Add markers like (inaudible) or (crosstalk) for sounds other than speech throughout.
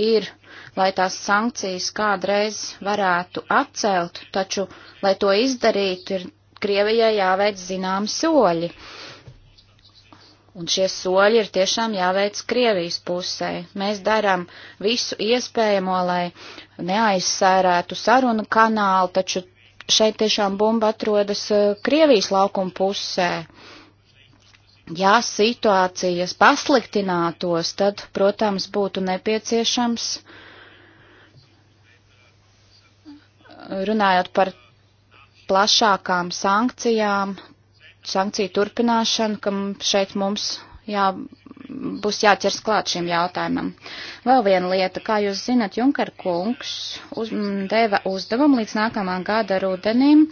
ir, lai tās sankcijas kādreiz varētu atcelt, taču, lai to izdarītu, ir Krievijai jāveic zināmi soļi. Un šie soļi ir tiešām jāveic Krievijas pusē. Mēs darām visu iespējamo, lai neaizsērētu sarunu kanālu, taču šeit tiešām bumba atrodas eh, Krievijas laukuma pusē. Uh, ja situācijas pasliktinātos, tad, protams, būtu nepieciešams, runājot par plašākām sankcijām, sankciju turpināšanu, kam šeit mums jā, būs jāķers klāt šim jautājumam. Vēl viena lieta, kā jūs zinat, Junker kungs uz, deva uzdevumu līdz nākamā gada rudenim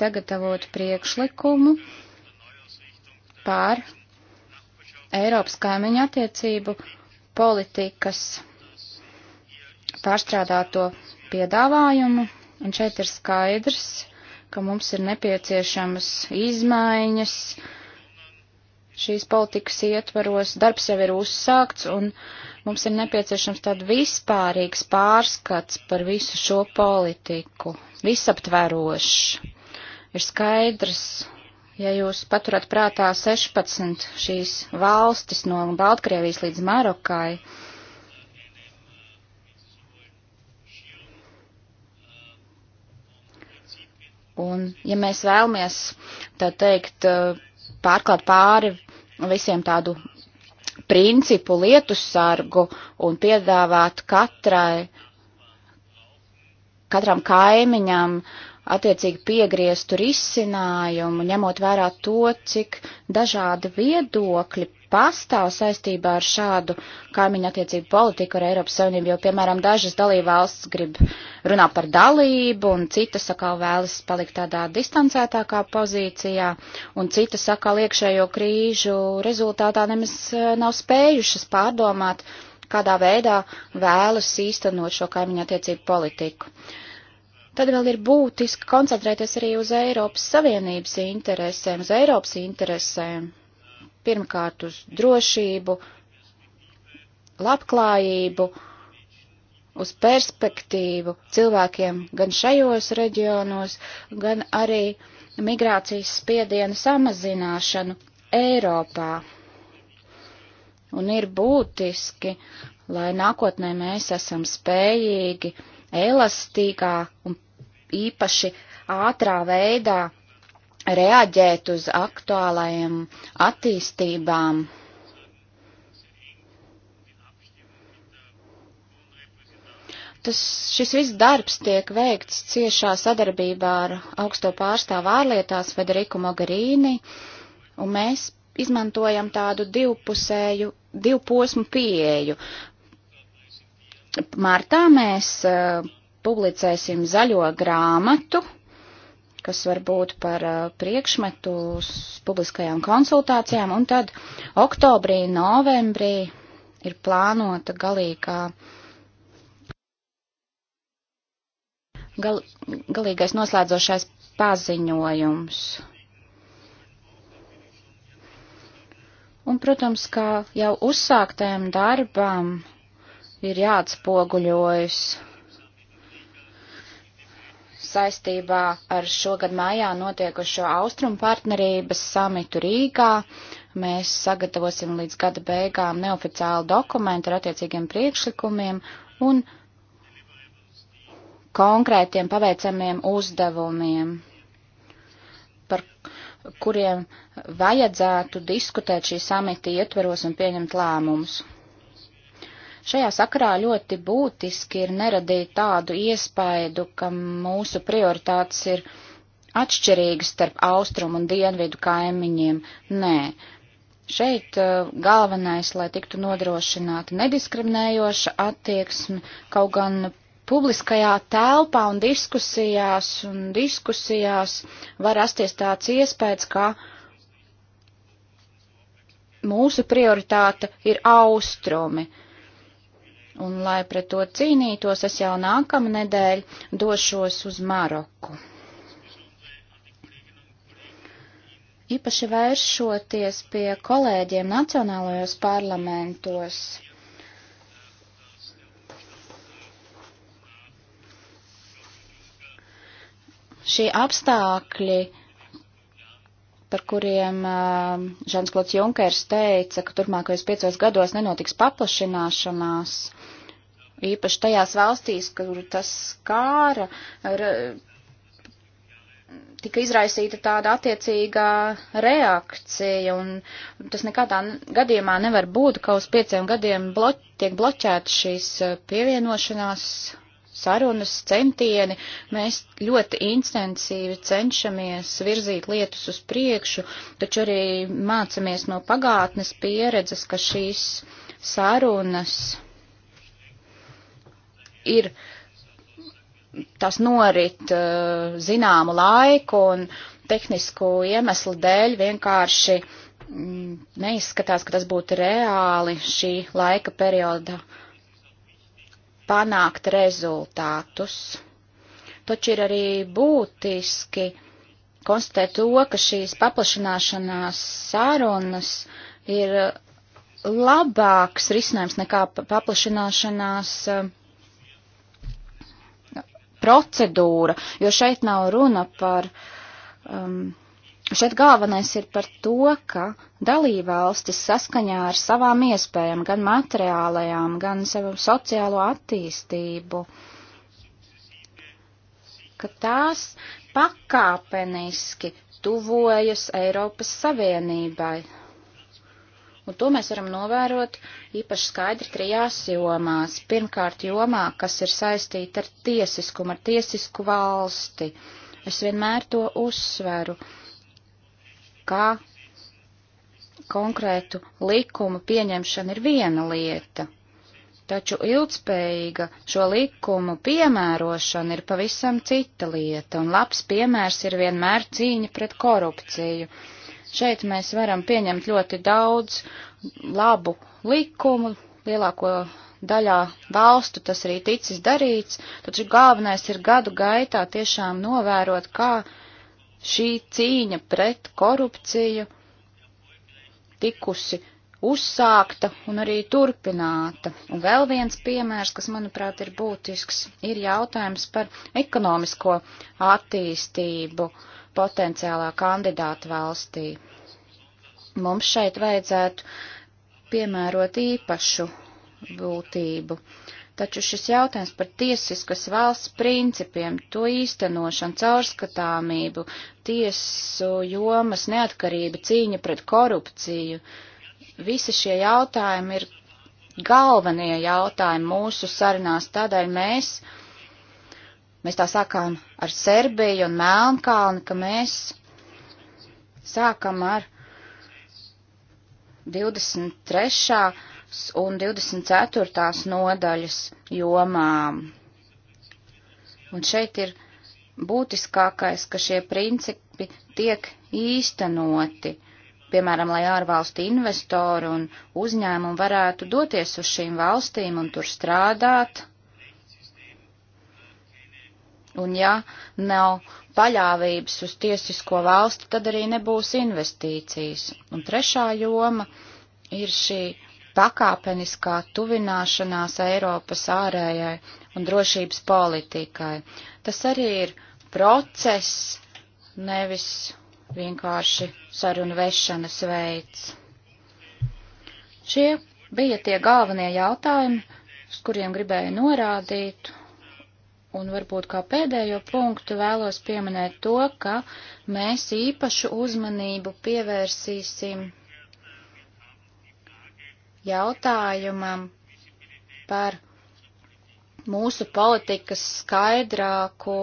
sagatavot priekšlikumu pār Eiropas kaimiņu attiecību politikas pārstrādāto piedāvājumu, un šeit ir skaidrs, ka mums ir nepieciešamas izmaiņas šīs politikas ietvaros. Darbs jau ir uzsākts, un mums ir nepieciešams tāds vispārīgs pārskats par visu šo politiku, visaptverošs. Ir skaidrs, Ja jūs paturat prātā 16 šīs valstis no Baltkrievijas līdz Marokai, un ja mēs vēlamies, tā teikt, pārklāt pāri visiem tādu principu lietussargu un piedāvāt katrai, katram kaimiņam uh, attiecīgi piegrieztu risinājumu, ņemot vērā to, cik dažādi viedokļi pastāv saistībā ar šādu kaimiņu attiecību politiku ar Eiropas Savienību, jo, piemēram, dažas dalībvalsts grib runāt par dalību, un citas atkal vēlas palikt tādā distancētākā pozīcijā, un citas atkal iekšējo krīžu rezultātā nemaz e, nav spējušas pārdomāt, kādā veidā vēlas īstenot šo kaimiņu attiecību politiku. Uh, Tad vēl ir būtiski koncentrēties arī uz Eiropas Savienības interesēm, uz Eiropas interesēm. Pirmkārt uz drošību, labklājību, uz perspektīvu cilvēkiem gan šajos reģionos, gan arī migrācijas spiedienu samazināšanu Eiropā. Un ir būtiski, lai nākotnē mēs esam spējīgi elastīgā un īpaši ātrā veidā reaģēt uz aktuālajiem attīstībām. Tas, šis viss darbs tiek veikts ciešā sadarbībā ar augsto pārstāvu ārlietās Federiku Mogherīni, un mēs izmantojam tādu divpusēju, divposmu pieeju. Martā mēs uh, publicēsim zaļo grāmatu, kas var būt par uh, priekšmetu uz publiskajām konsultācijām, un tad oktobrī, novembrī ir plānota galīgā. Gal, galīgais noslēdzošais paziņojums. Un, protams, kā jau uzsāktējam darbam ir jāatspoguļojas saistībā ar šogad mājā notiekušo Austrumu partnerības samitu Rīgā. Mēs sagatavosim līdz gada beigām neoficiālu dokumentu ar attiecīgiem priekšlikumiem un konkrētiem paveicamiem uzdevumiem, par kuriem vajadzētu diskutēt šī samita ietveros un pieņemt lēmumus. Šajā sakarā ļoti būtiski ir neradīt tādu iespaidu, ka mūsu prioritātes ir atšķirīgas starp austrumu un dienvidu kaimiņiem. Nē. Šeit uh, galvenais, lai tiktu nodrošināta nediskriminējoša attieksme, kaut gan publiskajā telpā un diskusijās, un diskusijās var rasties tāds iespējas, ka mūsu prioritāte ir austrumi. Un, lai pret to cīnītos, es jau nākamā nedēļa došos uz Maroku. Īpaši vēršoties pie kolēģiem nacionālajos parlamentos. Šie apstākļi par kuriem uh, Žans Klots Junkers teica, ka turpmākajos piecos gados nenotiks paplašināšanās, īpaši tajās valstīs, kur tas skāra, ar, tika izraisīta tāda attiecīgā reakcija, un tas nekādā gadījumā nevar būt, ka uz pieciem gadiem bloķ, tiek bloķēta šīs eh, pievienošanās sarunas centieni. Mēs ļoti intensīvi cenšamies virzīt lietas uz priekšu, taču arī mācamies no pagātnes pieredzes, ka šīs sarunas ir, tas norit uh, zināmu laiku un tehnisku iemeslu dēļ vienkārši mm, neizskatās, ka tas būtu reāli šī laika perioda panākt rezultātus. Taču ir arī būtiski konstatēt to, ka šīs paplašanāšanās sarunas ir labāks risinājums nekā paplašanāšanās uh, procedūra, jo šeit nav runa par. Um, Šeit galvenais ir par to, ka dalībvalstis saskaņā ar savām iespējām, gan materiālajām, gan savu sociālo attīstību, ka tās pakāpeniski tuvojas Eiropas Savienībai, Un to mēs varam novērot īpaši skaidri trijās jomās. Pirmkārt, jomā, kas ir saistīta ar tiesiskumu, ar tiesisku valsti. Es vienmēr to uzsveru, kā konkrētu likumu pieņemšana ir viena lieta, taču ilgspējīga šo likumu piemērošana ir pavisam cita lieta, un labs piemērs ir vienmēr cīņa pret korupciju. Šeit mēs varam pieņemt ļoti daudz labu likumu, lielāko daļā valstu tas arī ticis darīts, taču galvenais ir gadu gaitā tiešām novērot, kā šī cīņa pret korupciju tikusi uzsākta un arī turpināta. Un vēl viens piemērs, kas, manuprāt, ir būtisks, ir jautājums par ekonomisko attīstību. Uh, potenciālā kandidāta valstī. Mums šeit vajadzētu piemērot īpašu būtību. Taču šis jautājums par tiesiskas valsts principiem, to īstenošanu, caurskatāmību, tiesu jomas neatkarību, cīņa pret korupciju, visi šie jautājumi ir galvenie jautājumi mūsu sarunās, tādēļ mēs Mēs tā sākām ar Serbiju un Melnkalni, ka mēs sākam ar 23. un 24. nodaļas jomām. Un šeit ir būtiskākais, ka šie principi tiek īstenoti, piemēram, lai ārvalstu investori un uzņēmumi varētu doties uz šīm valstīm un tur strādāt, Un ja nav paļāvības uz tiesisko valsti, tad arī nebūs investīcijas. Un trešā joma ir šī pakāpeniskā tuvināšanās Eiropas ārējai un drošības politikai. Tas arī ir process, nevis vienkārši sarunu vešanas veids. Šie bija tie galvenie jautājumi, uz kuriem gribēju norādīt, Un varbūt kā pēdējo punktu vēlos pieminēt to, ka mēs īpašu uzmanību pievērsīsim jautājumam par mūsu politikas skaidrāku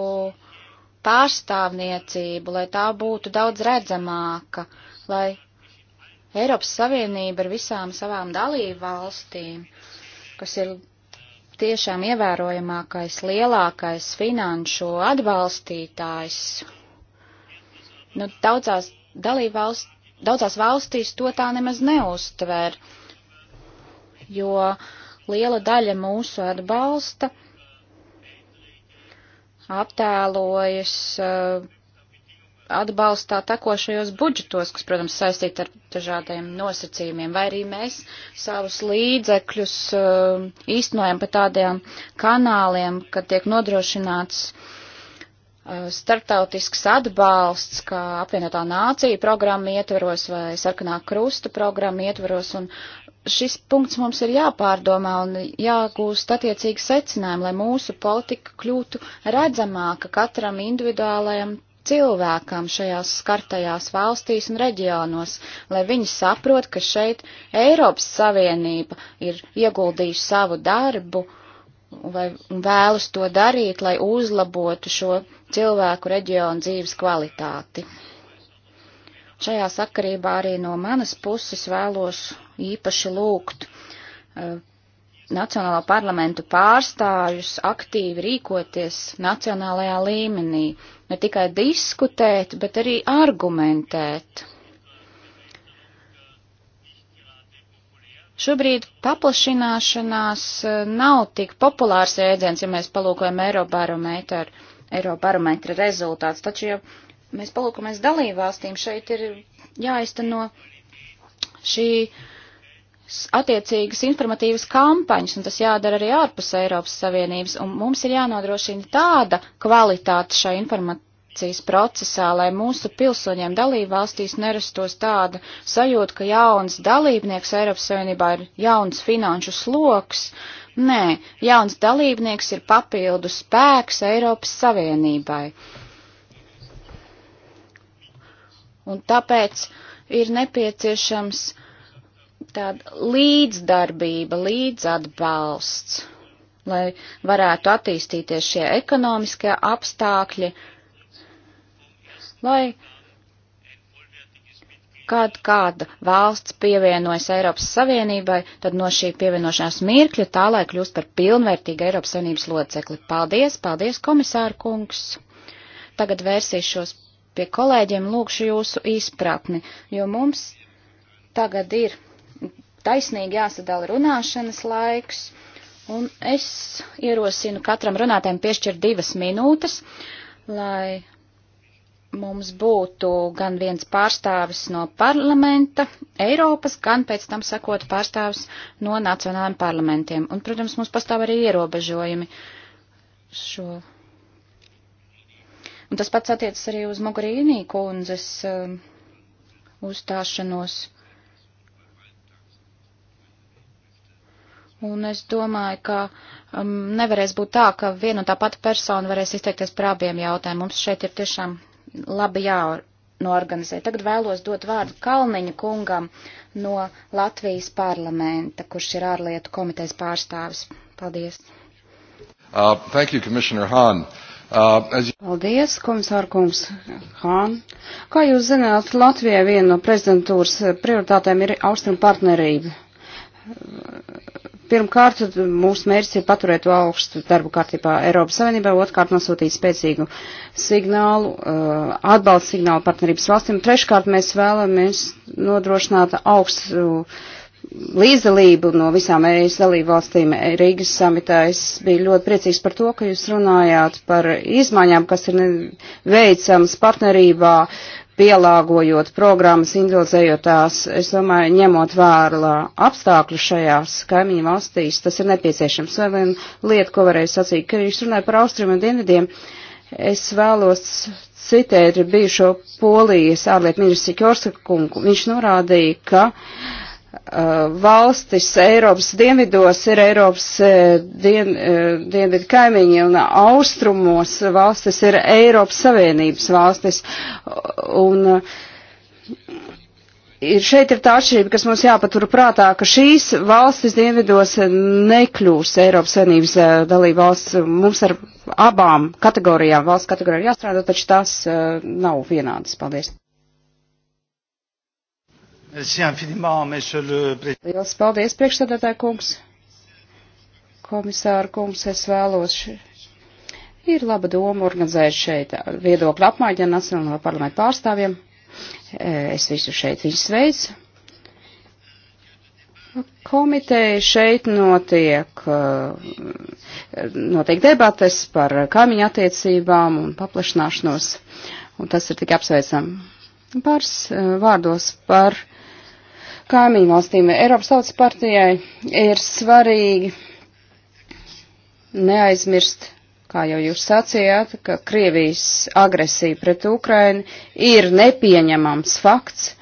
pārstāvniecību, lai tā būtu daudz redzamāka, lai Eiropas Savienība ar visām savām dalību valstīm, kas ir tiešām ievērojamākais, lielākais finanšu atbalstītājs. Nu, daudzās, valst, daudzās valstīs to tā nemaz neuztver, jo liela daļa mūsu atbalsta aptēlojas uh, atbalstā tekošajos budžetos, kas, protams, saistīti ar dažādiem nosacījumiem, vai arī mēs savus līdzekļus uh, īstenojam pa tādiem kanāliem, kad tiek nodrošināts uh, startautisks atbalsts, kā apvienotā nācija programma ietveros vai sarkanā krusta programma ietveros, un šis punkts mums ir jāpārdomā un jāgūst attiecīgi secinājumi, lai mūsu politika kļūtu redzamāka katram individuālajam cilvēkam šajās skartajās valstīs un reģionos, lai viņi saprot, ka šeit Eiropas Savienība ir ieguldījusi savu darbu vai vēlas to darīt, lai uzlabotu šo cilvēku reģionu dzīves kvalitāti. Šajā sakarībā arī no manas puses vēlos īpaši lūgt eh, Nacionālā parlamentu pārstāvjus aktīvi rīkoties nacionālajā līmenī, ne tikai diskutēt, bet arī argumentēt. Šobrīd paplašināšanās e, nav tik populārs jēdziens, ja mēs palūkojam Eirobarometra, Eirobarometra rezultāts, taču, ja mēs palūkojamies dalībvalstīm, šeit ir jāizteno šī attiecīgas informatīvas kampaņas, un tas jādara arī ārpus Eiropas Savienības, un mums ir jānodrošina tāda kvalitāte šai informācijas procesā, lai mūsu pilsoņiem dalību valstīs nerastos tāda sajūta, ka jauns dalībnieks Eiropas Savienībā ir jauns finanšu sloks. Nē, jauns dalībnieks ir papildu spēks Eiropas Savienībai. Un tāpēc ir nepieciešams uh, tāda līdzdarbība, līdzatbalsts, lai varētu attīstīties šie ekonomiskie apstākļi, lai kad kāda valsts pievienojas Eiropas Savienībai, tad no šī pievienošanās mirkļa tā, lai kļūst par pilnvērtīgu Eiropas Savienības locekli. Paldies, paldies, komisāra kungs! Tagad vērsīšos pie kolēģiem, lūkšu jūsu izpratni, jo mums tagad ir taisnīgi jāsadala runāšanas laiks, un es ierosinu katram runātājiem piešķirt divas minūtes, lai mums būtu gan viens pārstāvis no parlamenta Eiropas, gan pēc tam sakot pārstāvis no nacionālajiem parlamentiem. Un, protams, mums pastāv arī ierobežojumi šo. Un tas pats attiecas arī uz Mogurīnī kundzes um, uzstāšanos. Un es domāju, ka um, nevarēs būt tā, ka viena un tā pati persona varēs izteikties par abiem jautājumiem. Mums šeit ir tiešām labi jānoorganizē. Tagad vēlos dot vārdu Kalniņa kungam no Latvijas parlamenta, kurš ir ārlietu komitejas pārstāvis. Paldies. Uh, thank you, Commissioner Hahn. Uh, as... Paldies, komisārkums Hān. Kā jūs zināt, Latvijai viena no prezidentūras prioritātēm ir austrumu partnerība Pirmkārt, mūsu mērķis ir paturēt to augstu darbu kārtībā Eiropas Savienībā, otrkārt nosūtīt spēcīgu signālu, uh, atbalstu signālu partnerības valstīm. Treškārt, mēs vēlamies nodrošināt augstu līdzdalību no visām ES dalību valstīm Rīgas samitā. Es biju ļoti priecīgs par to, ka jūs runājāt par izmaiņām, kas ir veicams partnerībā pielāgojot programmas, individualizējot tās, es domāju, ņemot vērā apstākļus šajās kaimiņu valstīs, tas ir nepieciešams. Vēl viena lieta, ko varēju sacīt, ka jūs runājat par austriem un dienvidiem, es vēlos citēt bijušo Polijas ārlietu ministru Sikorska kungu. Viņš norādīja, ka uh, Eh, valstis Eiropas dienvidos ir Eiropas eh, dien, eh, dienvidu kaimiņi un austrumos valstis ir Eiropas Savienības valstis. Un, Ir šeit ir tā atšķirība, kas mums jāpatur prātā, ka šīs valstis dienvidos nekļūs Eiropas Savienības dalība valsts. Mums ar abām kategorijām, valsts kategorijām jāstrādā, taču tās nav vienādas. Paldies. Liels paldies, priekšstādātāja kungs. Komisāra kungs, es vēlos. Ši... Ir laba doma organizēt šeit viedokļu apmaiņu ar Nacionālo parlamentu pārstāvjiem. E, es visu šeit viņus sveicu. Komiteja šeit notiek, e, notiek debates par kaimiņu attiecībām un paplašināšanos, un tas ir tik apsveicam. Pāris e, vārdos par kaimiņu valstīm. Eiropas tautas partijai ir svarīgi neaizmirst, kā jau jūs sacījāt, ka Krievijas agresija pret Ukraini ir nepieņemams fakts.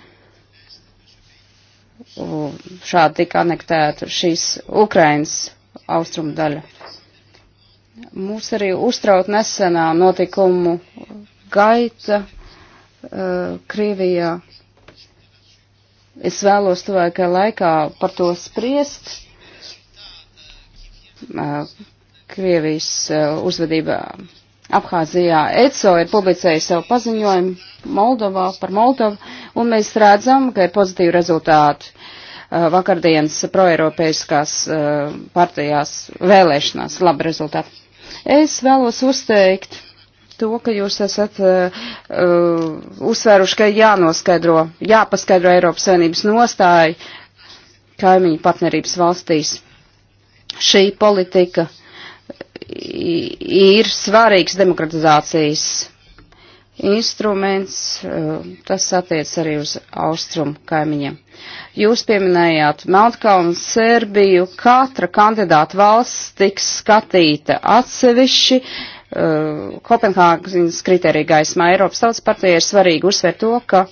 Šādi tika anektēta šīs Ukrainas austrumu daļa. Mūs arī uztraut nesenā notikumu gaita uh, Krievijā. Uh, Es vēlos tuvākajā laikā par to spriest. Krievijas uzvedībā Abhāzijā ECO ir publicējusi savu paziņojumu Moldovā par Moldovu, un mēs redzam, ka ir pozitīvi rezultāti vakardienas proeiropeiskās partijās vēlēšanās, labi rezultāti. Es vēlos uzteikt to, ka jūs esat uh, uh, uzsvēruši, ka jānoskaidro, jāpaskaidro Eiropas Savienības nostāja kaimiņu partnerības valstīs. Šī politika ir svarīgs demokratizācijas instruments, uh, tas attiec arī uz austrumu kaimiņiem. Jūs pieminējāt Meltkalnu, Serbiju, katra kandidāta valsts tiks skatīta atsevišķi, uh, eh, Kopenhāgas kriteriju gaismā. Eiropas Tautas partija ir svarīgi uzsvērt to, ka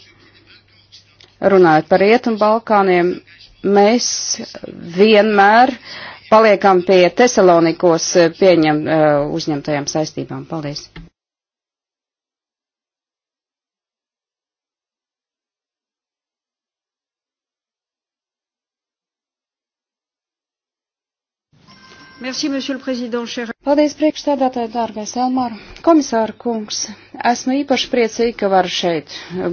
runājot par Rietumu Balkāniem, mēs vienmēr paliekam pie Tesalonikos pieņem uh, uzņemtajām saistībām. Paldies! Merci, monsieur le président, cher. Paldies, priekšstādātāji, dārgais Elmāra. Komisāra kungs, esmu īpaši priecīgi, ka varu šeit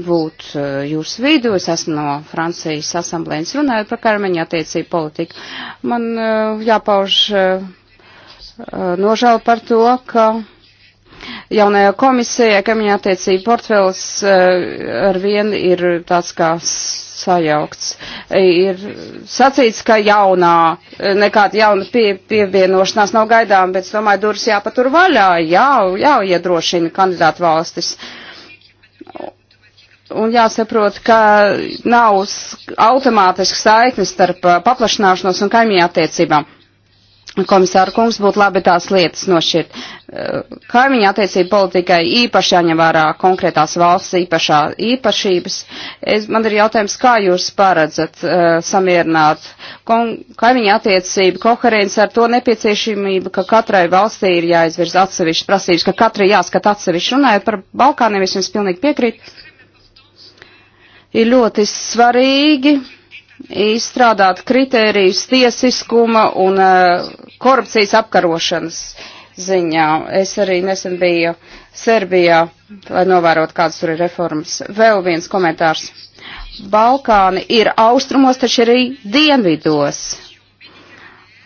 būt eh, jūsu vidū. Es esmu no Francijas asamblējas runājot par karmeņa attiecību politiku. Man eh, jāpauž eh, nožēla par to, ka jaunajā komisijā, ka viņa attiecība portfels eh, ar vienu ir tāds kā sajaukts. Ir sacīts, ka jaunā, nekāda jauna pie, pievienošanās nav gaidām, bet es domāju, durvis jāpatur vaļā, jā, jāiedrošina kandidātu valstis. Un jāsaprot, ka nav automātiski saiknes starp eh, paplašināšanos un kaimiņu attiecībām komisāra kungs, būtu labi tās lietas nošķirt. Eh, kaimiņa attiecība politikai īpaši jāņem vērā konkrētās valsts īpašā īpašības. Es, man ir jautājums, kā jūs paredzat uh, samierināt kaimiņa attiecību koherents ar to nepieciešamību, ka katrai valstī ir jāizvirz atsevišķas prasības, ka katrai jāskat atsevišķi. Runājot par Balkāniem, es jums pilnīgi piekrītu. Ir ļoti svarīgi izstrādāt kritērijus tiesiskuma un eh, korupcijas apkarošanas ziņā. Es arī nesen biju Serbijā, lai novērotu, kādas tur ir reformas. Vēl viens komentārs. Balkāni ir austrumos, taču arī dienvidos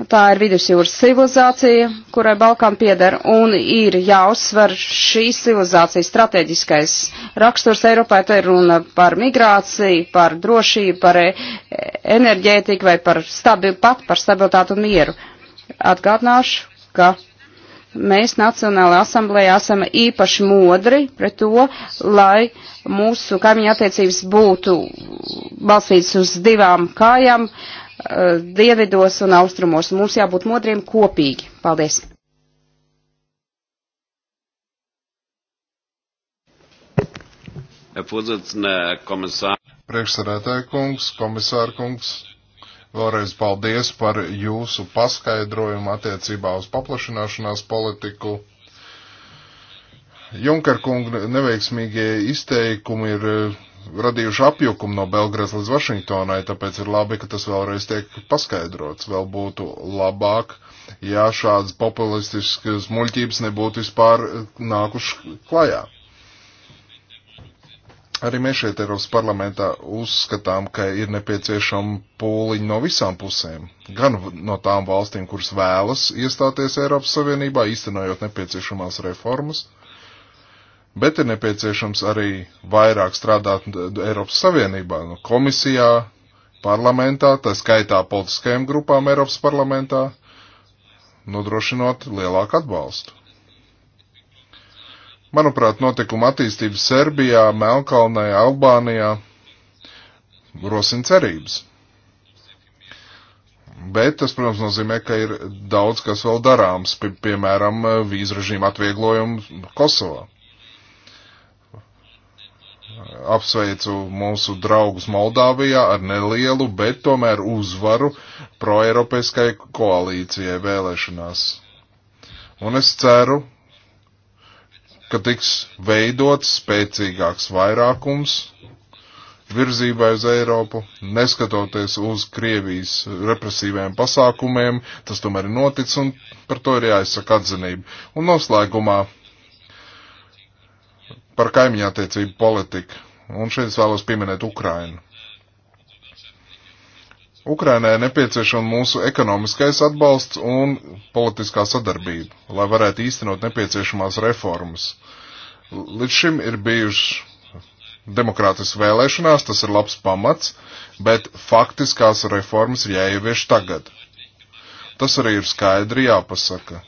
Tā ir vidusjūras civilizācija, kurai Balkām pieder, un ir jāuzsver šīs civilizācijas strateģiskais raksturs Eiropai. Te ir runa par migrāciju, par drošību, par e, enerģētiku vai par stabil, pat par stabilitātu un mieru. Atgādināšu, ka mēs Nacionālajā asamblējā esam īpaši modri pret to, lai mūsu kaimiņu attiecības būtu balstītas uz divām kājām. Uh, Eh, dievidos un austrumos. Mums jābūt modriem kopīgi. Paldies! Priekšsarētāja kungs, komisāra kungs, vēlreiz paldies par jūsu paskaidrojumu attiecībā uz paplašināšanās politiku. Junker kunga neveiksmīgie izteikumi ir eh, radījuši apjukumu no Belgradas līdz Vašingtonai, tāpēc ir labi, ka tas vēlreiz tiek paskaidrots. Vēl būtu labāk, ja šādas populistiskas muļķības nebūtu vispār eh, nākuši klajā. Arī mēs šeit Eiropas parlamentā uzskatām, ka ir nepieciešama pūliņa no visām pusēm. Gan no tām valstīm, kuras vēlas iestāties Eiropas Savienībā, īstenojot nepieciešamās reformas, uh, bet ir nepieciešams arī vairāk strādāt Eiropas Savienībā, nu, komisijā, parlamentā, tā skaitā politiskajām grupām Eiropas parlamentā, nodrošinot lielāku atbalstu. Manuprāt, notikuma attīstība Serbijā, Melkalnē, Albānijā rosina cerības. Bet tas, protams, nozīmē, ka ir daudz kas vēl darāms, piemēram, vīzu režīmu atvieglojumu Kosovā apsveicu mūsu draugus Moldāvijā ar nelielu, bet tomēr uzvaru proeiropeiskai koalīcijai vēlēšanās. Un es ceru, ka tiks veidots spēcīgāks vairākums virzībai uz Eiropu, neskatoties uz Krievijas represīviem pasākumiem, tas tomēr ir noticis un par to ir jāizsaka atzinība. Un noslēgumā par kaimiņā attiecību politiku un šeit es vēlos pieminēt Ukrainu. Ukrainai nepieciešama mūsu ekonomiskais atbalsts un politiskā sadarbība, lai varētu īstenot nepieciešamās reformas. Līdz šim ir bijuši demokrātiskas vēlēšanās, tas ir labs pamats, bet faktiskās reformas ir jāievieš tagad. Tas arī ir skaidri jāpasaka,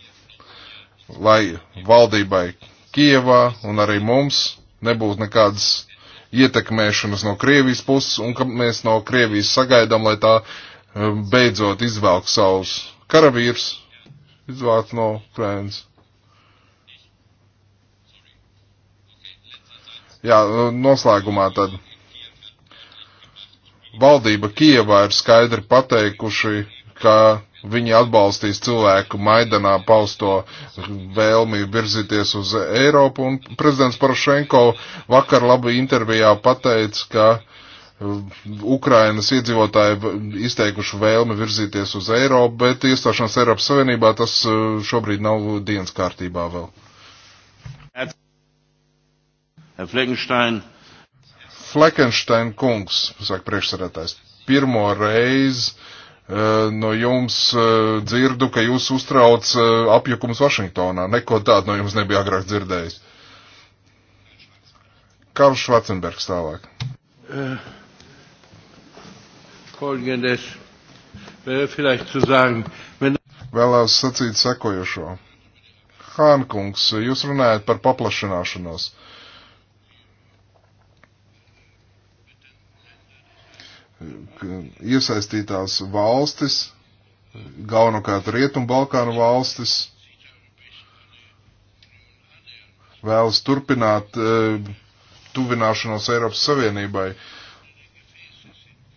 lai valdībai Kievā un arī mums nebūtu nekādas ietekmēšanas no Krievijas puses un ka mēs no Krievijas sagaidām, lai tā eh, beidzot izvelk savus karavīrus, izvāc no Ukrainas. Jā, noslēgumā tad. Valdība Kievā ir skaidri pateikuši, ka Viņi atbalstīs cilvēku Maidanā pausto vēlmi virzīties uz Eiropu, un prezidents Porošenko vakar labi intervijā pateica, ka uh, Ukrainas iedzīvotāji izteikuši vēlmi virzīties uz Eiropu, bet iestāšanās Eiropas Savienībā tas uh, šobrīd nav dienas kārtībā vēl. Fleckenstein. Fleckenstein kungs, saka priekšsarētājs, pirmo reizi Eh, no jums eh, dzirdu, ka jūs uztrauc eh, apjukums Vašingtonā. Neko tādu no jums nebija agrāk dzirdējis. Karls Schwarzenbergs tālāk. Vēlās sacīt sekojošo. Hānkungs, jūs runājat par paplašināšanos. Uh, iesaistītās valstis, galvenokārt Rietumbalkānu valstis, vēlas turpināt eh, tuvināšanos Eiropas Savienībai.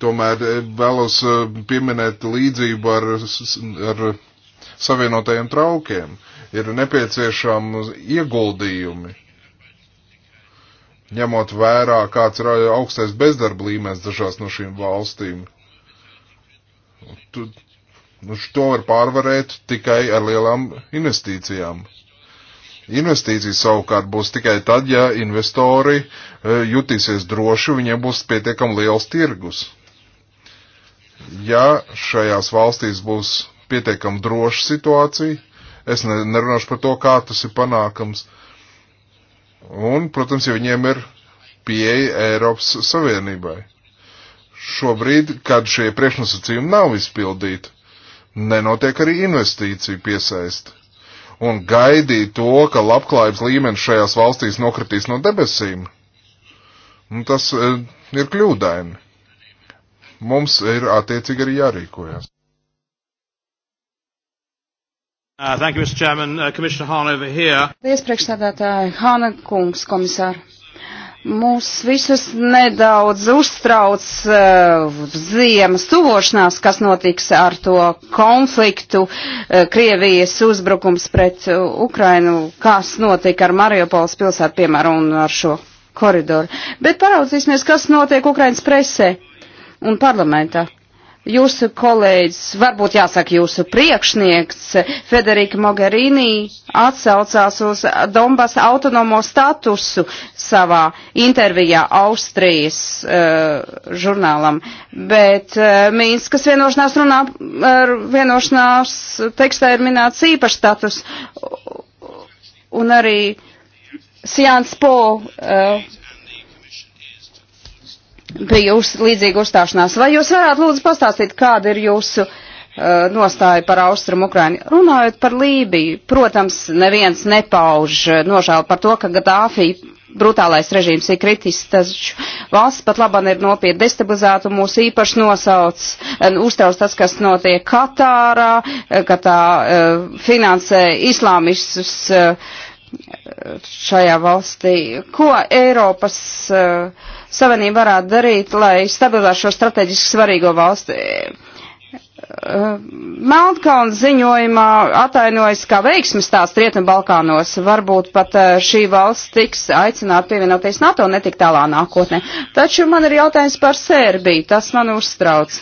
Tomēr eh, vēlos eh, pieminēt līdzību ar, ar savienotajiem traukiem. Ir nepieciešami ieguldījumi ņemot vērā, kāds ir augstais bezdarba līmenis dažās no šīm valstīm. Tu, nu, to var pārvarēt tikai ar lielām investīcijām. Investīcijas savukārt būs tikai tad, ja investori e, jutīsies droši, viņiem būs pietiekami liels tirgus. Ja šajās valstīs būs pietiekami droša situācija, es nerunāšu par to, kā tas ir panākams. Uh, Un, protams, ja viņiem ir pieeja Eiropas Savienībai. Šobrīd, kad šie priekšnosacījumi nav izpildīti, nenotiek arī investīciju piesaisti. Un gaidīt to, ka labklājības līmenis šajās valstīs nokritīs no debesīm, nu, tas eh, ir kļūdaini. Mums ir attiecīgi arī jārīkojas. Uh, thank you, Mr. Chairman. Uh, Commissioner Hahn over here. Paldies, priekšsēdētāji. Hāna kungs, komisār. Mūs visus nedaudz uztrauc uh, ziemas tuvošanās, kas notiks ar to konfliktu, uh, Krievijas uzbrukums pret uh, Ukrainu, kas notika ar Mariupols pilsētu, piemēram, un ar šo koridoru. Bet paraudzīsimies, kas notiek Ukrainas presē un parlamentā. Jūsu kolēģis, varbūt jāsaka jūsu priekšnieks, Federika Mogherini, atsaucās uz Donbas autonomo statusu savā intervijā Austrijas uh, žurnālam, bet uh, eh, Mīnskas vienošanās, runā, vienošanās tekstā ir minēts īpašs status un arī Sjāns Po. Uh, bija uz, līdzīga uzstāšanās. Vai jūs varētu lūdzu pastāstīt, kāda ir jūsu uh, nostāja par Austrumu Ukraini? Runājot par Lībiju, protams, neviens nepauž uh, nožēlu par to, ka Gadāfī brutālais režīms ir kritis, taču valsts pat laban ir nopietni destabilizēta un mūs īpaši nosauc, uztrauc tas, kas notiek Katārā, uh, ka tā uh, finansē islāmistus uh, šajā valstī. Ko Eiropas uh, Savienība varētu darīt, lai stabilizētu šo strateģiski svarīgo valsti? Melnkalna ziņojumā atainojas kā veiksmes tās Rietumbalkānos. Varbūt pat eh, šī valsts tiks aicināt pievienoties NATO netik tālā nākotnē. Taču man ir jautājums par Sērbiju. Tas man uztrauc.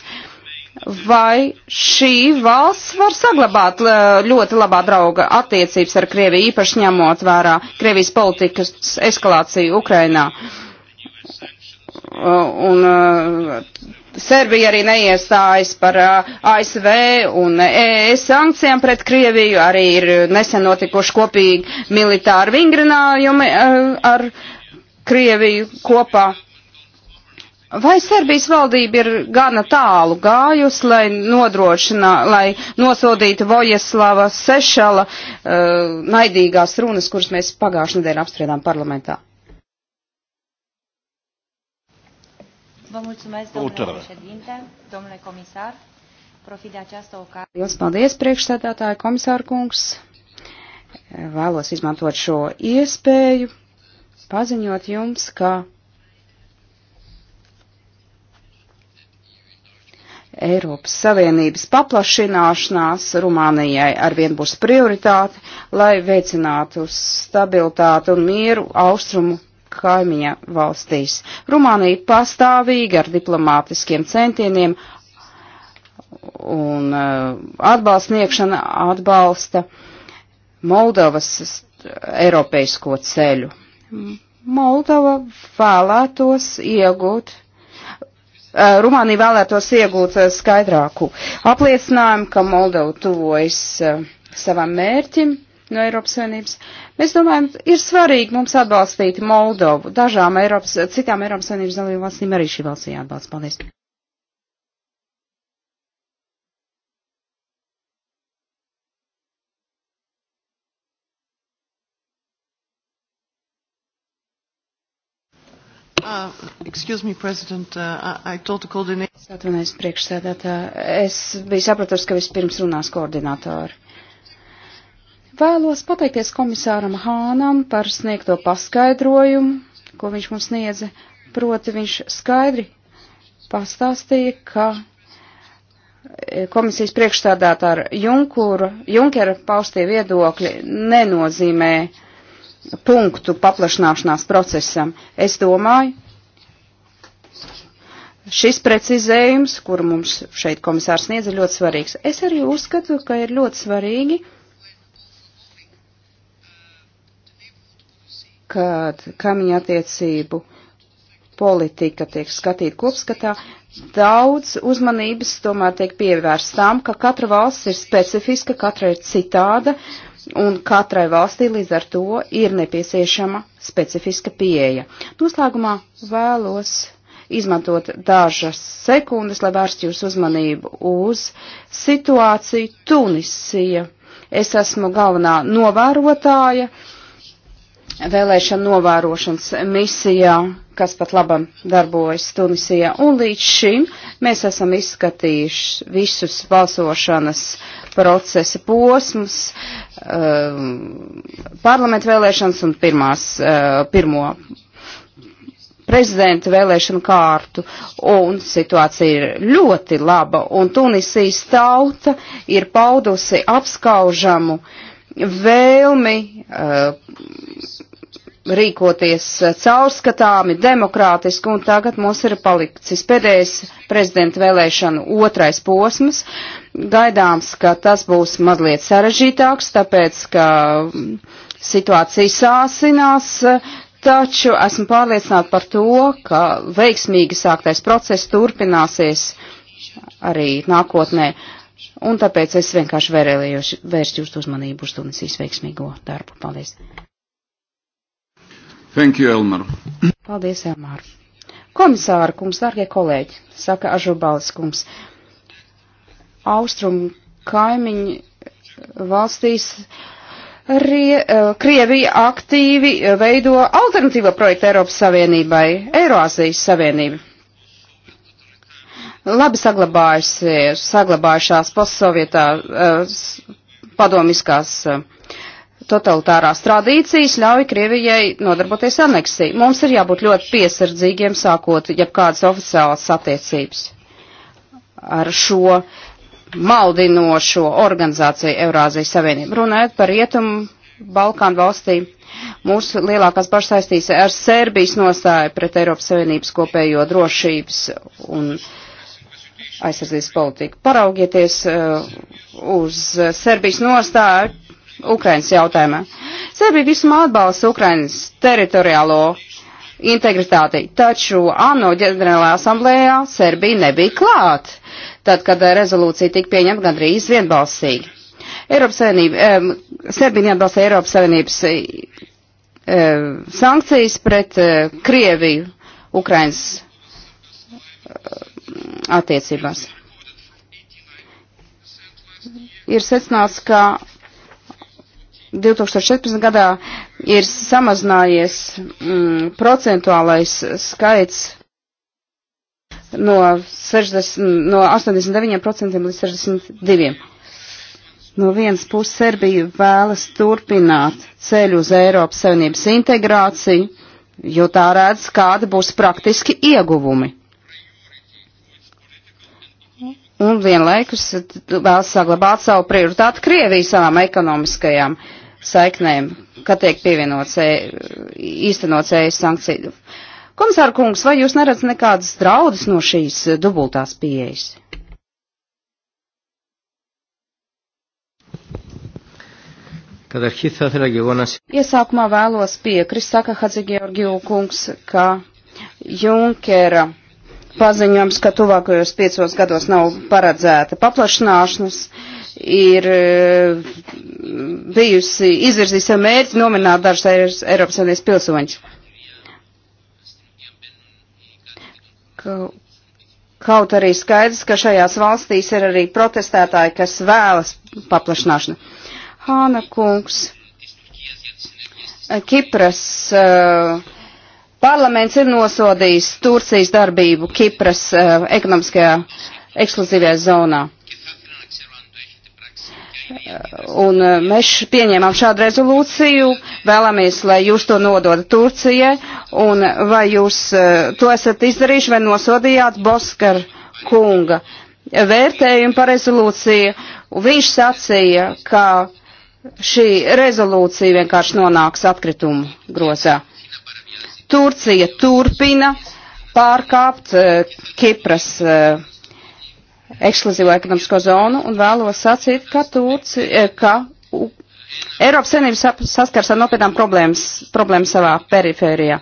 Vai šī valsts var saglabāt eh, ļoti labā drauga attiecības ar Krieviju, īpaši ņemot vērā Krievijas politikas eskalāciju Ukrainā? un uh, Serbija arī neiestājas par uh, ASV un ES sankcijām pret Krieviju, arī ir nesen notikuši kopīgi militāri vingrinājumi uh, ar Krieviju kopā. Vai Serbijas valdība ir gana tālu gājusi, lai nodrošinā, lai nosodītu Vojaslava Sešala uh, naidīgās runas, kuras mēs pagājušajā nedēļā apspriedām parlamentā? Vă mulțumesc, domnule președinte, domnule comisar. Profit de această ocazie. Liels paldies, priekšsēdētāja komisāra kungs. Vēlos izmantot šo iespēju, paziņot jums, ka Eiropas Savienības paplašināšanās Rumānijai arvien būs prioritāte, lai veicinātu stabilitātu un mieru austrumu kaimiņa valstīs. Rumānija pastāvīgi ar diplomātiskiem centieniem un uh, atbalstniekšana atbalsta Moldovas Eiropeisko ceļu. Moldova vēlētos iegūt uh, Rumānija vēlētos iegūt uh, skaidrāku apliecinājumu, ka Moldova tuvojas savam mērķim no Eiropas Savienības. Mēs domājam, ir svarīgi mums atbalstīt Moldovu. Dažām Eiropas, citām Eiropas Savienības dalību valstīm arī šī valsts jāatbalsta. Paldies! Uh, excuse me, President, uh, I told the coordinator. Atvainojos priekšsēdētā. Es biju sapratusi, ka vispirms runās koordinātori. Vēlos pateikties komisāram Hānam par sniegto paskaidrojumu, ko viņš mums sniedza. Proti viņš skaidri pastāstīja, ka e, komisijas priekšstādātāra Junkera paustie viedokļi nenozīmē punktu paplašināšanās procesam. Es domāju, šis precizējums, kuru mums šeit komisārs sniedz, ir ļoti svarīgs. Es arī uzskatu, ka ir ļoti svarīgi kad kamiņa attiecību politika tiek skatīta kopskatā, daudz uzmanības tomēr tiek pievērst tam, ka katra valsts ir specifiska, katra ir citāda, un katrai valstī līdz ar to ir nepieciešama specifiska pieeja. Noslēgumā vēlos izmantot dažas sekundes, lai vērst jūsu uzmanību uz situāciju Tunisija. Es esmu galvenā novērotāja. Uh, vēlēšana novērošanas misijā, kas pat labam darbojas Tunisijā. Un līdz šim mēs esam izskatījuši visus balsošanas procesa posmus, um, parlamentu vēlēšanas un pirmās, uh, pirmo prezidenta vēlēšanu kārtu, un situācija ir ļoti laba, un Tunisijas tauta ir paudusi apskaužamu uh, vēlmi uh, rīkoties caurskatāmi, demokrātiski, un tagad mums ir palicis pēdējais prezidenta vēlēšanu otrais posms. Gaidāms, ka tas būs mazliet sarežģītāks, tāpēc, ka situācija sāsinās, taču esmu pārliecināta par to, ka veiksmīgi sāktais process turpināsies arī nākotnē. Uh, Un tāpēc es vienkārši vēlējos vērst jūsu uzmanību uz Tunisijas veiksmīgo darbu. Paldies! Thank you, Elmar. Paldies, Elmar. Komisāra kungs, dārgie kolēģi, saka Ažubalis kungs, austrumu kaimiņu valstīs Rie, eh, Krievija aktīvi eh, veido alternatīvo projektu Eiropas Savienībai, Eiroāzijas Savienībai labi saglabājušās postsovietā eh, padomiskās eh, totalitārās tradīcijas ļauj Krievijai nodarboties aneksiju. Mums ir jābūt ļoti piesardzīgiem sākot jebkādas oficiālas attiecības ar šo maldinošo organizāciju Eurāzijas Savienību. Runājot par rietumu Balkānu valstīm, mūsu lielākās bažas saistīs ar Sērbijas nostāju pret Eiropas Savienības kopējo drošības un uh, aizsardzības politiku. Paraugieties uh, uz Serbijas nostāju Ukrainas jautājumā. Serbija vismaz atbalsta Ukrainas teritoriālo integritāti, taču ANO ģenerālajā asamblējā Serbija nebija klāt, tad, kad rezolūcija tika pieņemta gandrīz vienbalsīgi. Eiropas Savienība, um, eh, Serbija neatbalsta Eiropas Savienības um, eh, sankcijas pret uh, eh, Krieviju Ukrainas uh, attiecībās. Ir secināts, ka 2014. gadā ir samazinājies mm, procentuālais skaits no, 60, no 89% līdz 62%. No vienas puses Serbija vēlas turpināt ceļu uz Eiropas Savienības integrāciju, jo tā redz, kāda būs praktiski ieguvumi un nu, vienlaikus vēl saglabāt savu prioritātu Krieviju savām ekonomiskajām saiknēm, kad tiek pievienots e, īstenots ES sankciju. Komisāra kungs, vai jūs neredzat nekādas draudus no šīs dubultās pieejas? Iesākumā vēlos piekrist, saka Hadzi Georgiju kungs, ka Junkera paziņojums, ka tuvākajos piecos gados nav paredzēta paplašināšanas, ir eh, bijusi izvirzījis sev mērķi nominēt dažas Eiropas Savienības pilsoņas. Kaut arī skaidrs, ka šajās valstīs ir arī protestētāji, kas vēlas paplašināšanu. Hāna kungs, Kipras uh, Parlaments ir nosodījis Turcijas darbību Kipras uh, ekonomiskajā ekskluzīvajā zonā. Eh, un eh, mēs pieņēmām šādu rezolūciju, vēlamies, lai jūs to nododat Turcijai, un vai jūs to esat izdarījuši vai nosodījāt Boskar kunga vērtējumu par rezolūciju. Viņš sacīja, ka šī rezolūcija vienkārši nonāks atkritumu grozā. Turcija turpina pārkāpt eh, Kipras eh, ekskluzīvo ekonomisko zonu un vēlos sacīt, ka, Turcija, eh, ka Eiropas Savienība saskars ar nopietnām problēmām savā perifērijā.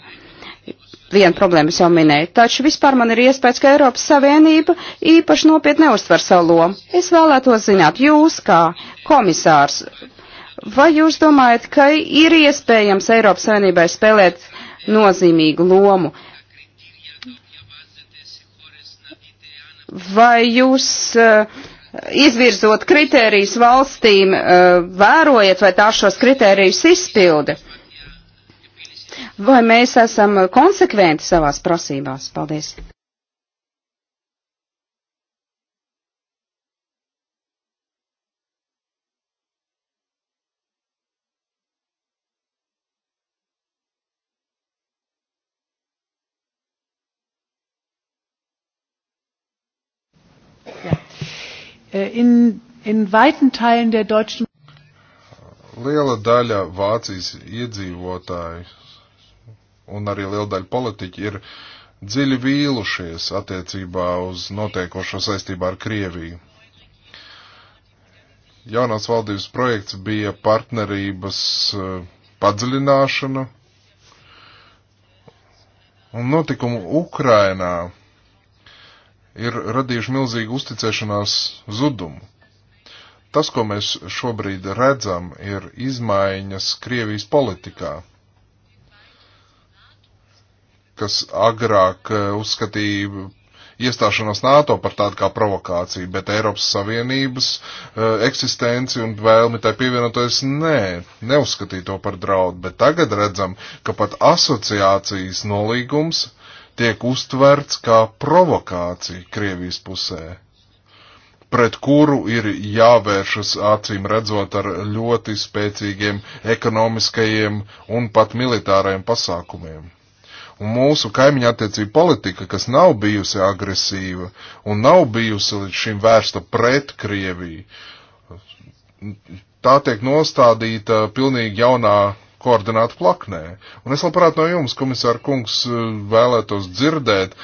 Vienu problēmu es jau minēju, taču vispār man ir iespējas, ka Eiropas Savienība īpaši nopietni neuztver savu lomu. Es vēlētos zināt, jūs kā komisārs, vai jūs domājat, ka ir iespējams Eiropas Savienībai spēlēt nozīmīgu lomu. Vai jūs eh, izvirzot kritērijus valstīm eh, vērojat, vai tā šos kritērijus izpilda? Vai mēs esam konsekventi savās prasībās? Paldies! Äh, in, in weiten Teilen der deutschen Liela daļa Vācijas iedzīvotāji un arī liela daļa politiķi ir dziļi vīlušies attiecībā uz notiekošo saistībā ar Krieviju. Jaunās valdības projekts bija partnerības eh, padziļināšana un notikumu Ukrainā ir radījuši milzīgu uzticēšanās zudumu. Tas, ko mēs šobrīd redzam, ir izmaiņas Krievijas politikā, kas agrāk eh, uzskatīja iestāšanos NATO par tādu kā provokāciju, bet Eiropas Savienības uh, eksistenci un vēlmi tai pievienoties nē, neuzskatīja to par draudu, bet tagad redzam, ka pat asociācijas nolīgums uh, tiek uztverts kā provokācija Krievijas pusē, pret kuru ir jāvēršas acīm redzot ar ļoti spēcīgiem ekonomiskajiem un pat militārajiem pasākumiem. Un mūsu kaimiņa attiecība politika, kas nav bijusi agresīva un nav bijusi līdz šim vērsta pret Krieviju, tā tiek nostādīta pilnīgi jaunā koordinātu plaknē. Un es labprāt no jums, komisāra kungs, eh, vēlētos dzirdēt,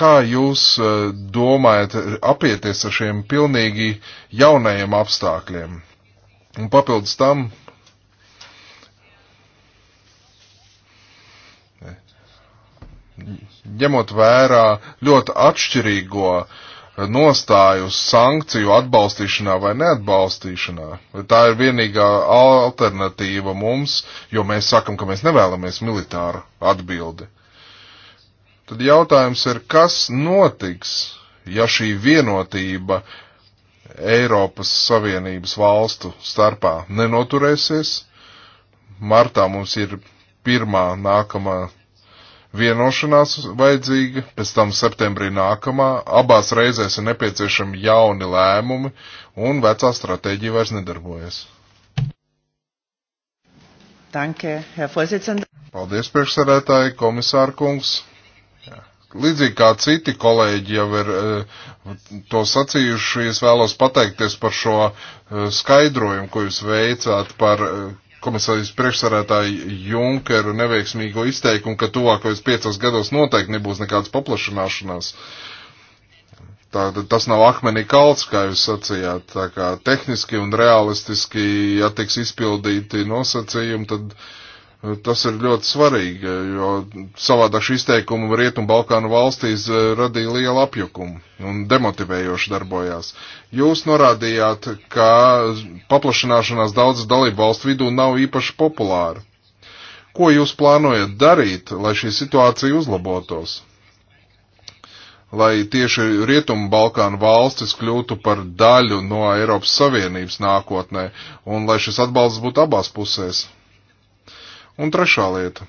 kā jūs eh, domājat apieties ar šiem pilnīgi jaunajiem apstākļiem. Un papildus tam. ņemot vērā ļoti atšķirīgo uh, nostāju uz sankciju atbalstīšanā vai neatbalstīšanā. Tā ir vienīgā alternatīva mums, jo mēs sakam, ka mēs nevēlamies militāru atbildi. Tad jautājums ir, kas notiks, ja šī vienotība Eiropas Savienības valstu starpā nenoturēsies? Martā mums ir pirmā nākamā vienošanās vajadzīga, pēc tam septembrī nākamā, abās reizēs ir nepieciešami jauni lēmumi, un vecā stratēģija vairs nedarbojas. Danke, Herr Vorsitzender. Paldies, priekšsarētāji, komisāra kungs. Līdzīgi kā citi kolēģi jau ir eh, to sacījuši, es vēlos pateikties par šo eh, skaidrojumu, ko jūs veicāt par eh, komisijas priekšsarētāju Junkeru neveiksmīgo izteikumu, ka tuvākajos piecos gados noteikti nebūs nekādas paplašanāšanās. Tātad tas nav akmenī kalts, kā jūs sacījāt, tā kā tehniski un realistiski, ja tiks izpildīti nosacījumi, tad uh, Tas ir ļoti svarīgi, jo savādāk šī izteikuma Rietumu Balkānu valstīs eh, radīja lielu apjukumu un demotivējoši darbojās. Jūs norādījāt, ka paplašanāšanās daudz dalību valstu vidū nav īpaši populāra. Ko jūs plānojat darīt, lai šī situācija uzlabotos? Lai tieši Rietumu Balkānu valstis kļūtu par daļu no Eiropas Savienības nākotnē un lai šis atbalsts būtu abās pusēs? Un trešā lieta.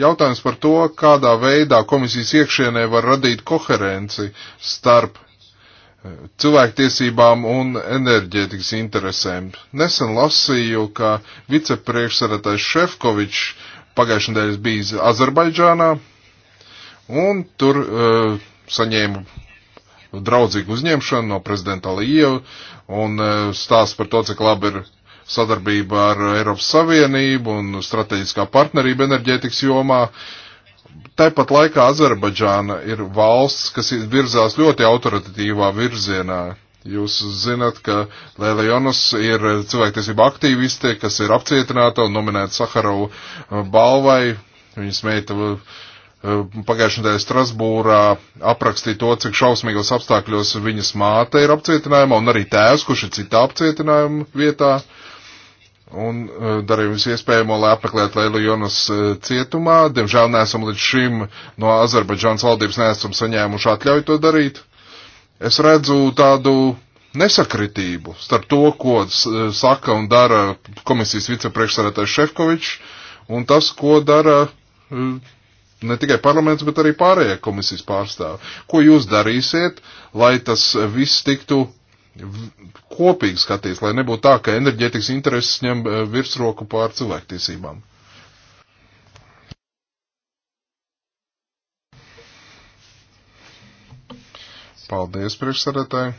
Jautājums par to, kādā veidā komisijas iekšienē var radīt koherenci starp eh, cilvēktiesībām un enerģētikas interesēm. Nesen lasīju, ka vicepriekšsarētais Šefkovičs pagājušajā nedēļā bija Azerbaidžānā un tur uh, saņēma draudzīgu uzņemšanu no prezidenta Līja un uh, stāsts par to, cik labi ir sadarbība ar Eiropas Savienību un strateģiskā partnerība enerģētikas jomā. Tāpat laikā Azerbaidžāna ir valsts, kas virzās ļoti autoritatīvā virzienā. Jūs zinat, ka Lēla Jonas ir cilvēktiesība aktīviste, kas ir apcietināta un nominēta Saharovu uh, balvai. Viņas meita uh, uh, pagājušajā nedēļā Strasbūrā aprakstīja to, cik šausmīgos apstākļos viņas māte ir apcietinājumā, un arī tēvs, kurš ir citā apcietinājuma vietā. Uh, un eh, darīju visu iespējamo, lai apmeklētu Leilu Jonas eh, cietumā. Diemžēl neesam līdz šim no Azerbaidžānas valdības neesam saņēmuši atļauju to darīt. Es redzu tādu nesakritību starp to, ko eh, saka un dara komisijas vicepriekšsarētājs Šefkovičs, un tas, ko dara ne tikai parlaments, bet arī pārējie komisijas pārstāvi. Ko jūs darīsiet, lai tas viss tiktu kopīgi skatīs, lai nebūtu tā, ka enerģētikas intereses ņem eh, virsroku pār cilvēktiesībām. Paldies, priekšsarētāji.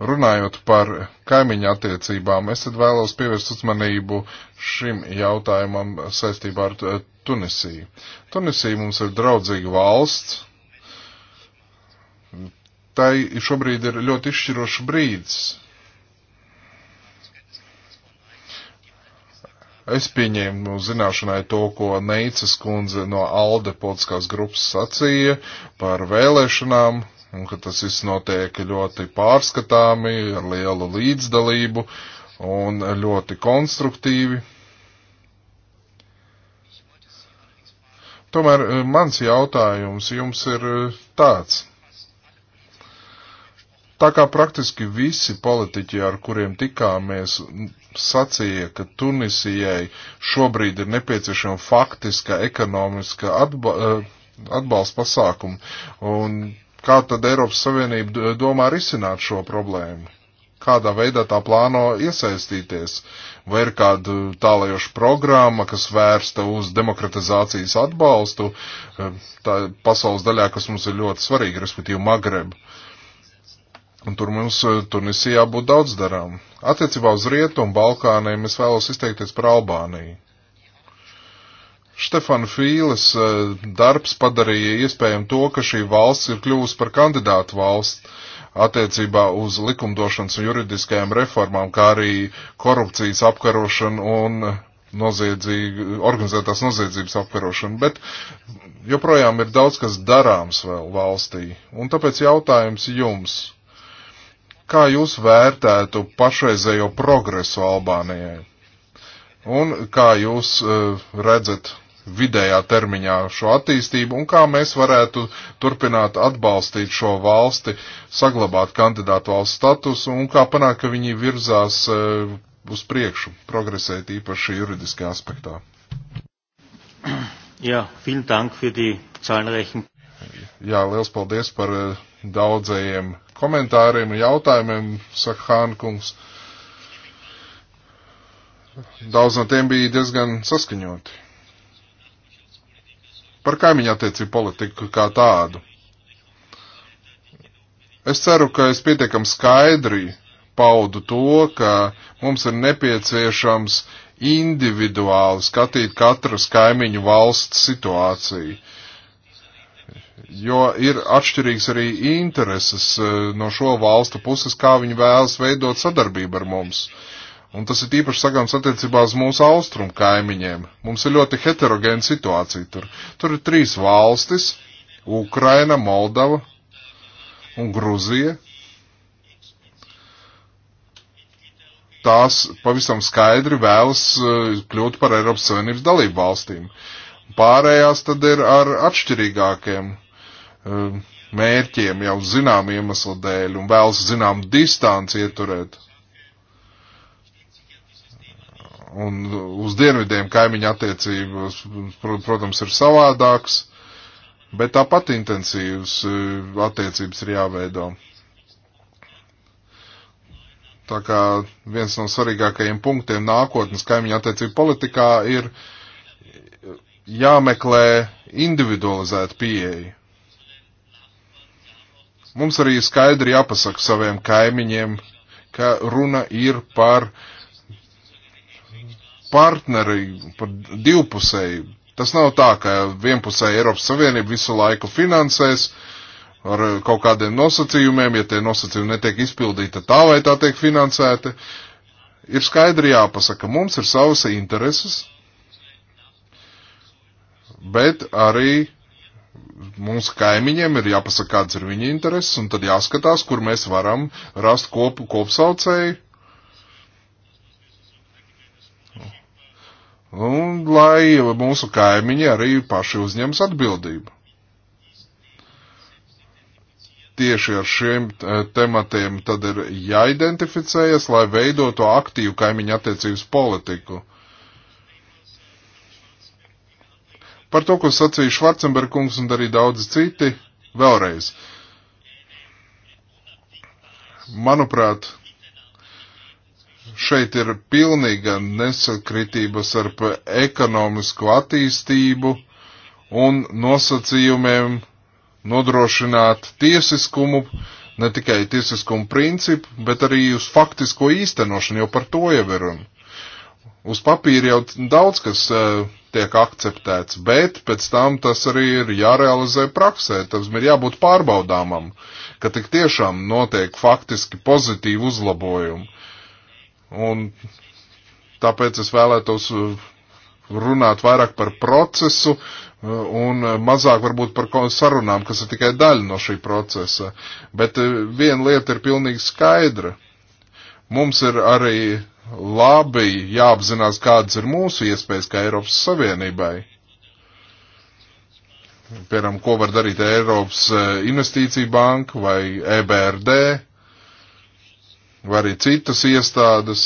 Runājot par kaimiņu attiecībām, es tad vēlos pievērst uzmanību šim jautājumam saistībā ar eh, Tunisiju. Tunisija mums ir draudzīga valsts, tai šobrīd ir ļoti izšķirošs brīdis. Es pieņēmu zināšanai to, ko Neicas kundze no Alde politiskās grupas sacīja par vēlēšanām, un ka tas viss notiek ļoti pārskatāmi, ar lielu līdzdalību un ļoti konstruktīvi. Tomēr eh, mans jautājums jums ir eh, tāds. Tā kā praktiski visi politiķi, ar kuriem tikāmies, sacīja, ka Tunisijai šobrīd ir nepieciešama faktiska ekonomiska atba eh, atbalsta pasākuma, un kā tad Eiropas Savienība domā risināt šo problēmu? Kādā veidā tā plāno iesaistīties? Vai ir kāda tālajoša programma, kas vērsta uz demokratizācijas atbalstu, eh, tā pasaules daļā, kas mums ir ļoti svarīga, respektīvi Magreba? Uh, Un tur mums eh, Tunisijā būtu daudz darām. Attiecībā uz Rietumu Balkāniem es vēlos izteikties par Albāniju. Štefan Fīles eh, darbs padarīja iespējami to, ka šī valsts ir kļuvusi par kandidātu valsts attiecībā uz likumdošanas un juridiskajām reformām, kā arī korupcijas apkarošanu un noziedzīgu, organizētās noziedzības apkarošanu, bet joprojām ir daudz kas darāms vēl valstī. Un tāpēc jautājums jums Kā jūs vērtētu pašreizējo progresu Albānijai? Un kā jūs uh, redzat vidējā termiņā šo attīstību un kā mēs varētu turpināt atbalstīt šo valsti, saglabāt kandidātu valsts statusu un kā panākt, ka viņi virzās uh, uz priekšu, progresēt īpaši juridiskajā aspektā. Jā, vielen dank für die zahlreichen. Jā, liels paldies par uh, daudzajiem komentāriem un jautājumiem, saka Hānkungs. Daudz no tiem bija diezgan saskaņoti. Par kaimiņu attiecību politiku kā tādu. Es ceru, ka es pietiekam skaidri paudu to, ka mums ir nepieciešams individuāli skatīt katras kaimiņu valsts situāciju. Uh, jo ir atšķirīgs arī intereses e, no šo valstu puses, kā viņi vēlas veidot sadarbību ar mums. Un tas ir īpaši sagāms attiecībā uz mūsu austrumu kaimiņiem. Mums ir ļoti heterogēna situācija tur. Tur ir trīs valstis - Ukraina, Moldava un Gruzija. Tās pavisam skaidri vēlas e, kļūt par Eiropas Savienības dalību valstīm. Pārējās tad ir ar atšķirīgākiem uh, Um, mērķiem jau zinām iemeslu dēļ un vēlas zinām distanci ieturēt. Un uz dienvidiem kaimiņa attiecības, protams, ir savādāks, bet tāpat intensīvas uh, attiecības ir jāveido. Tā kā viens no svarīgākajiem punktiem nākotnes kaimiņa attiecību politikā ir jāmeklē individualizēta pieeja Mums arī skaidri jāpasaka saviem kaimiņiem, ka runa ir par partneri, par divpusēju. Tas nav tā, ka vienpusēji Eiropas Savienība visu laiku finansēs ar kaut kādiem nosacījumiem, ja tie nosacījumi netiek izpildīti tā vai tā tiek finansēti. Ir skaidri jāpasaka, mums ir savas intereses, bet arī mums kaimiņiem ir jāpasaka, kādas ir viņa intereses, un tad jāskatās, kur mēs varam rast kopu, kopsaucēju. Un lai mūsu kaimiņi arī paši uzņems atbildību. Tieši ar šiem tematiem tad ir jāidentificējas, lai veidotu aktīvu kaimiņu attiecības politiku Par to, ko sacīja Švarcenberkungs un arī daudzi citi, vēlreiz. Manuprāt, šeit ir pilnīga nesakritība starp ekonomisko attīstību un nosacījumiem nodrošināt tiesiskumu, ne tikai tiesiskumu principu, bet arī uz faktisko īstenošanu, jo par to jau ir runa uz papīra jau daudz kas e, tiek akceptēts, bet pēc tam tas arī ir jārealizē praksē, tas ir jābūt pārbaudāmam, ka tik tiešām notiek faktiski pozitīvi uzlabojumi. Un tāpēc es vēlētos e, runāt vairāk par procesu e, un mazāk varbūt par sarunām, kas ir tikai daļa no šī procesa. Bet viena lieta ir pilnīgi skaidra. Mums ir arī labi jāapzinās, kādas ir mūsu iespējas kā Eiropas Savienībai. Piemēram, ko var darīt Eiropas e, Investīcija Banka vai EBRD vai arī citas iestādes,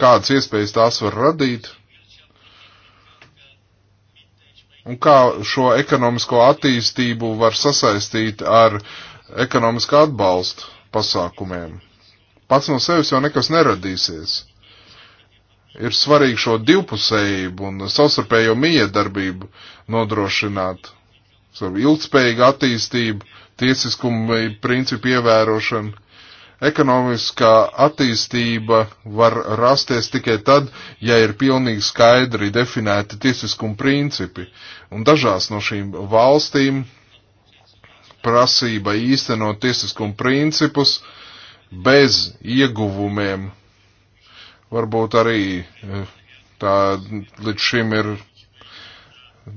kādas iespējas tās var radīt un kā šo ekonomisko attīstību var sasaistīt ar ekonomiskā atbalsta pasākumiem. Pats no sevis jau nekas neradīsies ir svarīgi šo divpusējību un savstarpējo miedarbību nodrošināt, savu ilgspējīgu attīstību, tiesiskumu principu ievērošanu. Ekonomiskā attīstība var rasties tikai tad, ja ir pilnīgi skaidri definēti tiesiskuma principi. Un dažās no šīm valstīm prasība īstenot tiesiskuma principus bez ieguvumiem varbūt arī eh, tā līdz šim ir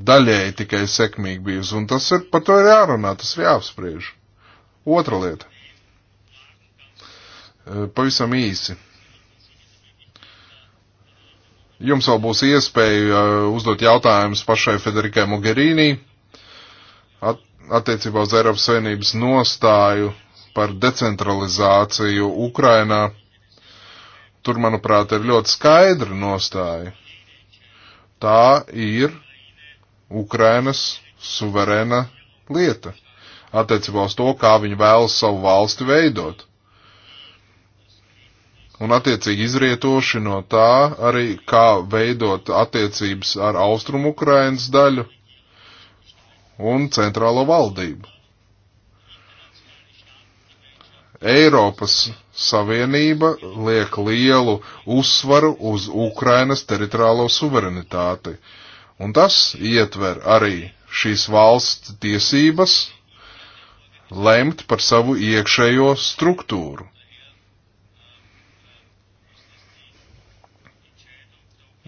daļēji tikai sekmīgi bijusi. Un tas ir, par to ir jārunā, tas ir jāapspriež. Otra lieta. Eh, pavisam īsi. Jums vēl būs iespēja eh, uzdot jautājumus pašai Federikai Mogherīnī at, attiecībā uz Eiropas Savienības nostāju par decentralizāciju Ukrainā tur, manuprāt, ir ļoti skaidra nostāja. Tā ir Ukrainas suverēna lieta attiecībā uz to, kā viņi vēlas savu valsti veidot. Un attiecīgi izrietoši no tā arī, kā veidot attiecības ar Austrumu Ukrainas daļu un centrālo valdību. Eiropas Savienība liek lielu uzsvaru uz Ukrainas teritoriālo suverenitāti, un tas ietver arī šīs valsts tiesības lemt par savu iekšējo struktūru.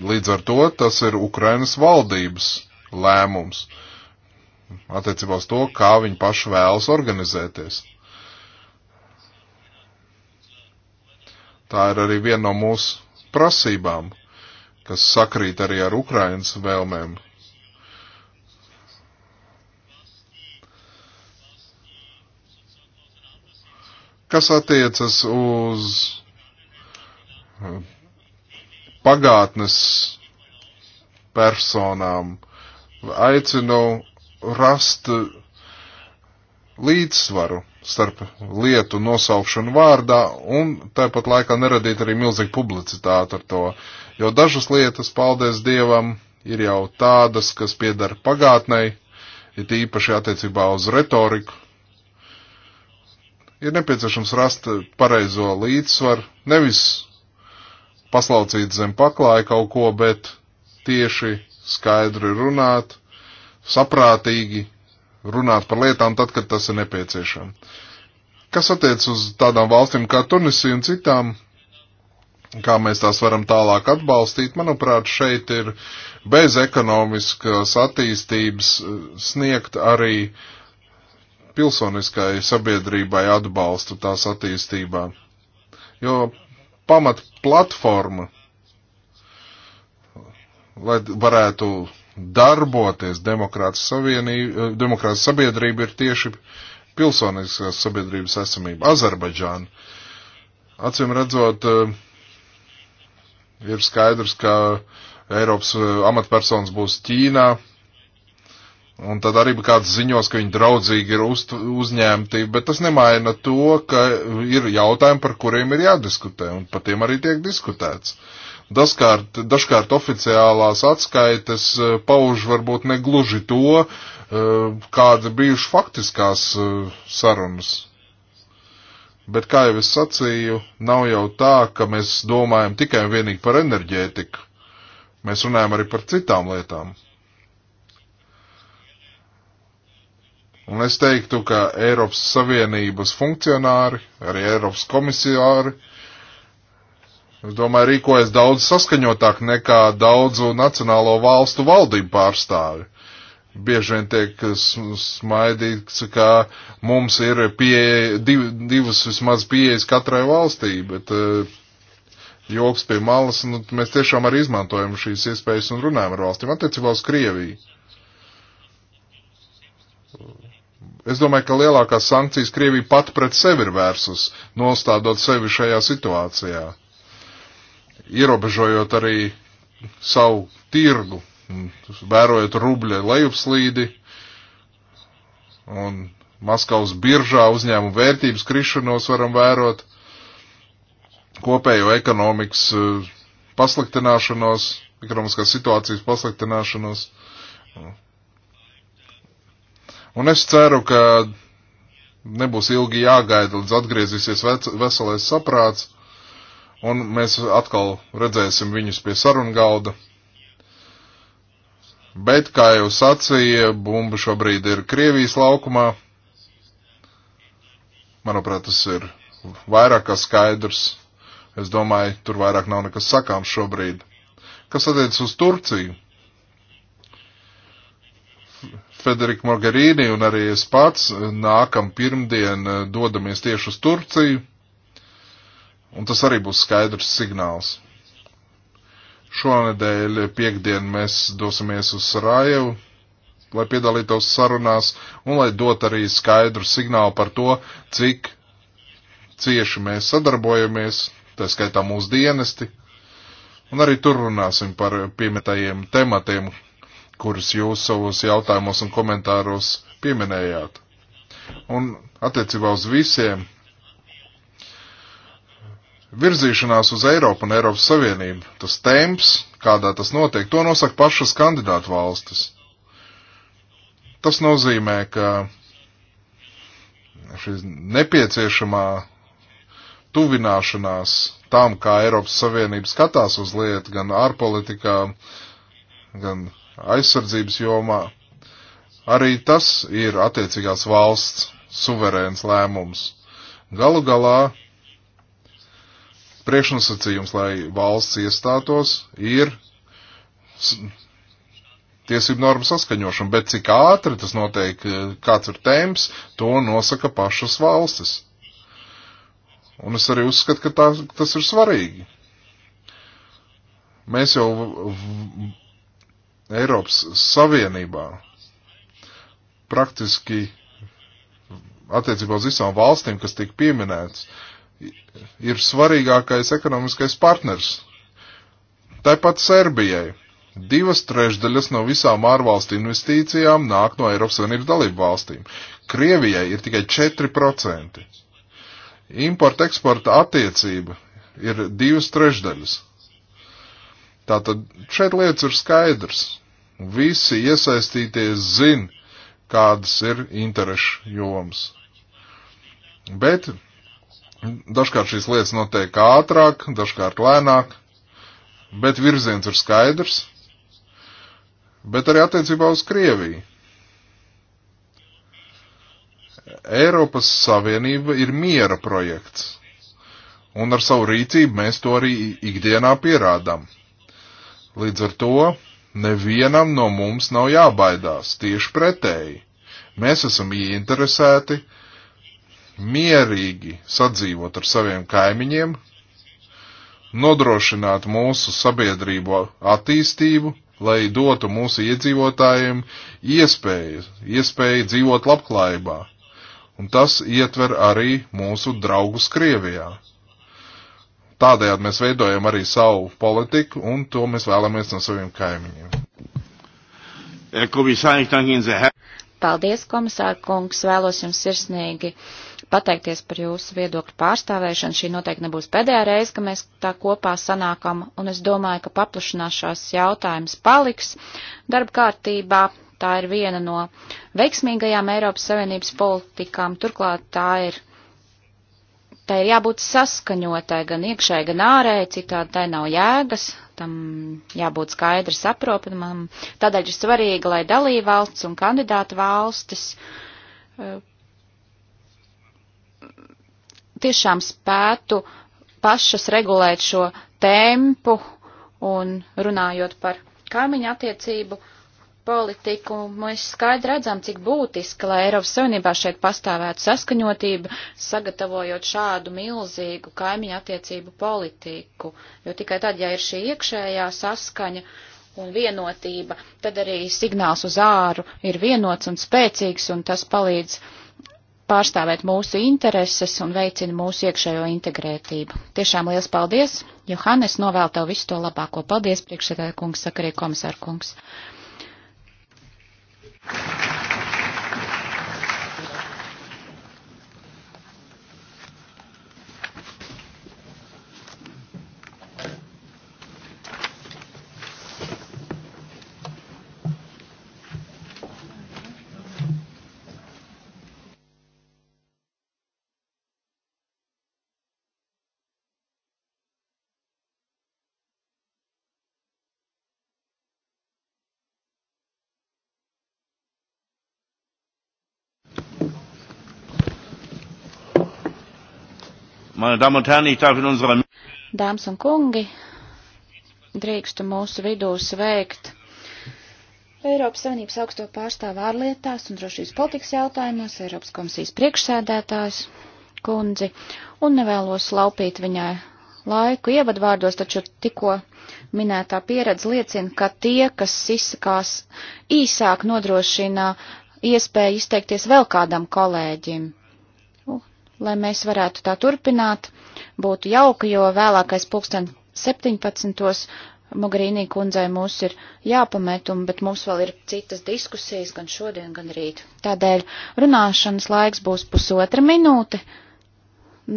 Līdz ar to tas ir Ukrainas valdības lēmums attiecībā uz to, kā viņi paši vēlas organizēties. Tā ir arī viena no mūsu prasībām, kas sakrīt arī ar Ukrainas vēlmēm. Kas attiecas uz eh, pagātnes personām, aicinu rast līdzsvaru starp lietu nosaukšanu vārdā un tāpat laikā neradīt arī milzīgu publicitāti ar to. Jo dažas lietas, paldies Dievam, ir jau tādas, kas piedara pagātnei, it īpaši attiecībā uz retoriku. Ir nepieciešams rast pareizo līdzsvaru, nevis paslaucīt zem paklāja kaut ko, bet tieši skaidri runāt, saprātīgi runāt par lietām tad, kad tas ir nepieciešams. Kas attiec uz tādām valstīm kā Tunisija un citām, kā mēs tās varam tālāk atbalstīt, manuprāt, šeit ir bez ekonomiskas attīstības eh, sniegt arī pilsoniskai sabiedrībai atbalstu tās attīstībā. Jo pamat platforma, lai varētu darboties eh, demokrātas sabiedrība ir tieši pilsoniskās sabiedrības esamība. Azerbaidžāna. Acim redzot, eh, ir skaidrs, ka Eiropas eh, amatpersonas būs Ķīnā, Un tad arī bija kāds ziņos, ka viņi draudzīgi ir uz, uzņemti, bet tas nemaina to, ka ir jautājumi, par kuriem ir jādiskutē, un par tiem arī tiek diskutēts. Dažkārt, dažkārt oficiālās atskaites eh, pauž varbūt negluži to, eh, kāda bijuši faktiskās eh, sarunas. Bet, kā jau es sacīju, nav jau tā, ka mēs domājam tikai un vienīgi par enerģētiku. Mēs runājam arī par citām lietām. Un es teiktu, ka Eiropas Savienības funkcionāri, arī Eiropas komisāri Es domāju, rīkojas daudz saskaņotāk nekā daudzu nacionālo valstu valdību pārstāvi. Bieži vien tiek smaidīts, ka mums ir pieeja, div, divas vismaz pieejas katrai valstī, bet uh, joks pie malas, nu, mēs tiešām arī izmantojam šīs iespējas un runājam ar valstīm attiecībā uz Krieviju. Es domāju, ka lielākās sankcijas Krievija pat pret sevi ir vērsus, nostādot sevi šajā situācijā ierobežojot arī savu tirgu, vērojot rubļa lejupslīdi un Maskavas biržā uzņēmumu vērtības krišanos varam vērot, kopējo ekonomikas eh, pasliktināšanos, ekonomiskās situācijas pasliktināšanos. Un es ceru, ka nebūs ilgi jāgaida, līdz atgriezīsies veselais saprāts un mēs atkal redzēsim viņus pie sarunu galda. Bet, kā jau sacīja, bumba šobrīd ir Krievijas laukumā. Manuprāt, tas ir vairāk kā skaidrs. Es domāju, tur vairāk nav nekas sakāms šobrīd. Kas attiecas uz Turciju? Federika Mogherini un arī es pats nākam pirmdien eh, dodamies tieši uz Turciju Un tas arī būs skaidrs signāls. Šonadēļ piekdien mēs dosimies uz Sarajevu, lai piedalītos sarunās un lai dot arī skaidru signālu par to, cik cieši mēs sadarbojamies, tā skaitā mūsu dienesti. Un arī tur runāsim par piemetajiem tematiem, kurus jūs savos jautājumos un komentāros pieminējāt. Un attiecībā uz visiem virzīšanās uz Eiropu un Eiropas Savienību, tas temps, kādā tas notiek, to nosaka pašas kandidātu valstis. Tas nozīmē, ka šī nepieciešamā tuvināšanās tam, kā Eiropas Savienība skatās uz lietu, gan ārpolitikā, gan aizsardzības jomā, arī tas ir attiecīgās valsts suverēns lēmums. Galu galā priekšnosacījums, lai valsts iestātos, ir tiesību normu saskaņošana, bet cik ātri tas notiek, e, kāds ir temps, to nosaka pašas valstis. Un es arī uzskatu, ka tā, tas ir svarīgi. Mēs jau Eiropas Savienībā praktiski attiecībā uz visām valstīm, kas tika pieminētas, uh, ir svarīgākais ekonomiskais partners. Tāpat Serbijai. Divas trešdaļas no visām ārvalstu investīcijām nāk no Eiropas Savienības dalību valstīm. Krievijai ir tikai 4%. Importa-eksporta attiecība ir divas trešdaļas. Tātad šeit lietas ir skaidrs. Visi iesaistīties zin, kādas ir interešu joms. Bet Dažkārt šīs lietas notiek ātrāk, dažkārt lēnāk, bet virziens ir skaidrs, bet arī attiecībā uz Krieviju. Eiropas Savienība ir miera projekts, un ar savu rīcību mēs to arī ikdienā pierādām. Līdz ar to nevienam no mums nav jābaidās, tieši pretēji. Mēs esam ieinteresēti, mierīgi sadzīvot ar saviem kaimiņiem, nodrošināt mūsu sabiedrību attīstību, lai dotu mūsu iedzīvotājiem iespēju, iespēju dzīvot labklājībā. Un tas ietver arī mūsu draugus Krievijā. Tādējādi mēs veidojam arī savu politiku, un to mēs vēlamies no saviem kaimiņiem. Paldies, komisār kungs, vēlos jums sirsnīgi pateikties par jūsu viedokļu pārstāvēšanu. Šī noteikti nebūs pēdējā reize, ka mēs tā kopā sanākam, un es domāju, ka paplašināšās jautājums paliks darba kārtībā. Tā ir viena no veiksmīgajām Eiropas Savienības politikām. Turklāt tā ir, tā ir jābūt saskaņotai gan iekšēji, gan ārēji, citādi tai nav jēgas, tam jābūt skaidri saprotamam. Tādēļ ir svarīgi, lai dalībvalsts un kandidāta valstis uh, tiešām spētu pašas regulēt šo tempu un runājot par kaimiņu attiecību politiku, mēs skaidri redzam, cik būtiski, lai Eiropas Savienībā šeit pastāvētu saskaņotība, sagatavojot šādu milzīgu kaimiņu attiecību politiku, jo tikai tad, ja ir šī iekšējā saskaņa, un vienotība, tad arī signāls uz āru ir vienots un spēcīgs, un tas palīdz pārstāvēt mūsu intereses un veicina mūsu iekšējo integrētību. Tiešām liels paldies! Johannes novēl tev visu to labāko. Paldies, priekšsēdētāja kungs, saka arī komisāra kungs. Thank you. Dāmas un kungi, drīkstu mūsu vidū sveikt Eiropas Savienības augsto pārstāvu ārlietās un drošības politikas jautājumos, Eiropas komisijas priekšsēdētājs kundzi, un nevēlos laupīt viņai laiku ievadvārdos, taču tikko minētā pieredze liecina, ka tie, kas izsakās īsāk, nodrošina iespēju izteikties vēl kādam kolēģim lai mēs varētu tā turpināt. Būtu jauka, jo vēlākais pulksten 17. Mogarīnī kundzei mūs ir jāpamet, un, bet mums vēl ir citas diskusijas gan šodien, gan rīt. Tādēļ runāšanas laiks būs pusotra minūte.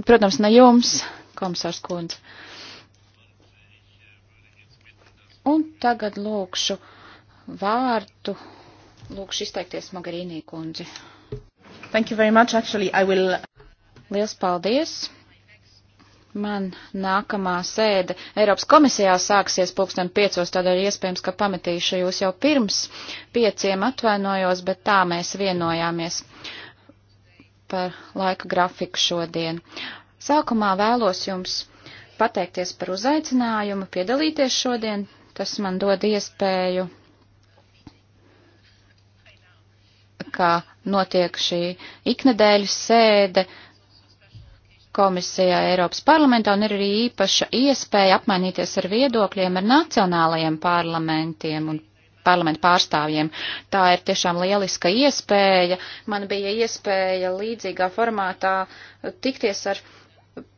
Protams, ne jums, komisārs kundze. Un tagad lūkšu vārtu, lūkšu izteikties Mogarīnī kundzi. Thank you very much, actually, I will. Liels paldies! Man nākamā sēde Eiropas komisijā sāksies pulksten piecos, tādēļ iespējams, ka pametīšu jūs jau pirms pieciem atvainojos, bet tā mēs vienojāmies par laika grafiku šodien. Sākumā vēlos jums pateikties par uzaicinājumu piedalīties šodien. Tas man dod iespēju, kā notiek šī iknedēļas sēde komisijā Eiropas parlamentā un ir arī īpaša iespēja apmainīties ar viedokļiem ar nacionālajiem parlamentiem un parlamentu pārstāvjiem. Tā ir tiešām lieliska iespēja. Man bija iespēja līdzīgā formātā tikties ar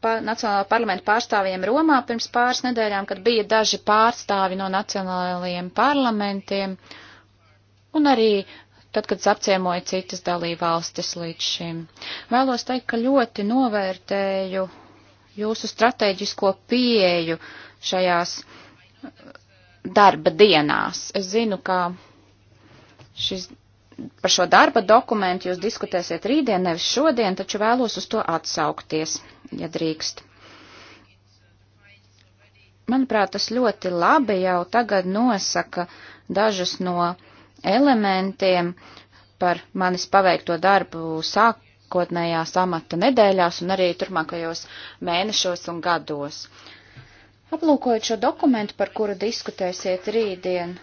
pa, Nacionālā parlamenta pārstāvjiem Romā pirms pāris nedēļām, kad bija daži pārstāvi no nacionālajiem parlamentiem un arī tad, kad apciemoju citas dalībvalstis līdz šim. Vēlos teikt, ka ļoti novērtēju jūsu strateģisko pieeju šajās uh, darba dienās. Es zinu, ka šis, par šo darba dokumentu jūs diskutēsiet rītdien, nevis šodien, taču vēlos uz to atsaukties, ja drīkst. Manuprāt, tas ļoti labi jau tagad nosaka dažas no uh, elementiem par manis paveikto darbu sākotnējās amata nedēļās un arī turmākajos mēnešos un gados. Aplūkojot šo dokumentu, par kuru diskutēsiet rītdien,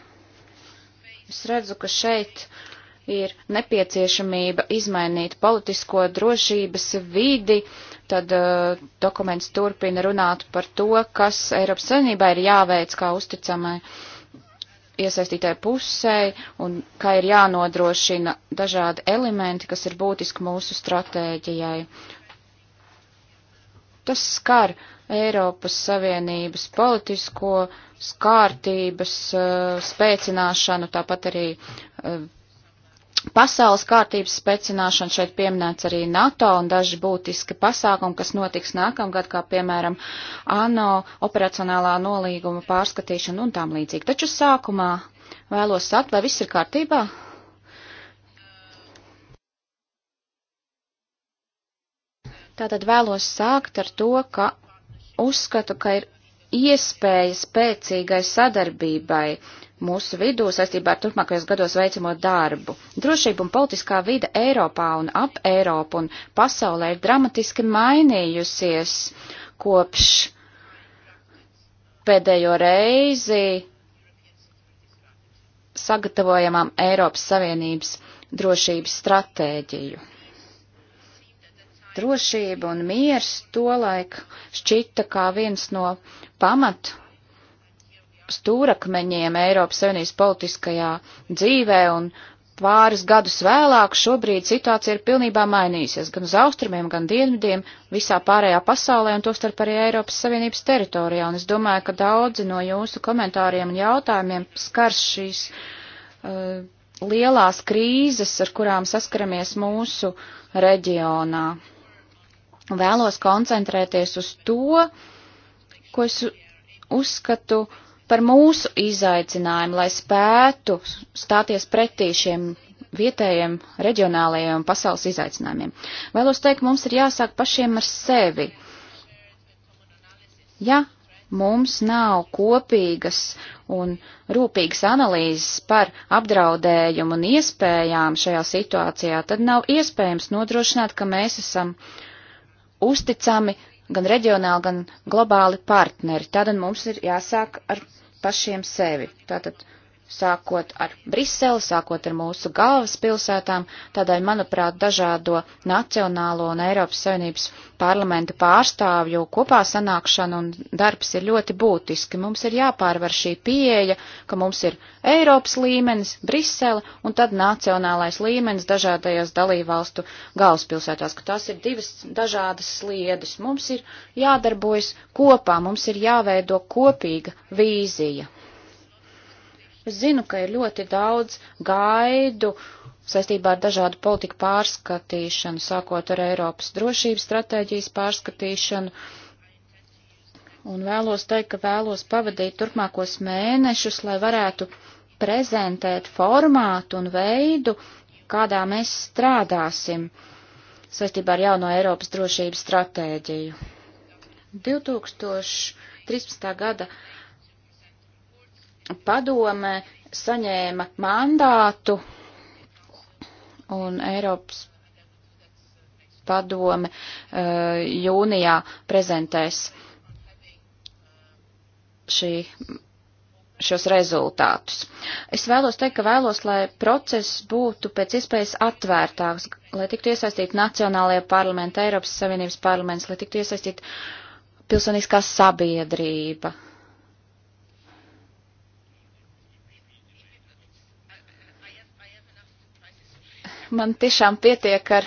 es redzu, ka šeit ir nepieciešamība izmainīt politisko drošības vidi, tad uh, dokuments turpina runāt par to, kas Eiropas Savienībā ir jāveic kā uzticamai uh, iesaistītāji pusei un kā ir jānodrošina dažādi elementi, kas ir būtiski mūsu stratēģijai. Tas skar Eiropas Savienības politisko skārtības uh, spēcināšanu, tāpat arī uh, Pasaules kārtības spēcināšana šeit pieminēts arī NATO un daži būtiski pasākumi, kas notiks nākamgad, kā piemēram ANO operacionālā nolīguma pārskatīšana un tam līdzīgi. Taču sākumā vēlos sakt, vai viss ir kārtībā? Tātad vēlos sākt ar to, ka uzskatu, ka ir iespēja spēcīgai sadarbībai mūsu vidū saistībā ar turpmākajos gados veicamo darbu. Drošība un politiskā vide Eiropā un ap Eiropu un pasaulē ir dramatiski mainījusies kopš pēdējo reizi sagatavojamām Eiropas Savienības drošības stratēģiju drošība un miers tolaik šķita kā viens no pamat stūrakmeņiem Eiropas Savienības politiskajā dzīvē un pāris gadus vēlāk šobrīd situācija ir pilnībā mainījusies gan uz austrumiem, gan dienvidiem, visā pārējā pasaulē un tostarp arī Eiropas Savienības teritorijā. Un es domāju, ka daudzi no jūsu komentāriem un jautājumiem skars šīs uh, lielās krīzes, ar kurām saskaramies mūsu reģionā vēlos koncentrēties uz to, ko es uzskatu par mūsu izaicinājumu, lai spētu stāties pretī šiem vietējiem, reģionālajiem un pasaules izaicinājumiem. Vēlos teikt, mums ir jāsāk pašiem ar sevi. Ja mums nav kopīgas un rūpīgas analīzes par apdraudējumu un iespējām šajā situācijā, tad nav iespējams nodrošināt, ka mēs esam uh, uzticami gan reģionāli, gan globāli partneri. Tātad mums ir jāsāk ar pašiem sevi. Tātad sākot ar Briseli, sākot ar mūsu galvaspilsētām, tādēļ, manuprāt, dažādo nacionālo un Eiropas Savienības parlamentu pārstāvju kopā sanākšana un darbs ir ļoti būtiski. Mums ir jāpārvar šī pieeja, ka mums ir Eiropas līmenis, Brisele un tad nacionālais līmenis dažādajās dalībvalstu galvaspilsētās, ka tās ir divas dažādas sliedes. Mums ir jādarbojas kopā, mums ir jāveido kopīga vīzija. Es zinu, ka ir ļoti daudz gaidu saistībā ar dažādu politiku pārskatīšanu, sākot ar Eiropas drošības stratēģijas pārskatīšanu. Un vēlos teikt, ka vēlos pavadīt turpmākos mēnešus, lai varētu prezentēt formātu un veidu, kādā mēs strādāsim saistībā ar jauno Eiropas drošības stratēģiju. 2013. gada padome saņēma mandātu un Eiropas padome eh, jūnijā prezentēs šī, šos rezultātus. Es vēlos teikt, ka vēlos, lai process būtu pēc iespējas atvērtāks, lai tiktu iesaistīti Nacionālajie parlamenti, Eiropas Savienības parlaments, lai tiktu iesaistīti pilsoniskā sabiedrība, man tiešām pietiek ar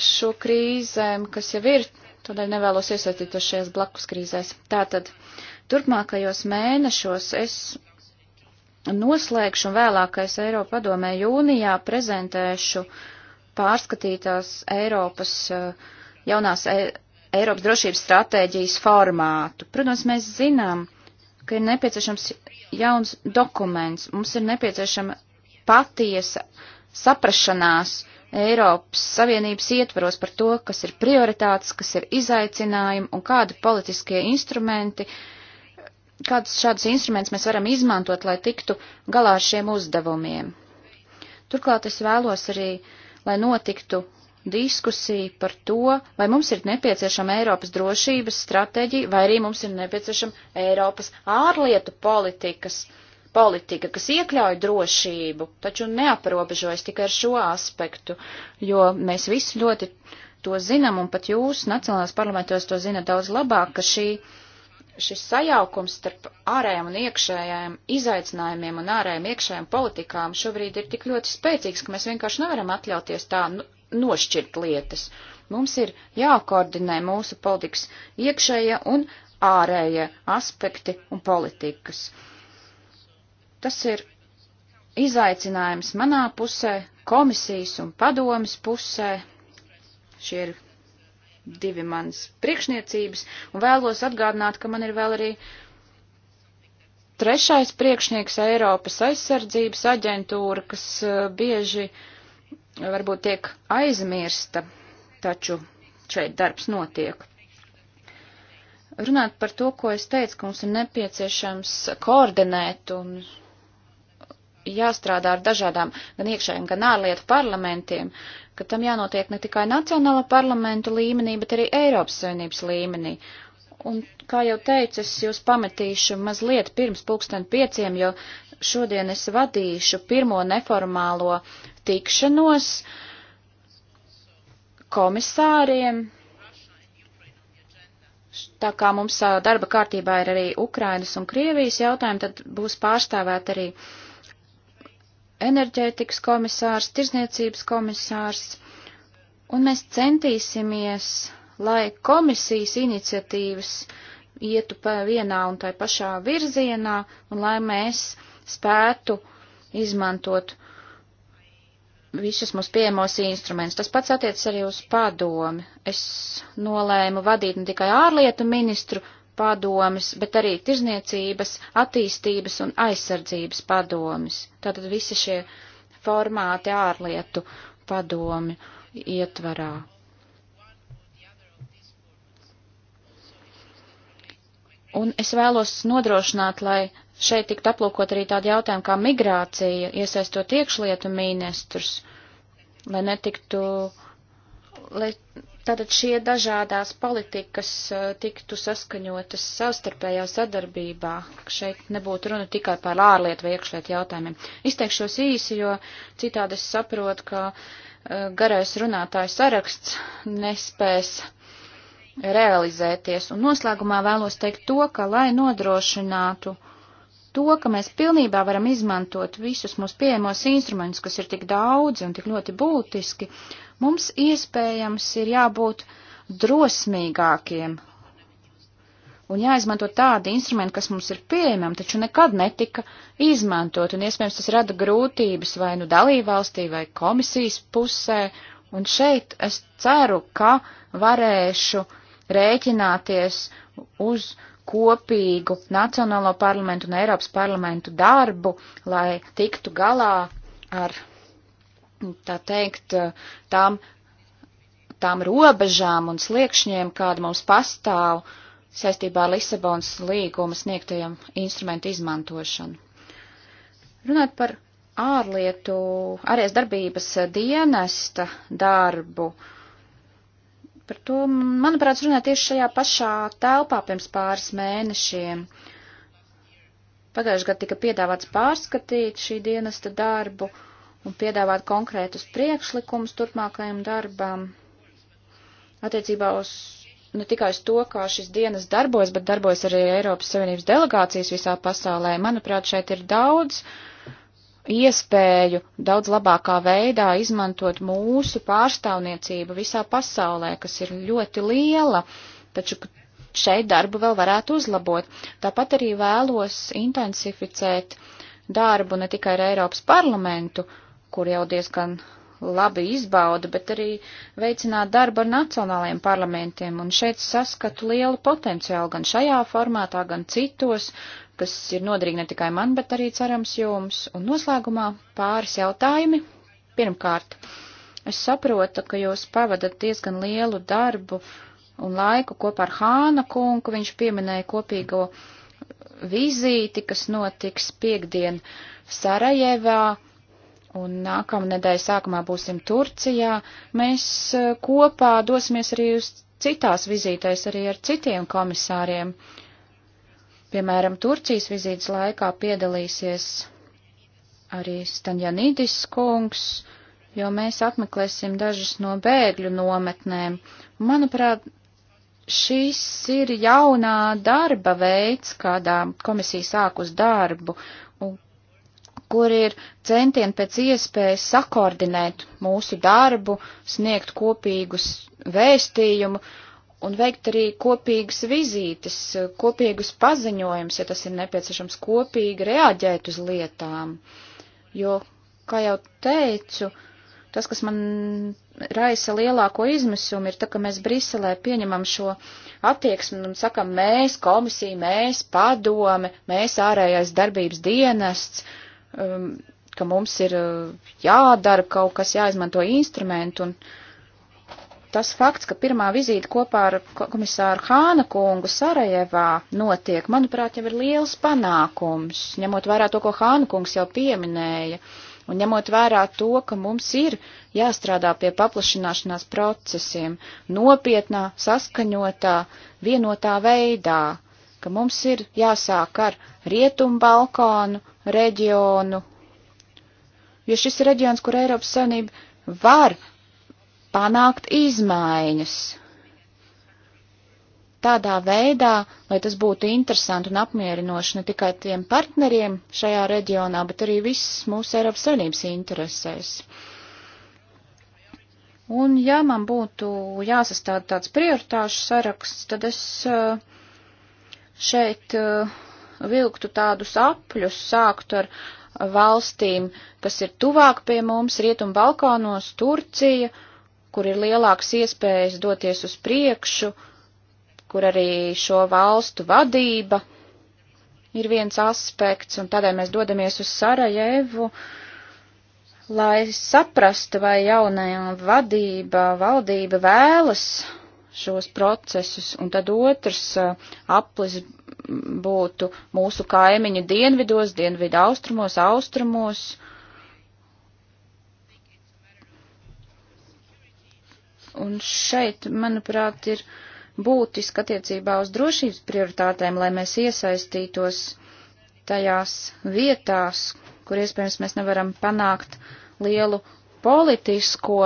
šo krīzēm, kas jau ir, tādēļ nevēlos iesaistīties šajās blakus krīzēs. Tātad, turpmākajos mēnešos es noslēgšu un vēlākais Eiropa padomē jūnijā prezentēšu pārskatītās Eiropas, eh, jaunās e Eiropas drošības stratēģijas formātu. Protams, mēs zinām, ka ir nepieciešams jauns dokuments, mums ir nepieciešama patiesa saprašanās Eiropas Savienības ietvaros par to, kas ir prioritātes, kas ir izaicinājumi un kādi politiskie instrumenti, kādus šādus instrumentus mēs varam izmantot, lai tiktu galā ar šiem uzdevumiem. Turklāt es vēlos arī, lai notiktu diskusija par to, vai mums ir nepieciešama Eiropas drošības stratēģija, vai arī mums ir nepieciešama Eiropas ārlietu politikas stratēģija politika, kas iekļauj drošību, taču neaprobežojas tikai ar šo aspektu, jo mēs visi ļoti to zinām, un pat jūs nacionālās parlamentos to zina daudz labāk, ka šī, šis sajaukums starp ārējām un iekšējām izaicinājumiem un ārējām iekšējām politikām šobrīd ir tik ļoti spēcīgs, ka mēs vienkārši nevaram atļauties tā nošķirt lietas. Mums ir jākoordinē mūsu politikas iekšējie un ārējie aspekti un politikas. Uh, Tas ir izaicinājums manā pusē, komisijas un padomas pusē. Šie ir divi manas priekšniecības, un vēlos atgādināt, ka man ir vēl arī trešais priekšnieks Eiropas aizsardzības aģentūra, kas e, bieži varbūt tiek aizmirsta, taču šeit darbs notiek. Runāt par to, ko es teicu, ka mums ir nepieciešams koordinēt un jāstrādā ar dažādām gan iekšējiem, gan ārlietu parlamentiem, ka tam jānotiek ne tikai nacionāla parlamentu līmenī, bet arī Eiropas Savienības līmenī. Un, kā jau teicu, es jūs pametīšu mazliet pirms pulksten pieciem, jo šodien es vadīšu pirmo neformālo tikšanos komisāriem. Tā kā mums darba kārtībā ir arī Ukrainas un Krievijas jautājumi, tad būs pārstāvēt arī uh, enerģētikas komisārs, tirzniecības komisārs, un mēs centīsimies, lai komisijas iniciatīvas ietu pa vienā un tai pašā virzienā, un lai mēs spētu izmantot visus mūsu pieejamos instrumentus. Tas pats attiecas arī uz padomi. Es nolēmu vadīt ne tikai ārlietu ministru, padomis, bet arī tirzniecības, attīstības un aizsardzības padomis. Tātad visi šie formāti ārlietu padomi ietvarā. Un es vēlos nodrošināt, lai šeit tiktu aplūkot arī tādi jautājumi kā migrācija, iesaistot iekšlietu ministrus, lai netiktu, lai Tātad šie dažādās politikas eh, tiktu saskaņotas savstarpējā sadarbībā. Šeit nebūtu runa tikai par ārlietu vai iekšlietu jautājumiem. Izteikšos īsi, jo citādi es saprotu, ka eh, garais runātāju saraksts nespēs realizēties. Un noslēgumā vēlos teikt to, ka lai nodrošinātu to, ka mēs pilnībā varam izmantot visus mūsu pieejamos instrumentus, kas ir tik daudzi un tik ļoti būtiski, uh, Mums iespējams ir jābūt drosmīgākiem un jāizmanto tādi instrumenti, kas mums ir pieejami, taču nekad netika izmantot, un iespējams tas rada grūtības vai nu dalībvalstī vai komisijas pusē, un šeit es ceru, ka varēšu rēķināties uz kopīgu Nacionālo parlamentu un Eiropas parlamentu darbu, lai tiktu galā ar tā teikt, tām, tām robežām un sliekšņiem, kāda mums pastāv saistībā ar Lisabonas līguma sniegtajiem instrumentu izmantošanu. Runāt par ārlietu, ārējas darbības dienesta darbu. Par to, manuprāt, runāja tieši šajā pašā telpā pirms pāris mēnešiem. Pagājušajā gadā tika piedāvāts pārskatīt šī dienesta darbu. Uh, un piedāvāt konkrētus priekšlikumus turpmākajam darbam attiecībā uz ne tikai uz to, kā šis dienas darbojas, bet darbojas arī Eiropas Savienības delegācijas visā pasaulē. Manuprāt, šeit ir daudz iespēju daudz labākā veidā izmantot mūsu pārstāvniecību visā pasaulē, kas ir ļoti liela, taču šeit darbu vēl varētu uzlabot. Tāpat arī vēlos intensificēt darbu ne tikai ar Eiropas parlamentu, uh, kur jau diezgan labi izbauda, bet arī veicināt darbu ar nacionālajiem parlamentiem, un šeit saskatu lielu potenciālu gan šajā formātā, gan citos, kas ir noderīgi ne tikai man, bet arī cerams jums. Un noslēgumā pāris jautājumi. Pirmkārt, es saprotu, ka jūs pavadat diezgan lielu darbu un laiku kopā ar Hāna kungu, viņš pieminēja kopīgo vizīti, kas notiks piekdien Sarajevā un nākamā nedēļa sākumā būsim Turcijā. Mēs e, kopā dosimies arī uz citās vizītēs, arī ar citiem komisāriem. Piemēram, Turcijas vizītes laikā piedalīsies arī Staņjanīdis kungs, jo mēs apmeklēsim dažas no bēgļu nometnēm. Manuprāt, šis ir jaunā darba veids, kādā komisija sāk uz darbu. Uh, kur ir centieni pēc iespējas sakoordinēt mūsu darbu, sniegt kopīgus vēstījumu un veikt arī kopīgas vizītes, kopīgus paziņojumus, ja tas ir nepieciešams, kopīgi reaģēt uz lietām. Jo, kā jau teicu, tas, kas man raisa lielāko izmisumu, ir tā, ka mēs Briselē pieņemam šo attieksmi un sakam, mēs, komisija, mēs, padome, mēs ārējais darbības dienests, uh, um, ka mums ir uh, jādara kaut kas, jāizmanto instrumenti, un tas fakts, ka pirmā vizīte kopā ar komisāru Hāna kungu Sarajevā notiek, manuprāt, jau ir liels panākums, ņemot vērā to, ko Hāna kungs jau pieminēja, un ņemot vērā to, ka mums ir jāstrādā pie paplašināšanās procesiem nopietnā, saskaņotā, vienotā veidā, ka mums ir jāsāk ar Rietumu Balkānu reģionu, jo šis ir reģions, kur Eiropas Savienība var panākt izmaiņas. Tādā veidā, lai tas būtu interesanti un apmierinoši ne tikai tiem partneriem šajā reģionā, bet arī viss mūsu Eiropas Savienības interesēs. Un ja man būtu jāsastāda tāds prioritāšu saraksts, tad es uh, šeit eh, vilktu tādus apļus, sāktu ar valstīm, kas ir tuvāk pie mums, Rietum Balkānos, Turcija, kur ir lielāks iespējas doties uz priekšu, kur arī šo valstu vadība ir viens aspekts, un tādēļ mēs dodamies uz Sarajevu, lai saprastu, vai jaunajā vadība, valdība vēlas šos procesus. Un tad otrs uh, aplis būtu mūsu kaimiņu dienvidos, dienvidu austrumos, austrumos. Un šeit, manuprāt, ir būtiski attiecībā uz drošības prioritātēm, lai mēs iesaistītos tajās vietās, kur iespējams mēs nevaram panākt lielu politisko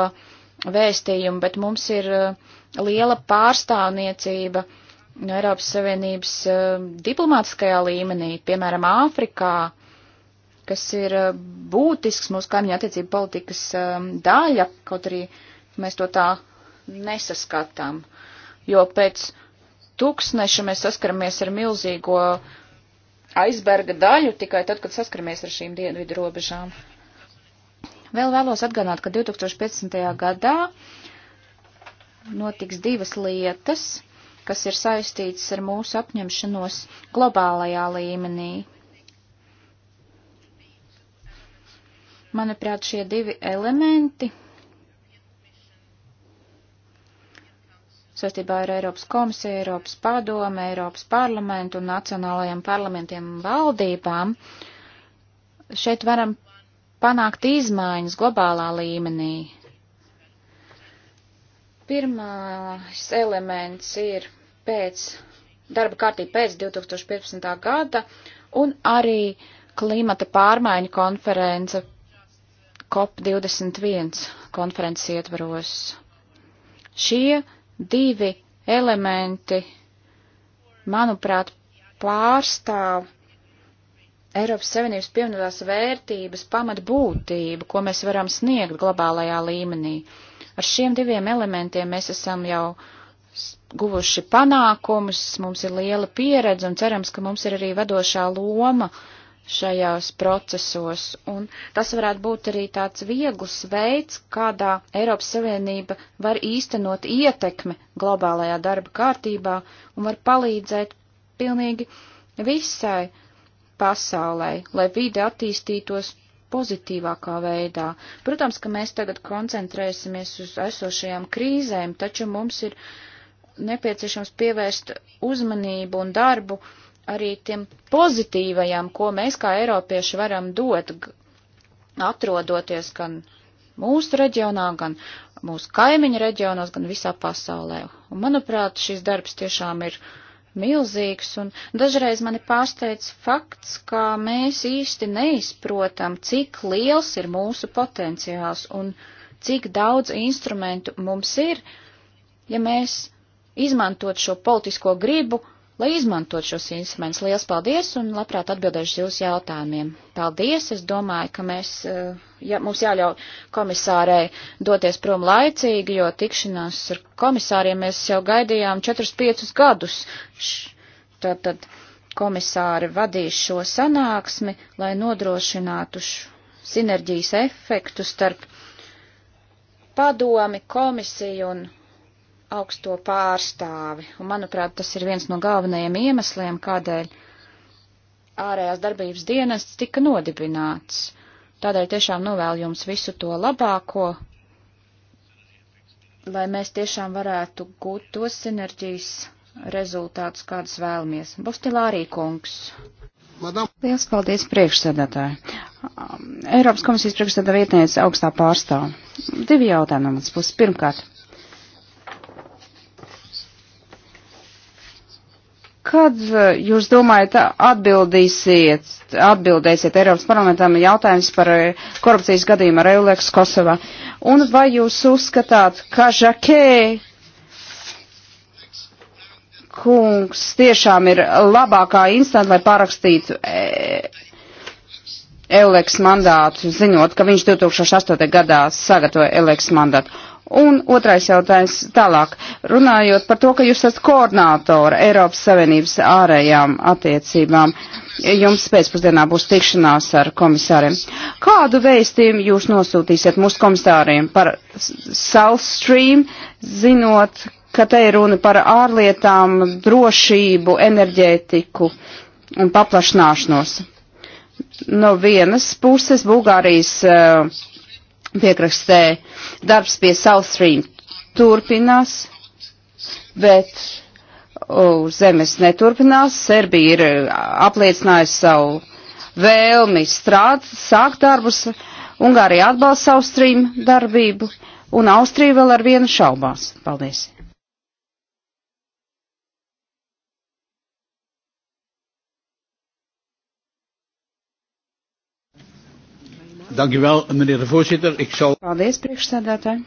vēstījumu, bet mums ir uh, liela pārstāvniecība no Eiropas Savienības eh, diplomātiskajā līmenī, piemēram, Āfrikā, kas ir eh, būtisks mūsu kaimiņu attiecību politikas eh, daļa, kaut arī mēs to tā nesaskatām, jo pēc tūkstneša mēs saskaramies ar milzīgo aizberga daļu tikai tad, kad saskaramies ar šīm dienvidu robežām. Vēl vēlos atgādināt, ka 2015. gadā notiks divas lietas, kas ir saistītas ar mūsu apņemšanos globālajā līmenī. Manuprāt, šie divi elementi saistībā ar Eiropas komisiju, Eiropas padomu, Eiropas parlamentu un nacionālajiem parlamentiem un valdībām šeit varam panākt izmaiņas globālā līmenī. Pirmais elements ir pēc darba kārtība pēc 2015. gada un arī klimata pārmaiņu konference COP21 konferences ietvaros. Šie divi elementi, manuprāt, pārstāv Eiropas Savienības pievienotās vērtības pamatbūtību, ko mēs varam sniegt globālajā līmenī. Uh, Ar šiem diviem elementiem mēs esam jau guvuši panākumus, mums ir liela pieredze un cerams, ka mums ir arī vadošā loma šajās procesos. Un tas varētu būt arī tāds viegls veids, kādā Eiropas Savienība var īstenot ietekmi globālajā darba kārtībā un var palīdzēt pilnīgi visai pasaulē, lai vide attīstītos pozitīvākā veidā. Protams, ka mēs tagad koncentrēsimies uz esošajām krīzēm, taču mums ir nepieciešams pievērst uzmanību un darbu arī tiem pozitīvajam, ko mēs kā eiropieši varam dot, atrodoties gan mūsu reģionā, gan mūsu kaimiņu reģionos, gan visā pasaulē. Un, manuprāt, šis darbs tiešām ir milzīgs, un dažreiz mani pārsteidz fakts, ka mēs īsti neizprotam, cik liels ir mūsu potenciāls un cik daudz instrumentu mums ir, ja mēs izmantot šo politisko gribu, lai izmantot šos instrumentus. Liels paldies un labprāt atbildēšu jūsu jautājumiem. Paldies, es domāju, ka mēs, eh, ja, mums jāļauj komisārei doties prom laicīgi, jo tikšanās ar komisāriem mēs jau gaidījām 4-5 gadus. Tad, tad komisāri vadīs šo sanāksmi, lai nodrošinātu sinerģijas efektu starp padomi, komisiju un augsto pārstāvi. Un, manuprāt, tas ir viens no galvenajiem iemesliem, kādēļ ārējās darbības dienests tika nodibināts. Tādēļ tiešām novēlu jums visu to labāko, lai mēs tiešām varētu gūt tos sinerģijas rezultātus, kādus vēlamies. Bustilārī kungs. Madam. Liels paldies priekšsēdētāji. Um, Eiropas komisijas priekšsēdā vietniece augstā pārstāv. Divi jautājumi no manas puses. Pirmkārt, Kad e, jūs domājat atbildīsiet, atbildēsiet Eiropas parlamentam jautājums par e, korupcijas gadījumu ar Euleks Kosovā? Un vai jūs uzskatāt, ka Žakē kungs tiešām ir labākā instanta, lai pārakstītu e, Euleks mandātu, ziņot, ka viņš 2008. gadā sagatavoja Euleks mandātu? Un otrais jautājums tālāk. Runājot par to, ka jūs esat koordinātora Eiropas Savienības ārējām attiecībām, jums pēcpusdienā būs tikšanās ar komisāriem. Kādu vēstījumu jūs nosūtīsiet mūsu komisāriem par South Stream, zinot, ka te ir runa par ārlietām, drošību, enerģētiku un paplašināšanos? No vienas puses Bulgārijas uh, eh, piekrakstē Darbs pie South Stream turpinās, bet uz zemes neturpinās. Serbija ir apliecinājusi savu vēlmi strādāt, sākt darbus. Ungārija atbalsta Austriju darbību, un Austrija vēl ar vienu šaubās. Paldies! Dank u wel, meneer de voorzitter. Ik zal... Paldies, priekšsēdētāji.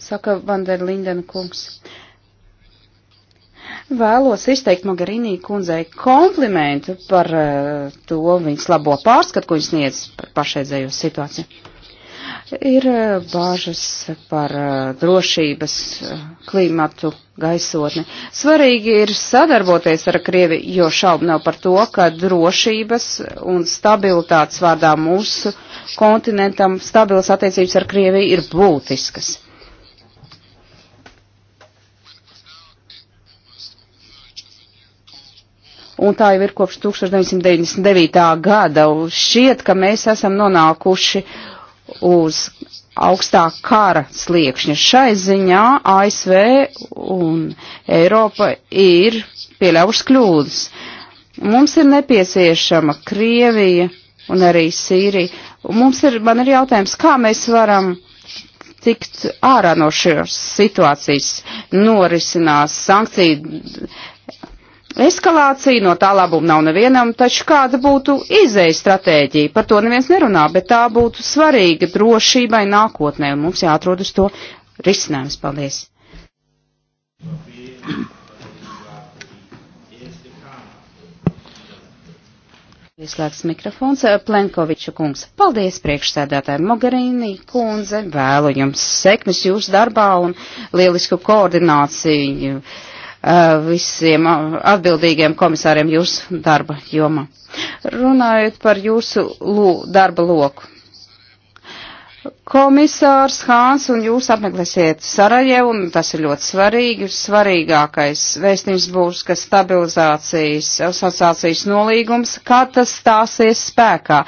Saka Vanderlinden kungs. Vēlos izteikt Magarīnī kundzei komplimentu par uh, to viņas labo pārskatu, ko viņas sniedz par pašreizējo situāciju. Ir e, bāžas par e, drošības e, klimatu gaisotni. Svarīgi ir sadarboties ar Krievi, jo šaubu nav par to, ka drošības un stabilitātes vārdā mūsu kontinentam stabilas attiecības ar Krieviju ir būtiskas. un tā jau ir kopš 1999. gada. Šķiet, ka mēs esam nonākuši uz augstā kara sliekšņa. Šai ziņā ASV un Eiropa ir pieļaujuši kļūdas. Mums ir nepieciešama Krievija un arī Sīrija. Mums ir, man ir jautājums, kā mēs varam tikt ārā no šīs situācijas, norisinās sankciju eskalācija, no tā labuma nav nevienam, taču kāda būtu izēja stratēģija, par to neviens nerunā, bet tā būtu svarīga drošībai nākotnē, un mums jāatrod uz to risinājums. Paldies! Ieslēgts mikrofons eh, Plenkoviča kungs. Paldies priekšsēdētāji Mogarīnī kundze, vēlu jums sekmes jūsu darbā un lielisku koordināciju Uh, visiem uh, atbildīgiem komisāriem jūsu darba jomā. Runājot par jūsu darba loku komisārs Hāns un jūs apmeklēsiet Sarajevu, un tas ir ļoti svarīgi. Svarīgākais vēstījums būs, ka stabilizācijas, asociācijas nolīgums, kad tas stāsies spēkā.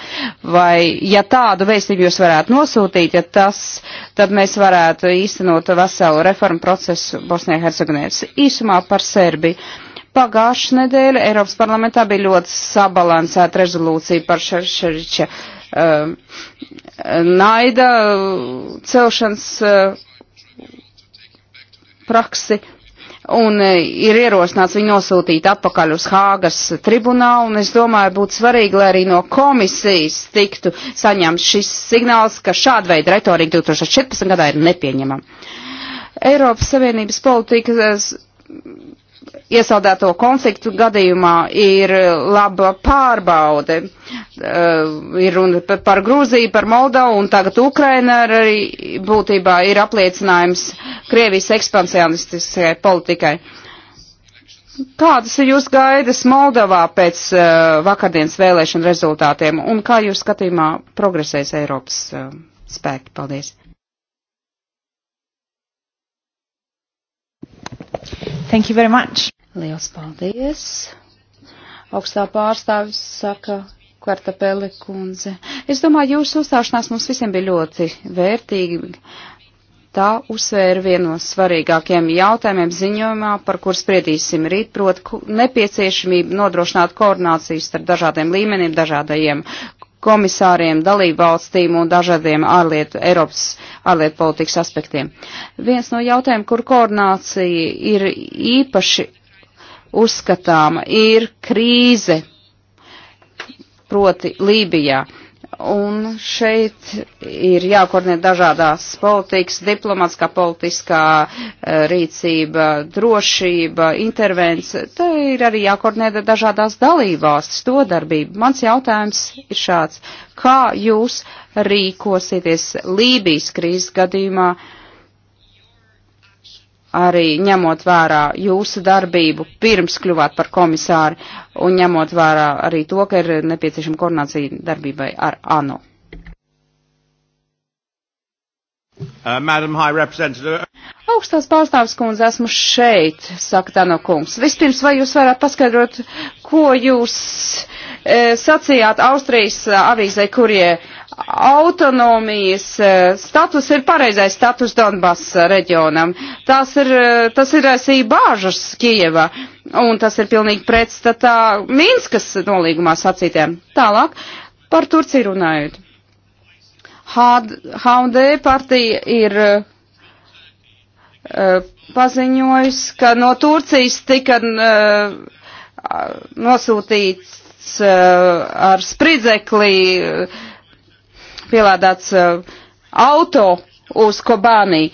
Vai, ja tādu vēstījumu jūs varētu nosūtīt, ja tas, tad mēs varētu īstenot veselu reformu procesu Bosnijā Hercegovinēs. Īsumā par Serbiju. Pagājušā nedēļa Eiropas parlamentā bija ļoti sabalansēta rezolūcija par Šerčeviča. Šer, šer, šer uh, naida celšanas uh, praksi. Un uh, ir ierosināts viņu nosūtīt atpakaļ uz Hāgas tribunālu, un es domāju, būtu svarīgi, lai arī no komisijas tiktu saņemts šis signāls, ka šāda veida retorika 2014. gadā ir nepieņemama. Eiropas Savienības politika iesaldēto konfliktu gadījumā ir laba pārbaude. Uh, ir runa par Grūziju, par Moldovu un tagad Ukraina arī būtībā ir apliecinājums Krievijas ekspansionistiskai politikai. Kādas ir jūsu gaidas Moldovā pēc uh, vakardienas vēlēšanu rezultātiem un kā jūs skatījumā progresēs Eiropas uh, spēki? Paldies! Thank you very much. Liels paldies. Augstā pārstāvis saka Kvartapeli kundze. Es domāju, jūsu uzstāšanās mums visiem bija ļoti vērtīga. Tā uzsvēra vienu no svarīgākiem jautājumiem ziņojumā, par kur spriedīsim rīt, proti nepieciešamību nodrošināt koordinācijas starp dažādiem līmeniem, dažādajiem komisāriem, dalībvalstīm un dažādiem ārlietu, Eiropas ārlietu politikas aspektiem. Viens no jautājumiem, kur koordinācija ir īpaši uzskatāma, ir krīze, proti Lībijā. Un šeit ir jākoordinē dažādās politikas, diplomātiskā politiskā eh, rīcība, drošība, intervence. Te ir arī jākoordinē dažādās dalībvalstis to darbību. Mans jautājums ir šāds. Kā jūs rīkosieties Lībijas krīzes gadījumā? Uh, arī ņemot vērā jūsu darbību pirms kļuvāt par komisāri un ņemot vērā arī to, ka ir nepieciešama koordinācija darbībai ar ANO. Uh, Augstās pārstāvs kundze, esmu šeit, saka Tano kungs. Vispirms, vai jūs varat paskaidrot, ko jūs e, sacījāt Austrijas eh, avīzē, kurie uh, autonomijas eh, status ir pareizais status Donbass eh, reģionam. Eh, tas ir, tas ir aizsīja bāžas Kijevā, un tas ir pilnīgi pretstatā Minskas nolīgumā sacītēm. Tālāk par Turciju runājot. HD partija ir uh, paziņojusi, ka no Turcijas tika uh, nosūtīts uh, ar spridzekli uh, pielādēts uh, auto uz Kobānī.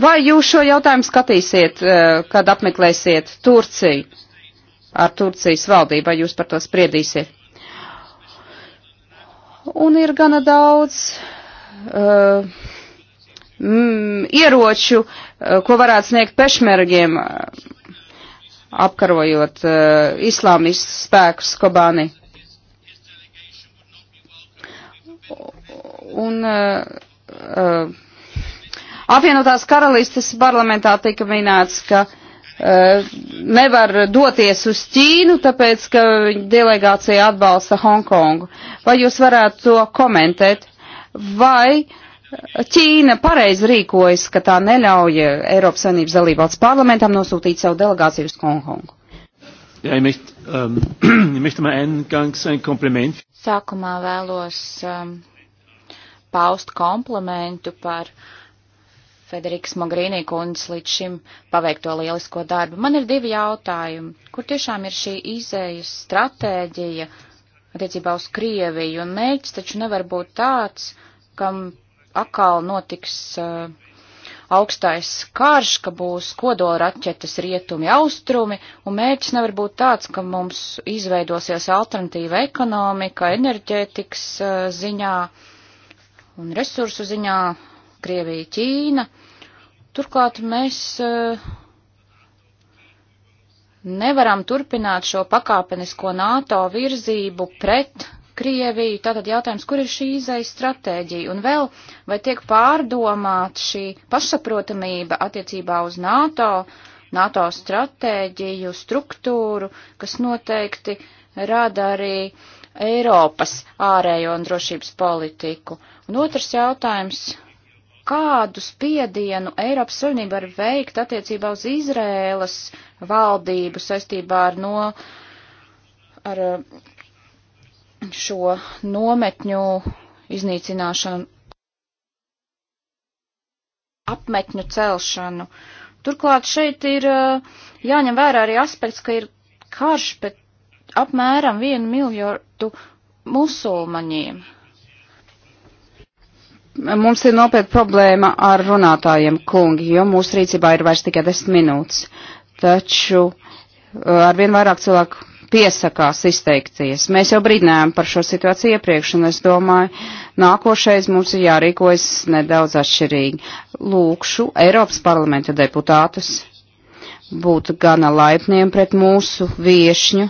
Vai jūs šo jautājumu skatīsiet, uh, kad apmeklēsiet Turciju ar Turcijas valdību, vai jūs par to spriedīsiet? Un ir gana daudz uh, mm, ieroču, uh, ko varētu sniegt pešmergiem, uh, apkarojot uh, islāmistu spēkus Kobāni. Un uh, uh, apvienotās karalistes parlamentā tika minēts, ka uh, nevar doties uz Ķīnu, tāpēc, ka delegācija atbalsta Hongkongu. Vai jūs varētu to komentēt? Vai Ķīna pareizi rīkojas, ka tā neļauj Eiropas Savienības dalībvalsts parlamentam nosūtīt savu delegāciju uz Hongkongu? Ja, ich möchte, ähm, ich möchte mal eingangs ein Kompliment. Sākumā vēlos um, paust komplementu par Federikas Mogrīnī kundzes līdz šim paveikto lielisko darbu. Man ir divi jautājumi. Kur tiešām ir šī izējas stratēģija attiecībā uz Krieviju? Un mērķis taču nevar būt tāds, kam atkal notiks uh, augstais karš, ka būs kodola raķetes rietumi austrumi, un mērķis nevar būt tāds, ka mums izveidosies alternatīva ekonomika enerģētikas uh, ziņā. Uh, un resursu ziņā Krievija, Ķīna. Turklāt mēs eh, nevaram turpināt šo pakāpenisko NATO virzību pret Krieviju. Tātad jautājums, kur ir šī izejas stratēģija? Un vēl, vai tiek pārdomāt šī pašsaprotamība attiecībā uz NATO, NATO stratēģiju, struktūru, kas noteikti rada arī uh, Eiropas ārējo un drošības politiku. Un otrs jautājums kādu spiedienu Eiropas Savienība var veikt attiecībā uz Izrēlas valdību saistībā ar, no, ar eh, šo nometņu iznīcināšanu, apmetņu celšanu. Turklāt šeit ir eh, jāņem vērā arī aspekts, ka ir karš, bet apmēram 1 miljardu musulmaņiem. Mums ir nopietna problēma ar runātājiem, kungi, jo mūsu rīcībā ir vairs tikai 10 minūtes. Taču eh, arvien vairāk cilvēku piesakās izteikties. Mēs jau brīdinājām par šo situāciju iepriekš, un es domāju, nākošais mums ir jārīkojas nedaudz atšķirīgi. Lūkšu Eiropas parlamenta deputātus būt gana laipniem pret mūsu viešņu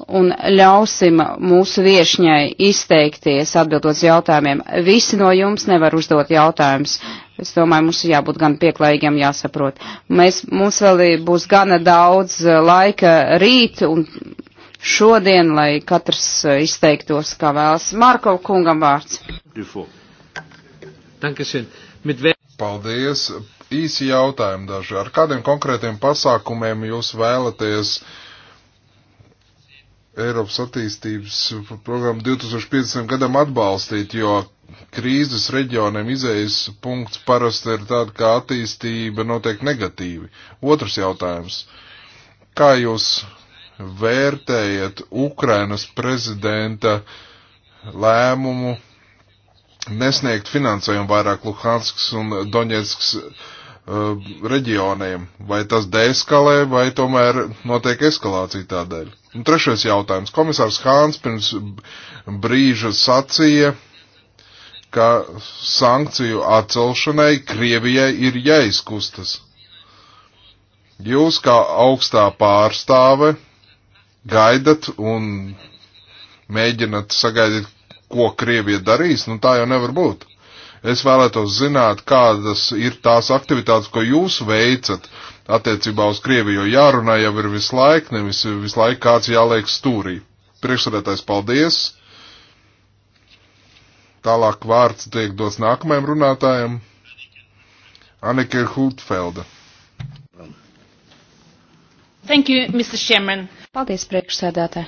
un ļausim mūsu viešņai izteikties atbildot jautājumiem. Visi no jums nevar uzdot jautājumus. Es domāju, mums jābūt gan pieklājīgiem, jāsaprot. Mēs, mums vēl būs gana daudz eh, laika rīt un šodien, lai katrs eh, izteiktos, kā vēlas. Markov kungam vārds. Paldies. Īsi jautājumi daži. Ar kādiem konkrētiem pasākumiem jūs vēlaties uh, Eiropas attīstības programmu 2050 gadam atbalstīt, jo krīzes reģioniem izējas punkts parasti ir tāda, kā attīstība notiek negatīvi. Otrs jautājums. Kā jūs vērtējat Ukrainas prezidenta lēmumu nesniegt finansējumu vairāk Luhanskas un Doņetskas uh, reģioniem? Vai tas deeskalē, vai tomēr notiek eskalācija tādēļ? Un trešais jautājums. Komisārs Hāns pirms brīža sacīja, ka sankciju atcelšanai Krievijai ir jāizkustas. Jūs kā augstā pārstāve gaidat un mēģinat sagaidīt, ko Krievija darīs, nu tā jau nevar būt. Es vēlētos zināt, kādas ir tās aktivitātes, ko jūs veicat, attiecībā uz Krieviju, jo jārunā jau ir visu laiku, nevis visu laiku kāds jāliek stūrī. Priekšsēdētājs, paldies! Tālāk vārds tiek dots nākamajam runātājam - Anike Hultfelda. Thank you, Mr. Chairman. Paldies, priekšsēdētāji.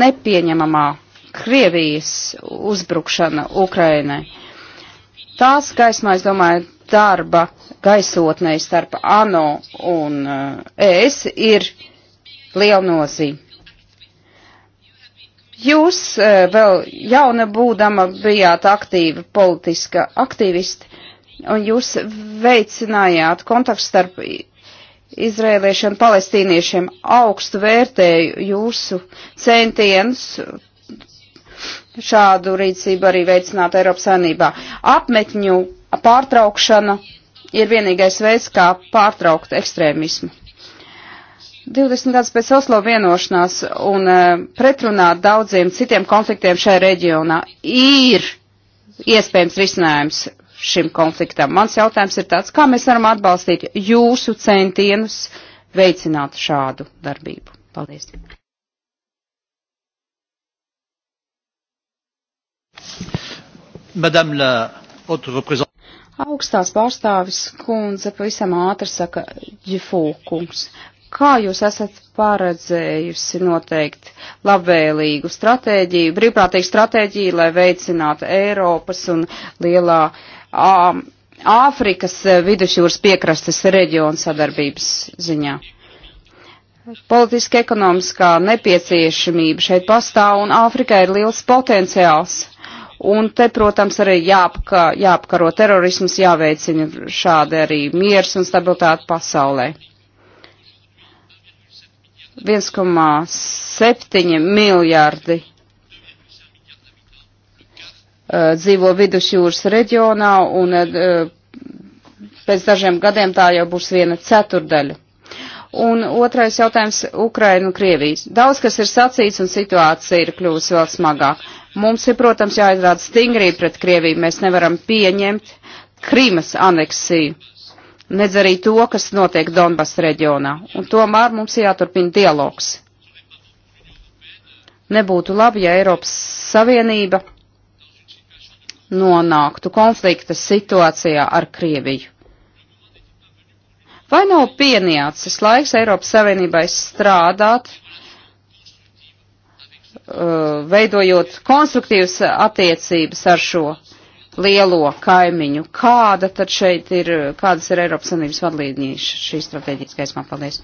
Nepieņemamā Krievijas uzbrukšana Ukrainai. Tās gaismā, es domāju, darba gaisotnē starp ANO un eh, ES ir liela nozīme. Jūs eh, vēl jauna būdama bijāt aktīva politiska aktīvisti, un jūs veicinājāt kontaktu starp izrēliešiem un palestīniešiem. Augstu vērtēju jūsu centienus šādu rīcību arī veicināt Eiropas saimnībā. Apmetņu pārtraukšana ir vienīgais veids, kā pārtraukt ekstrēmismu. 20 gadus pēc Oslo vienošanās un e, pretrunā daudziem citiem konfliktiem šajā reģionā ir iespējams risinājums šim konfliktam. Mans jautājums ir tāds, kā mēs varam atbalstīt jūsu centienus veicināt šādu darbību. Paldies! Madame la haute représentante. Augstās pārstāvis kundze pavisam ātri saka ģifūkums. Kā jūs esat paredzējusi noteikti labvēlīgu stratēģiju, brīvprātīgu stratēģiju, lai veicinātu Eiropas un lielā Āfrikas vidusjūras piekrastes reģiona sadarbības ziņā? Politiska ekonomiskā nepieciešamība šeit pastāv un Āfrikai ir liels potenciāls Un te, protams, arī jāapka, jāapkaro terorismus, jāveicina šādi arī miers un stabilitāte pasaulē. 1,7 miljardi uh, dzīvo vidusjūras reģionā, un uh, pēc dažiem gadiem tā jau būs viena ceturdaļa. Un otrais jautājums - Ukraina un Krievijas. Daudz kas ir sacīts un situācija ir kļuvusi vēl smagāk. Mums ir, protams, jāizrāda stingrība pret Krieviju. Mēs nevaram pieņemt Krimas aneksiju, nedz arī to, kas notiek Donbass reģionā. Un tomēr mums jāturpina dialogs. Nebūtu labi, ja Eiropas Savienība nonāktu konflikta situācijā ar Krieviju. Vai nav pienācis laiks Eiropas Savienībai strādāt, uh, veidojot konstruktīvas attiecības ar šo lielo kaimiņu? Kāda tad šeit ir, kādas ir Eiropas Savienības vadlīnijas šīs strateģijas gaismā? Paldies!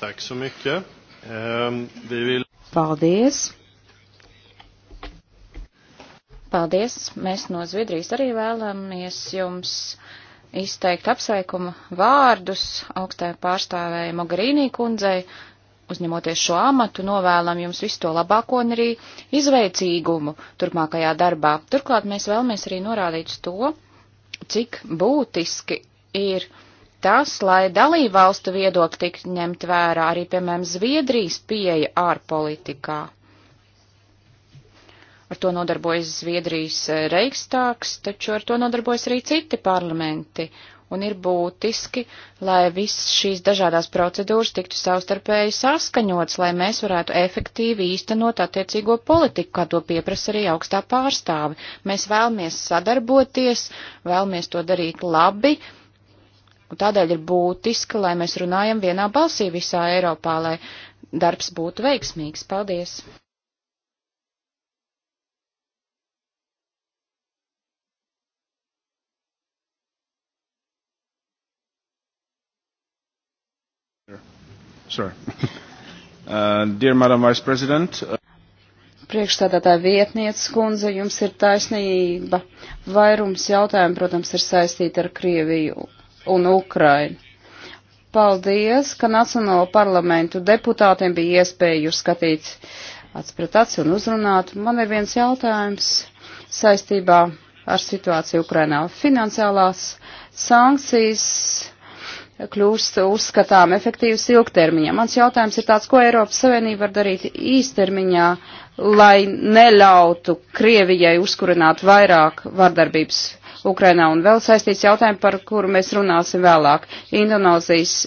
Tack så mycket. Um, vi vill... Paldies! Paldies! Mēs no Zviedrijas arī vēlamies jums izteikt apsveikumu vārdus augstajai pārstāvēji Mogarīnī kundzei. Uzņemoties šo amatu, novēlam jums visu to labāko un arī izveicīgumu turpmākajā darbā. Turklāt mēs vēlamies arī norādīt to, cik būtiski ir tas, lai dalībvalstu viedokļi tik ņemt vērā arī, piemēram, Zviedrijas pieeja ārpolitikā. Ar to nodarbojas Zviedrijas e, reikstāks, taču ar to nodarbojas arī citi parlamenti. Un ir būtiski, lai viss šīs dažādās procedūras tiktu savstarpēji saskaņots, lai mēs varētu efektīvi īstenot attiecīgo politiku, kā to pieprasa arī augstā pārstāve. Mēs vēlamies sadarboties, vēlamies to darīt labi, Un tādēļ ir būtiski, lai mēs runājam vienā balsī visā Eiropā, lai darbs būtu veiksmīgs. Paldies! Sorry. (laughs) Uh, dear Madam Vice President. Uh... Priekšstādātāja vietniece skundze, jums ir taisnība. Vairums jautājumu, protams, ir saistīti ar Krieviju un Ukrainu. Paldies, ka Nacionālo parlamentu deputātiem bija iespēja jūs skatīt atspret aci un uzrunāt. Man ir viens jautājums saistībā ar situāciju Ukrainā. Finansiālās sankcijas kļūst uzskatām efektīvs ilgtermiņā. Mans jautājums ir tāds, ko Eiropas Savienība var darīt īstermiņā, lai neļautu Krievijai uzkurināt vairāk vardarbības Ukrainā. Un vēl saistīts jautājums, par kuru mēs runāsim vēlāk. Indonēzijas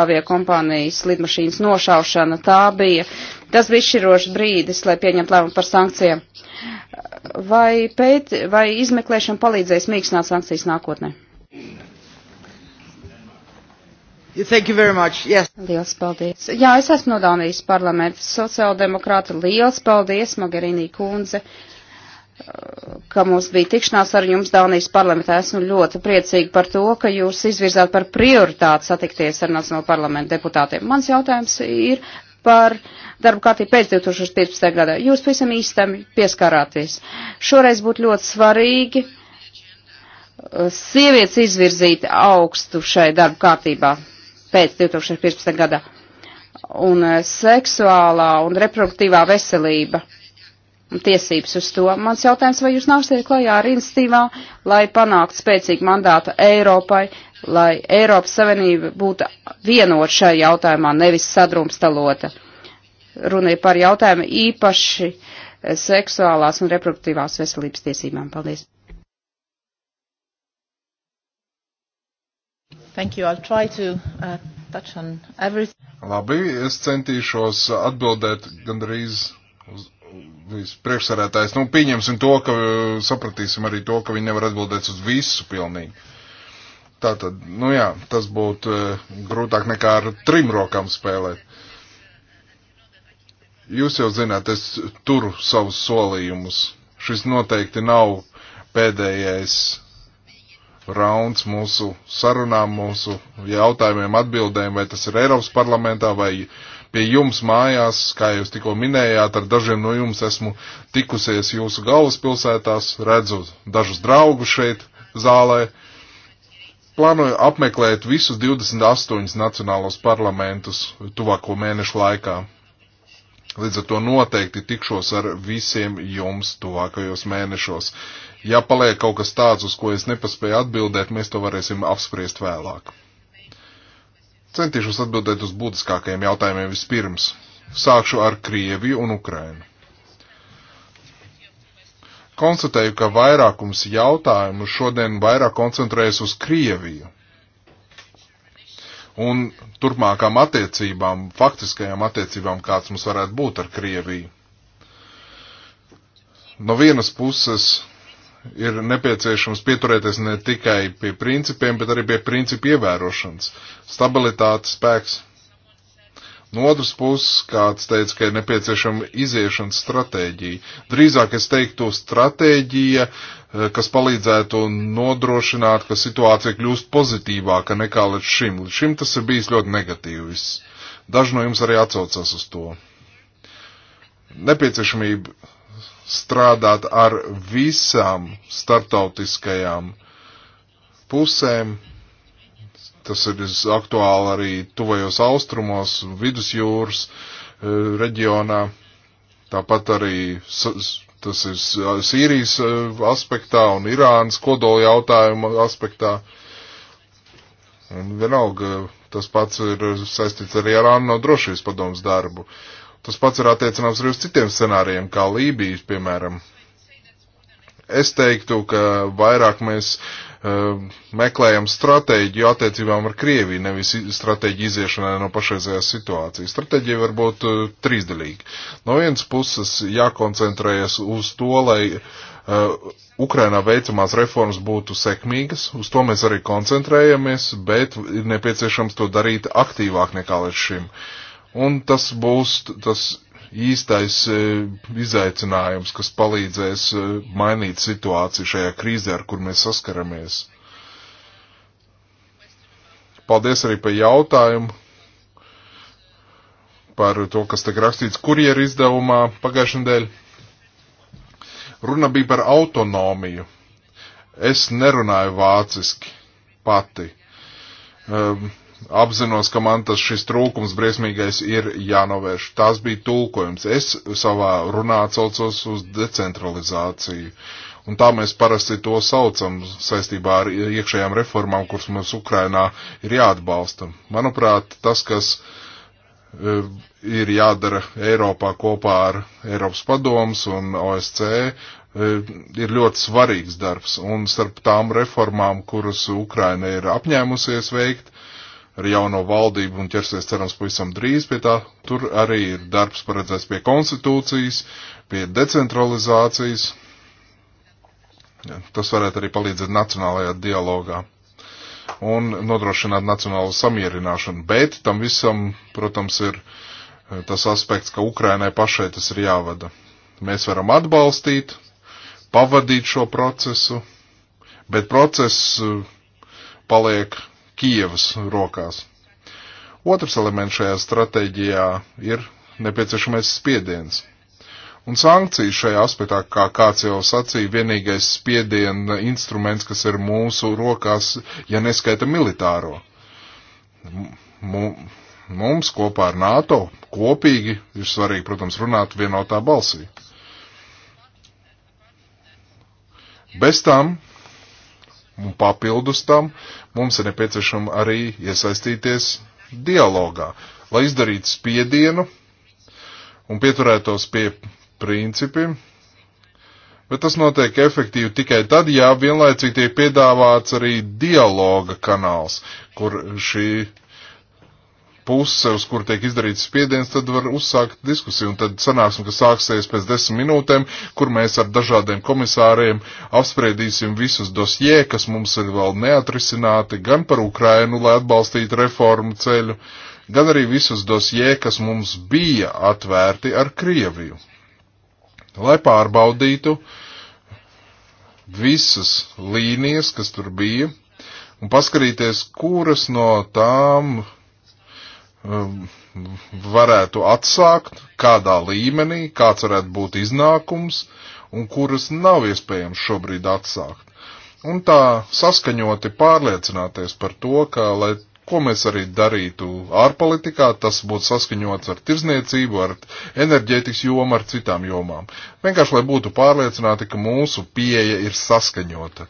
aviokompānijas lidmašīnas nošaušana, tā bija, tas bija izšķirošs brīdis, lai pieņemtu lēmumu par sankcijām. Vai, pēt, vai izmeklēšana palīdzēs mīkstināt sankcijas nākotnē? Thank you very much. Yes. Liels paldies. Jā, es esmu no Dānijas parlamenta sociāldemokrāta. Liels paldies, Mogherini kundze, ka mums bija tikšanās ar jums Dānijas parlamentā. Esmu ļoti priecīgi par to, ka jūs izvirzāt par prioritāti satikties ar Nacionālo parlamentu deputātiem. Mans jautājums ir par darbu kārtību pēc 2015. gada. Jūs pavisam īstam pieskarāties. Šoreiz būtu ļoti svarīgi uh, sievietes izvirzīt augstu šai darbu kārtībā pēc 2015. gada. Un eh, seksuālā un reproduktīvā veselība tiesības uz to. Mans jautājums, vai jūs nāksiet klajā ar institīvā, lai panāktu spēcīgu mandātu Eiropai, lai Eiropas Savienība būtu vienot šajā jautājumā, nevis sadrumstalota. Runa ir par jautājumu īpaši eh, seksuālās un reproduktīvās veselības tiesībām. Paldies! Thank you. I'll try to uh, touch on everything. Labi, es centīšos atbildēt gandrīz uz priekšsarētājs. Nu, pieņemsim to, ka sapratīsim arī to, ka viņi nevar atbildēt uz visu pilnīgi. Tātad, nu jā, tas būtu uh, grūtāk nekā ar trim rokām spēlēt. Jūs jau zināt, es turu savus solījumus. Šis noteikti nav pēdējais rauns mūsu sarunām, mūsu jautājumiem, atbildēm, vai tas ir Eiropas parlamentā vai pie jums mājās, kā jūs tikko minējāt, ar dažiem no jums esmu tikusies jūsu galvaspilsētās, redzu dažus draugus šeit zālē. Plānoju apmeklēt visus 28 nacionālos parlamentus tuvāko mēnešu laikā. Līdz ar to noteikti tikšos ar visiem jums tuvākajos mēnešos ja paliek kaut kas tāds, uz ko es nepaspēju atbildēt, mēs to varēsim apspriest vēlāk. Centīšos atbildēt uz būtiskākajiem jautājumiem vispirms. Sākšu ar Krieviju un Ukrainu. Konstatēju, ka vairākums jautājumu šodien vairāk koncentrējas uz Krieviju un turpmākām attiecībām, faktiskajām attiecībām, kāds mums varētu būt ar Krieviju. No vienas puses ir nepieciešams pieturēties ne tikai pie principiem, bet arī pie principu ievērošanas. Stabilitāte, spēks. No otras puses, kāds teica, ka ir nepieciešama iziešanas stratēģija. Drīzāk es teiktu stratēģija, eh, kas palīdzētu nodrošināt, ka situācija kļūst pozitīvāka nekā līdz šim. Līdz šim tas ir bijis ļoti negatīvs. Daži no jums arī atsaucas uz to. Nepieciešamība strādāt ar visām startautiskajām pusēm. Tas ir aktuāli arī tuvajos austrumos, vidusjūras eh, reģionā. Tāpat arī tas ir Sīrijas eh, aspektā un Irānas kodola jautājuma aspektā. Un vienalga tas pats ir saistīts arī ar ANO drošības padomus darbu. Uh, Tas pats ir attiecināms arī uz citiem scenārijiem, kā Lībijas, piemēram. Es teiktu, ka vairāk mēs uh, meklējam stratēģiju attiecībām ar Krieviju, nevis stratēģiju iziešanai no pašreizējās situācijas. Stratēģija var būt uh, eh, trīsdaļīga. No vienas puses jākoncentrējas uz to, lai uh, Ukrainā veicamās reformas būtu sekmīgas, uz to mēs arī koncentrējamies, bet ir nepieciešams to darīt aktīvāk nekā līdz šim. Uh, Un tas būs tas īstais e, izaicinājums, kas palīdzēs e, mainīt situāciju šajā krīzē, ar kur mēs saskaramies. Paldies arī par jautājumu par to, kas tiek rakstīts kurjeru izdevumā pagājušajā nedēļā. Runa bija par autonomiju. Es nerunāju vāciski pati. Um, apzinos, ka man tas šis trūkums briesmīgais ir jānovērš. Tās bija tulkojums. Es savā runā atsaucos uz decentralizāciju. Un tā mēs parasti to saucam saistībā ar iekšējām reformām, kuras mums Ukrainā ir jāatbalsta. Manuprāt, tas, kas e, ir jādara Eiropā kopā ar Eiropas padomus un OSCE, ir ļoti svarīgs darbs, un starp tām reformām, kuras Ukraina ir apņēmusies veikt, ar jauno valdību un ķersies, cerams, pavisam drīz pie tā. Tur arī ir darbs paredzēts pie konstitūcijas, pie decentralizācijas. Tas varētu arī palīdzēt nacionālajā dialogā un nodrošināt nacionālu samierināšanu. Bet tam visam, protams, ir eh, tas aspekts, ka Ukrainai pašai tas ir jāvada. Mēs varam atbalstīt, pavadīt šo procesu, bet process eh, paliek Kievas rokās. Otrs elements šajā stratēģijā ir nepieciešamais spiediens. Un sankcijas šajā aspektā, kā kāds jau sacīja, vienīgais spiediena instruments, kas ir mūsu rokās, ja neskaita militāro. M mums kopā ar NATO kopīgi ir svarīgi, protams, runāt vienotā balsī. Bez tam Un papildus tam mums ir nepieciešama arī iesaistīties dialogā, lai izdarītu spiedienu un pieturētos pie principiem. Bet tas notiek efektīvi tikai tad, ja vienlaicīgi tiek piedāvāts arī dialoga kanāls, kur šī puse, uz kuru tiek izdarīts spiediens, tad var uzsākt diskusiju. Un tad sanāksim, ka sāksies pēc desmit minūtēm, kur mēs ar dažādiem komisāriem apspriedīsim visus dosjē, kas mums ir vēl neatrisināti, gan par Ukrainu, lai atbalstītu reformu ceļu, gan arī visus dosjē, kas mums bija atvērti ar Krieviju. Lai pārbaudītu visas līnijas, kas tur bija, un paskarīties, kuras no tām Um, varētu atsākt, kādā līmenī, kāds varētu būt iznākums un kuras nav iespējams šobrīd atsākt. Un tā saskaņoti pārliecināties par to, ka, lai ko mēs arī darītu ārpolitikā, tas būtu saskaņots ar tirzniecību, ar enerģētikas jomu, ar citām jomām. Vienkārši, lai būtu pārliecināti, ka mūsu pieeja ir saskaņota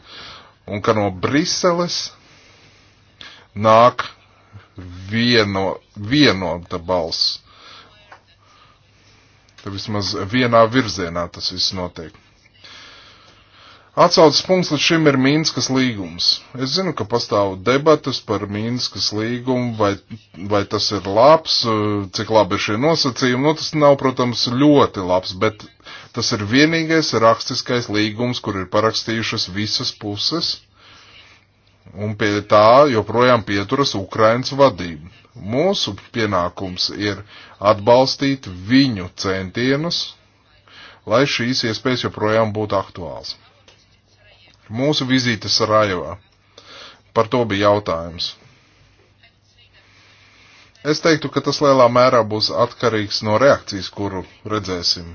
un ka no Briseles nāk vieno, vienota balss. Tad vismaz vienā virzienā tas viss notiek. Atsaucas punkts līdz šim ir Mīnskas līgums. Es zinu, ka pastāv debatas par Mīnskas līgumu, vai, vai tas ir labs, cik labi ir šie nosacījumi. Nu, tas nav, protams, ļoti labs, bet tas ir vienīgais rakstiskais līgums, kur ir parakstījušas visas puses un pie tā joprojām pieturas Ukrainas vadība. Mūsu pienākums ir atbalstīt viņu centienus, lai šīs iespējas joprojām būtu aktuāls. Mūsu vizīte Sarajevā. Par to bija jautājums. Es teiktu, ka tas lielā mērā būs atkarīgs no reakcijas, kuru redzēsim.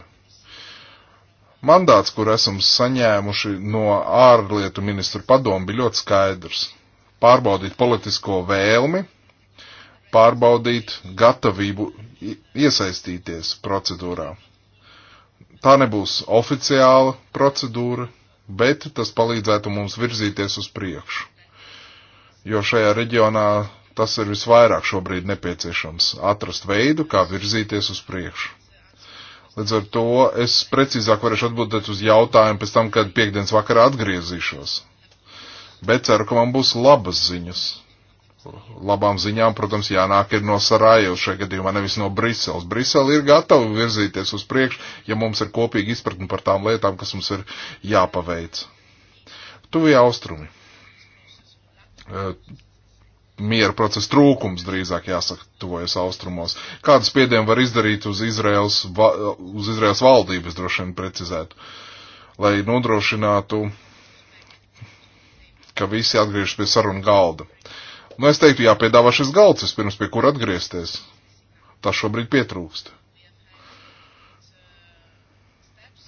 Mandāts, kur esam saņēmuši no ārlietu ministru padomu, bija ļoti skaidrs. Pārbaudīt politisko vēlmi, pārbaudīt gatavību iesaistīties procedūrā. Tā nebūs oficiāla procedūra, bet tas palīdzētu mums virzīties uz priekšu. Jo šajā reģionā tas ir visvairāk šobrīd nepieciešams - atrast veidu, kā virzīties uz priekšu. Līdz ar to es precīzāk varēšu atbildēt uz jautājumu pēc tam, kad piekdienas vakarā atgriezīšos. Bet ceru, ka man būs labas ziņas. Labām ziņām, protams, jānāk ir no Sarajevas šajā gadījumā, nevis no Briseles. Brisele ir gatava virzīties uz priekšu, ja mums ir kopīgi izpratni par tām lietām, kas mums ir jāpaveic. Tuvie austrumi miera procesa trūkums, drīzāk jāsaka, tuvojas austrumos. Kādu spiedienu var izdarīt uz Izraels, va, uz Izraels valdības, droši vien precizētu, lai nodrošinātu, ka visi atgriežas pie sarunu galda. Nu, es teiktu, jāpiedāvā šis galds vispirms, pie kur atgriezties. Tas šobrīd pietrūkst.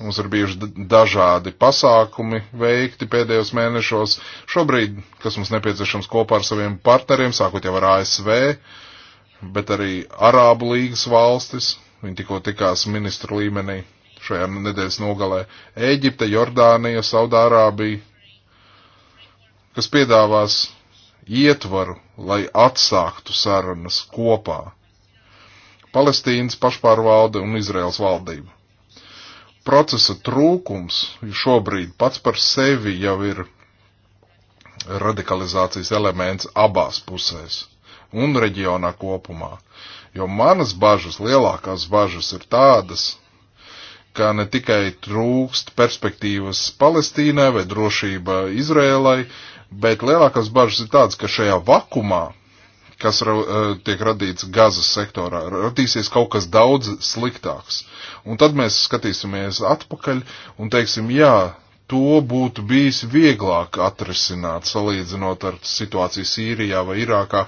Mums ir bijuši dažādi pasākumi veikti pēdējos mēnešos. Šobrīd, kas mums nepieciešams kopā ar saviem partneriem, sākot jau ar ASV, bet arī Arābu līgas valstis, viņi tikko tikās ministru līmenī šajā nedēļas nogalē, Ēģipte, Jordānija, Saudārābija, kas piedāvās ietvaru, lai atsāktu sarunas kopā. Palestīnas pašpārvalde un Izraels valdība procesa trūkums šobrīd pats par sevi jau ir radikalizācijas elements abās pusēs un reģionā kopumā. Jo manas bažas, lielākās bažas ir tādas, ka ne tikai trūkst perspektīvas Palestīnai vai drošība Izrēlai, bet lielākās bažas ir tādas, ka šajā vakumā kas ra eh, tiek radīts gazas sektorā. Radīsies kaut kas daudz sliktāks. Un tad mēs skatīsimies atpakaļ un teiksim, jā, to būtu bijis vieglāk atrisināt, salīdzinot ar situāciju Sīrijā vai Irākā,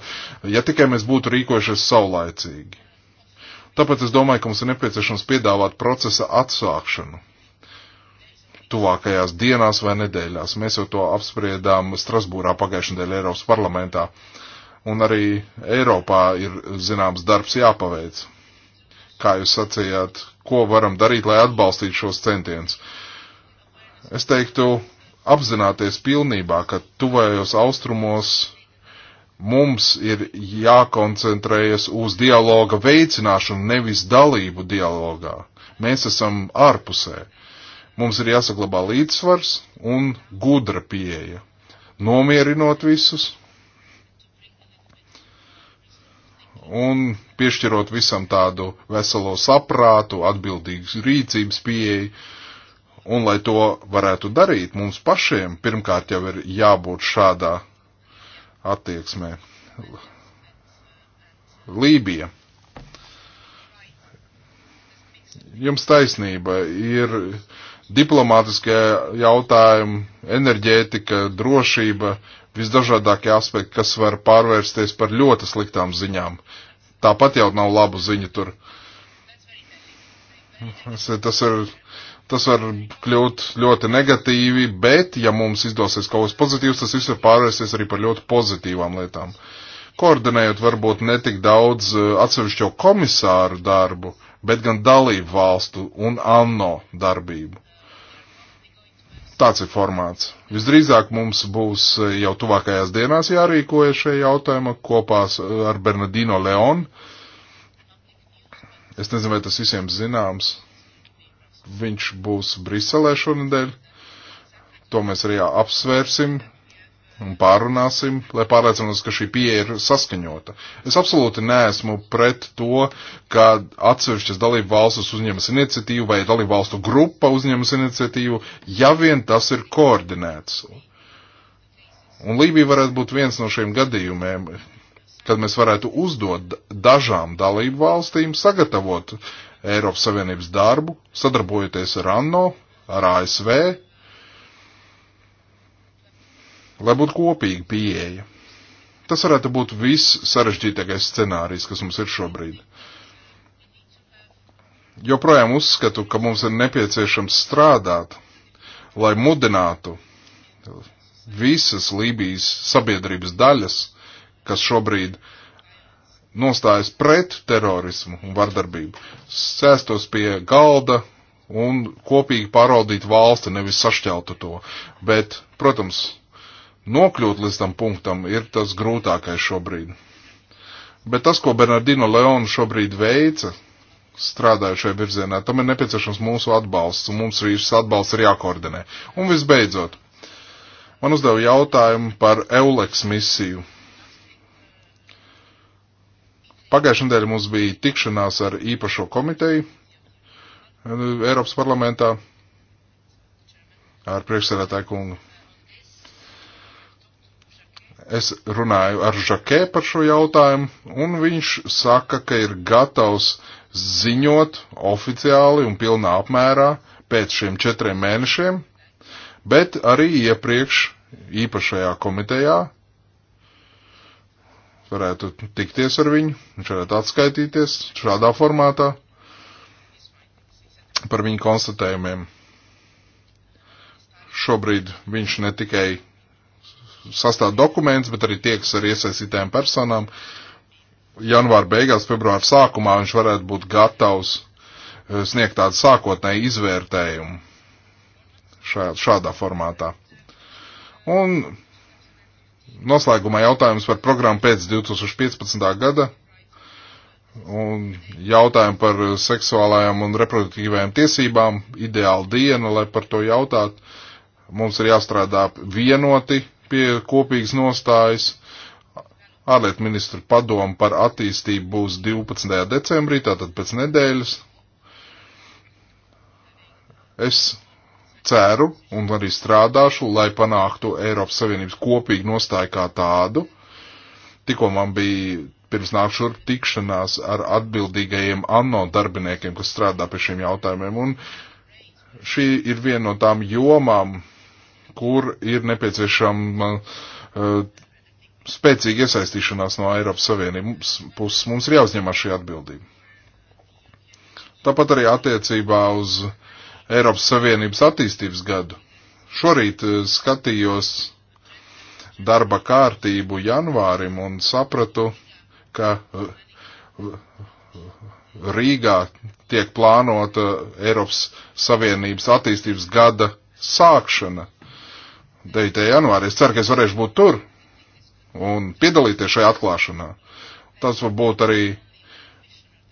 ja tikai mēs būtu rīkojušies saulaicīgi. Tāpēc es domāju, ka mums ir nepieciešams piedāvāt procesa atsākšanu tuvākajās dienās vai nedēļās. Mēs jau to apspriedām Strasbūrā pagājušajā nedēļā Eiropas parlamentā. Uh, un arī Eiropā ir zināms darbs jāpaveic. Kā jūs sacījāt, ko varam darīt, lai atbalstītu šos centienus? Es teiktu, apzināties pilnībā, ka tuvējos austrumos mums ir jākoncentrējas uz dialoga veicināšanu, nevis dalību dialogā. Mēs esam ārpusē. Mums ir jāsaglabā līdzsvars un gudra pieeja, nomierinot visus un piešķirot visam tādu veselo saprātu, atbildīgas rīcības pieeju. Un, lai to varētu darīt, mums pašiem pirmkārt jau ir jābūt šādā attieksmē. Lībija. Jums taisnība ir diplomātiskie jautājumi, enerģētika, drošība, visdažādākie aspekti, kas var pārvērsties par ļoti sliktām ziņām. Tāpat jau nav labu ziņu tur. Tas ir tas var kļūt ļoti negatīvi, bet, ja mums izdosies kaut kas pozitīvs, tas viss var pārvērsties arī par ļoti pozitīvām lietām. Koordinējot varbūt netik daudz eh, atsevišķo komisāru darbu, bet gan dalību valstu un ANO darbību. Tāds ir formāts. Visdrīzāk mums būs eh, jau tuvākajās dienās jārīkojas šie jautājumi kopā eh, ar Bernardino Leon. Es nezinu, vai tas visiem zināms. Viņš būs Briselē šonadēļ. To mēs arī apsvērsim un pārunāsim, lai pārliecinātos, ka šī pieeja ir saskaņota. Es absolūti neesmu pret to, ka atsevišķas dalību valstis uzņemas iniciatīvu vai dalību valstu grupa uzņemas iniciatīvu, ja vien tas ir koordinēts. Un Lībija varētu būt viens no šiem gadījumiem, kad mēs varētu uzdot dažām dalību valstīm sagatavot Eiropas Savienības darbu, sadarbojoties ar ANO, ar ASV, lai būtu kopīga pieeja. Tas varētu būt viss sarežģītākais scenārijs, kas mums ir šobrīd. Joprojām uzskatu, ka mums ir nepieciešams strādāt, lai mudinātu visas Lībijas sabiedrības daļas, kas šobrīd nostājas pret terorismu un vardarbību, sēstos pie galda un kopīgi pārvaldītu valsti, nevis sašķeltu to. Bet, protams, nokļūt līdz tam punktam ir tas grūtākais šobrīd. Bet tas, ko Bernardino Leonu šobrīd veica, strādājot šajā virzienā, tam ir nepieciešams mūsu atbalsts, un mums šis atbalsts ir jākoordinē. Un visbeidzot, man uzdeva jautājumu par Euleks misiju. Pagājušajā nedēļā mums bija tikšanās ar īpašo komiteju eh, Eiropas parlamentā ar priekšsēdētāju kungu Es runāju ar Žakē par šo jautājumu, un viņš saka, ka ir gatavs ziņot oficiāli un pilnā apmērā pēc šiem četriem mēnešiem, bet arī iepriekš īpašajā komitejā varētu tikties ar viņu, viņš varētu atskaitīties šādā formātā par viņu konstatējumiem. Šobrīd viņš ne tikai sastāv dokuments, bet arī tieks ar iesaistītajām personām. Janvāra beigās, februāra sākumā viņš varētu būt gatavs eh, sniegt tādu sākotnēju izvērtējumu šā, šādā formātā. Un noslēgumā jautājums par programmu pēc 2015. gada un jautājumu par seksuālajām un reproduktīvajām tiesībām. Ideāla diena, lai par to jautātu. Mums ir jāstrādā vienoti pie kopīgas nostājas. Ārlietu ministru padomu par attīstību būs 12. decembrī, tātad pēc nedēļas. Es ceru un arī strādāšu, lai panāktu Eiropas Savienības kopīgu nostāju kā tādu. Tikko man bija pirms nākšur tikšanās ar atbildīgajiem ANO darbiniekiem, kas strādā pie šiem jautājumiem, un šī ir viena no tām jomām, kur ir nepieciešama uh, spēcīga iesaistīšanās no Eiropas Savienības puses. Mums ir jāuzņemās šī atbildība. Tāpat arī attiecībā uz Eiropas Savienības attīstības gadu. Šorīt eh, skatījos darba kārtību janvārim un sapratu, ka eh, Rīgā tiek plānota Eiropas Savienības attīstības gada sākšana. 9. janvārī. Es ceru, ka es varēšu būt tur un piedalīties šajā atklāšanā. Tas varbūt arī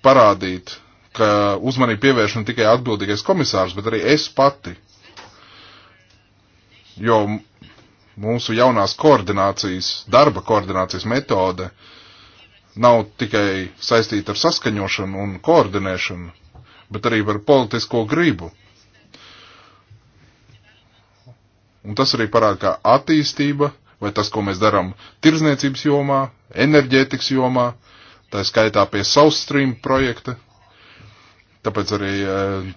parādīt, ka uzmanību pievērš ne tikai atbildīgais komisārs, bet arī es pati. Jo mūsu jaunās koordinācijas, darba koordinācijas metode nav tikai saistīta ar saskaņošanu un koordinēšanu, bet arī par politisko gribu Un tas arī parāda, ka attīstība vai tas, ko mēs darām tirzniecības jomā, enerģētikas jomā, tā skaitā pie South Stream projekta. Tāpēc arī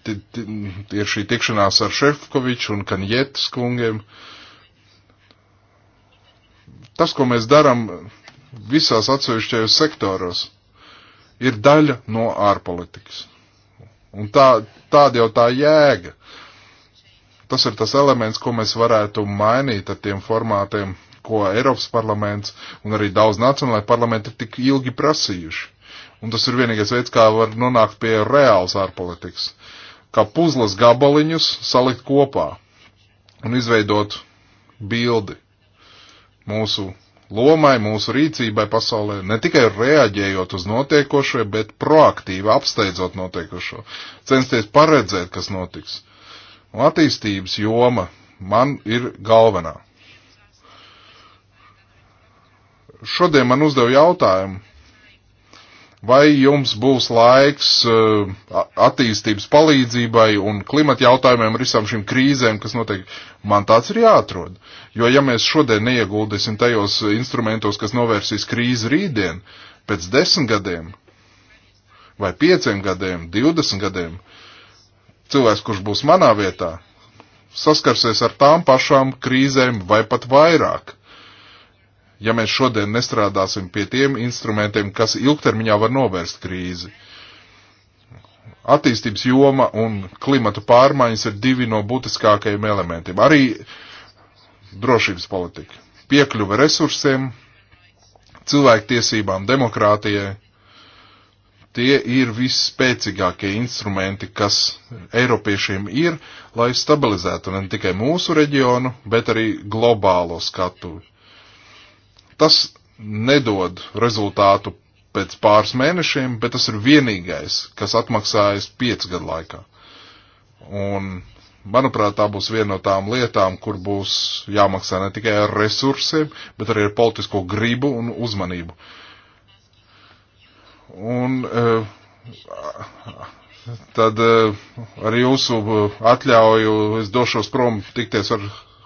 eh, ir šī tikšanās ar Šefkoviču un Kanjetas kungiem. Tas, ko mēs darām visās atsevišķajos sektoros, ir daļa no ārpolitikas. Un tā, tāda jau tā jēga. Uh, Tas ir tas elements, ko mēs varētu mainīt ar tiem formātiem, ko Eiropas parlaments un arī daudz nacionālai parlamenti ir tik ilgi prasījuši. Un tas ir vienīgais veids, kā var nonākt pie reāls ārpolitikas. Kā puzles gabaliņus salikt kopā un izveidot bildi mūsu lomai, mūsu rīcībai pasaulē, ne tikai reaģējot uz notiekošo, bet proaktīvi apsteidzot notiekošo, censties paredzēt, kas notiks. Uh, Un attīstības joma man ir galvenā. Šodien man uzdeva jautājumu, vai jums būs laiks uh, attīstības palīdzībai un klimata jautājumiem ar visām šīm krīzēm, kas notiek. Man tāds ir jāatrod. Jo ja mēs šodien neieguldīsim tajos instrumentos, kas novērsīs krīzi rītdien, pēc desmit gadiem, vai pieciem gadiem, divdesmit gadiem, uh, cilvēks, kurš būs manā vietā, saskarsies ar tām pašām krīzēm vai pat vairāk. Ja mēs šodien nestrādāsim pie tiem instrumentiem, kas ilgtermiņā var novērst krīzi. Attīstības joma un klimatu pārmaiņas ir divi no būtiskākajiem elementiem. Arī drošības politika. Piekļuve resursiem, cilvēktiesībām, demokrātijai Tie ir visspēcīgākie instrumenti, kas Eiropiešiem ir, lai stabilizētu ne tikai mūsu reģionu, bet arī globālo skatu. Tas nedod rezultātu pēc pāris mēnešiem, bet tas ir vienīgais, kas atmaksājas piecu gadu laikā. Un, manuprāt, tā būs viena no tām lietām, kur būs jāmaksā ne tikai ar resursiem, bet arī ar politisko gribu un uzmanību. Uh, Un eh, tad eh, ar jūsu eh, atļauju es došos prom tikties ar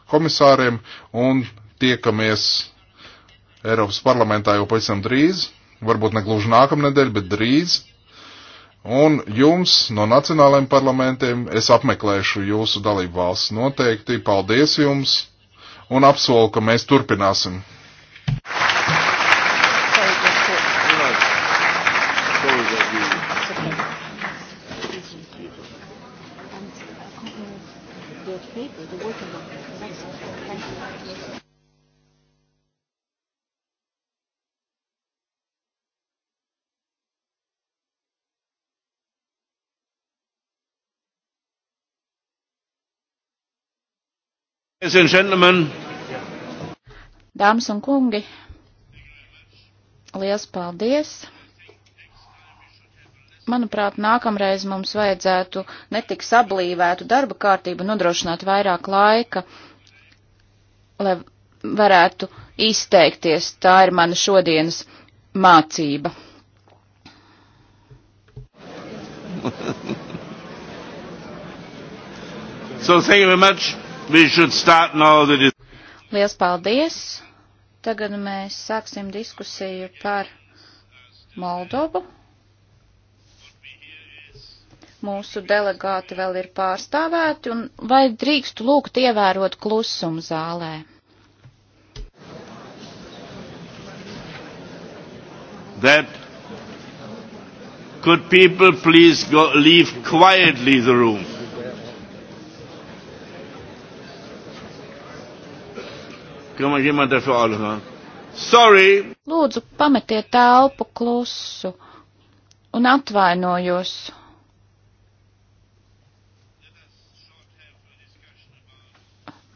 komisāriem un tiekamies Eiropas parlamentā jau pavisam drīz, varbūt ne gluži nākamnedēļ, bet drīz. Un jums no nacionālajiem parlamentiem es apmeklēšu jūsu dalību valsts noteikti. Paldies jums un apsolu, ka mēs turpināsim. Thank you. Dāmas un kungi, liels paldies! Manuprāt, nākamreiz mums vajadzētu netik sablīvētu darba kārtību nodrošināt vairāk laika, lai varētu izteikties. Tā ir mana šodienas mācība. so thank you very much. Lielas paldies! Tagad mēs sāksim diskusiju par Moldovu. Mūsu delegāti vēl ir pārstāvēti, un vai drīkstu lūgt ievērot klusumu zālē? That could people please go, leave quietly the room? Kann man jemand dafür anhören? Sorry! Lūdzu, pametiet telpu klusu un atvainojos.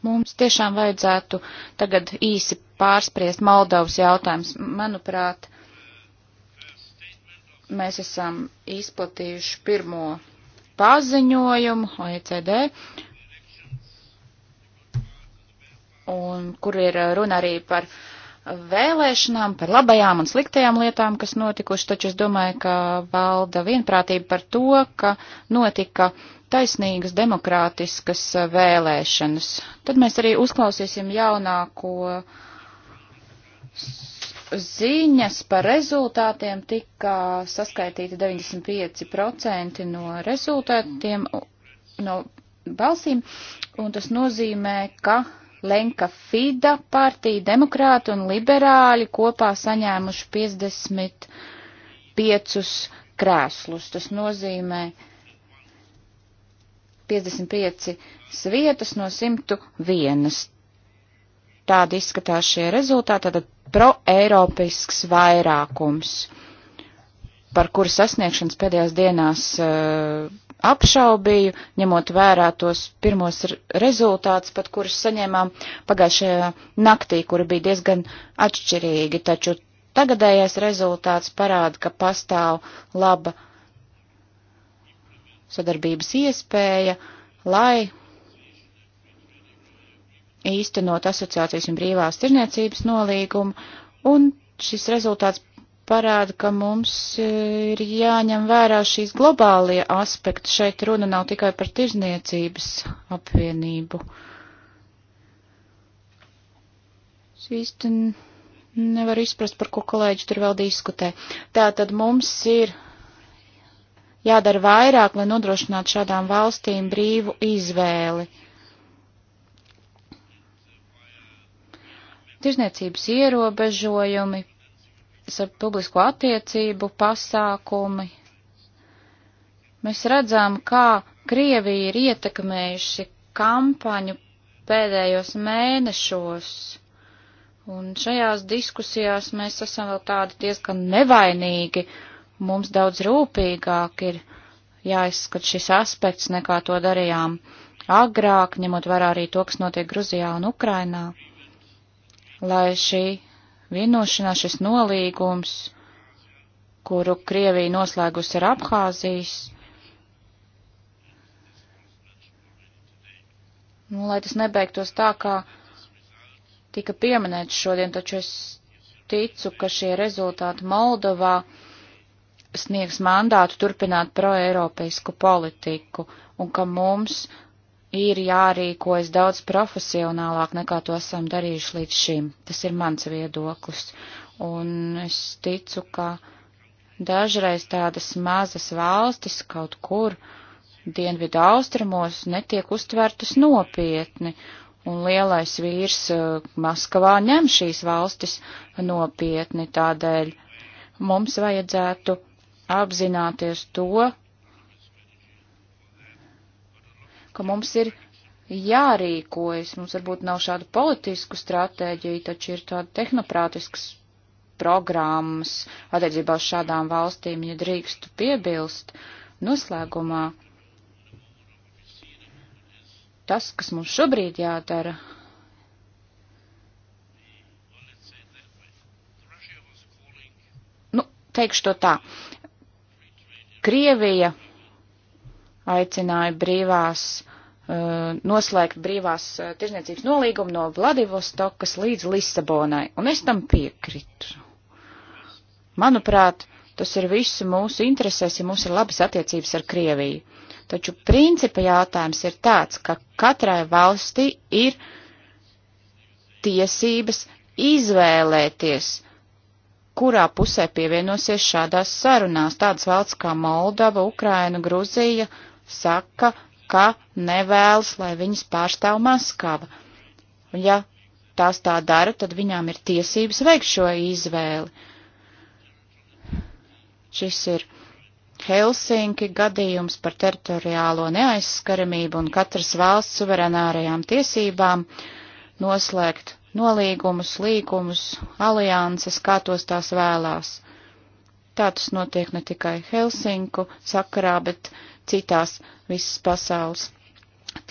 Mums tiešām vajadzētu tagad īsi pārspriest Moldovas jautājums. Manuprāt, mēs esam izplatījuši pirmo paziņojumu OECD, un kur ir uh, runa arī par uh, vēlēšanām, par labajām un sliktajām lietām, kas notikuši, taču es domāju, ka valda vienprātība par to, ka notika taisnīgas demokrātiskas uh, vēlēšanas. Tad mēs arī uzklausīsim jaunāko ziņas par rezultātiem. Tika saskaitīti 95% no rezultātiem, no balsīm, un tas nozīmē, ka Lenka Fida partija, demokrāti un liberāļi kopā saņēmuši 55 krēslus. Tas nozīmē 55 vietas no 101. Tādi izskatās šie rezultāti, tātad proeiropisks vairākums par kuru sasniegšanas pēdējās dienās uh, apšaubīju, ņemot vērā tos pirmos rezultātus, pat kurus saņēmām pagājušajā naktī, kuri bija diezgan atšķirīgi, taču tagadējais rezultāts parāda, ka pastāv laba sadarbības iespēja, lai īstenot asociācijas un brīvās tirniecības nolīgumu, un šis rezultāts parāda, ka mums e, ir jāņem vērā šīs globālie aspekti. Šeit runa nav tikai par tirzniecības apvienību. Es īsti nevaru izprast, par ko kolēģi tur vēl diskutē. Tātad mums ir jādara vairāk, lai nodrošinātu šādām valstīm brīvu izvēli. Tirzniecības ierobežojumi, publisko attiecību pasākumi. Mēs redzam, kā Krievija ir ietekmējuši kampaņu pēdējos mēnešos. Un šajās diskusijās mēs esam vēl tādi diezgan nevainīgi. Mums daudz rūpīgāk ir jāizskat šis aspekts, nekā to darījām agrāk, ņemot vērā arī to, kas notiek Gruzijā un Ukrainā. Lai šī vienošanās, šis nolīgums, kuru Krievija noslēgusi ar Abhāzijas. Nu, lai tas nebeigtos tā, kā tika pieminēts šodien, taču es ticu, ka šie rezultāti Moldovā sniegs mandātu turpināt proeiropeisku politiku un ka mums ir jārīkojas daudz profesionālāk nekā to esam darījuši līdz šim. Tas ir mans viedoklis. Un es ticu, ka dažreiz tādas mazas valstis kaut kur dienvidu austrumos netiek uztvertas nopietni, un lielais vīrs eh, Maskavā ņem šīs valstis nopietni tādēļ. Mums vajadzētu apzināties to, ka mums ir jārīkojas. Mums varbūt nav šādu politisku stratēģiju, taču ir tāda tehnoprātiskas programmas attiecībā uz šādām valstīm, ja drīkstu piebilst noslēgumā. Tas, kas mums šobrīd jādara, nu, teikšu to tā. Krievija aicināja brīvās, uh, noslēgt brīvās uh, tirzniecības nolīgumu no Vladivostokas līdz Lisabonai, un es tam piekritu. Manuprāt, tas ir visu mūsu interesēs, ja mums ir labas attiecības ar Krieviju. Taču principa jautājums ir tāds, ka katrai valstī ir tiesības izvēlēties, kurā pusē pievienosies šādās sarunās tādas valsts kā Moldova, Ukraina, Gruzija saka, ka nevēlas, lai viņas pārstāv Maskava. Un ja tās tā dara, tad viņām ir tiesības veikt šo izvēli. Šis ir Helsinki gadījums par teritoriālo neaizskaramību un katras valsts suverenārajām tiesībām noslēgt nolīgumus, līgumus, alianses, kā tos tās vēlās. Tā tas notiek ne tikai Helsinku sakarā, bet citās visas pasaules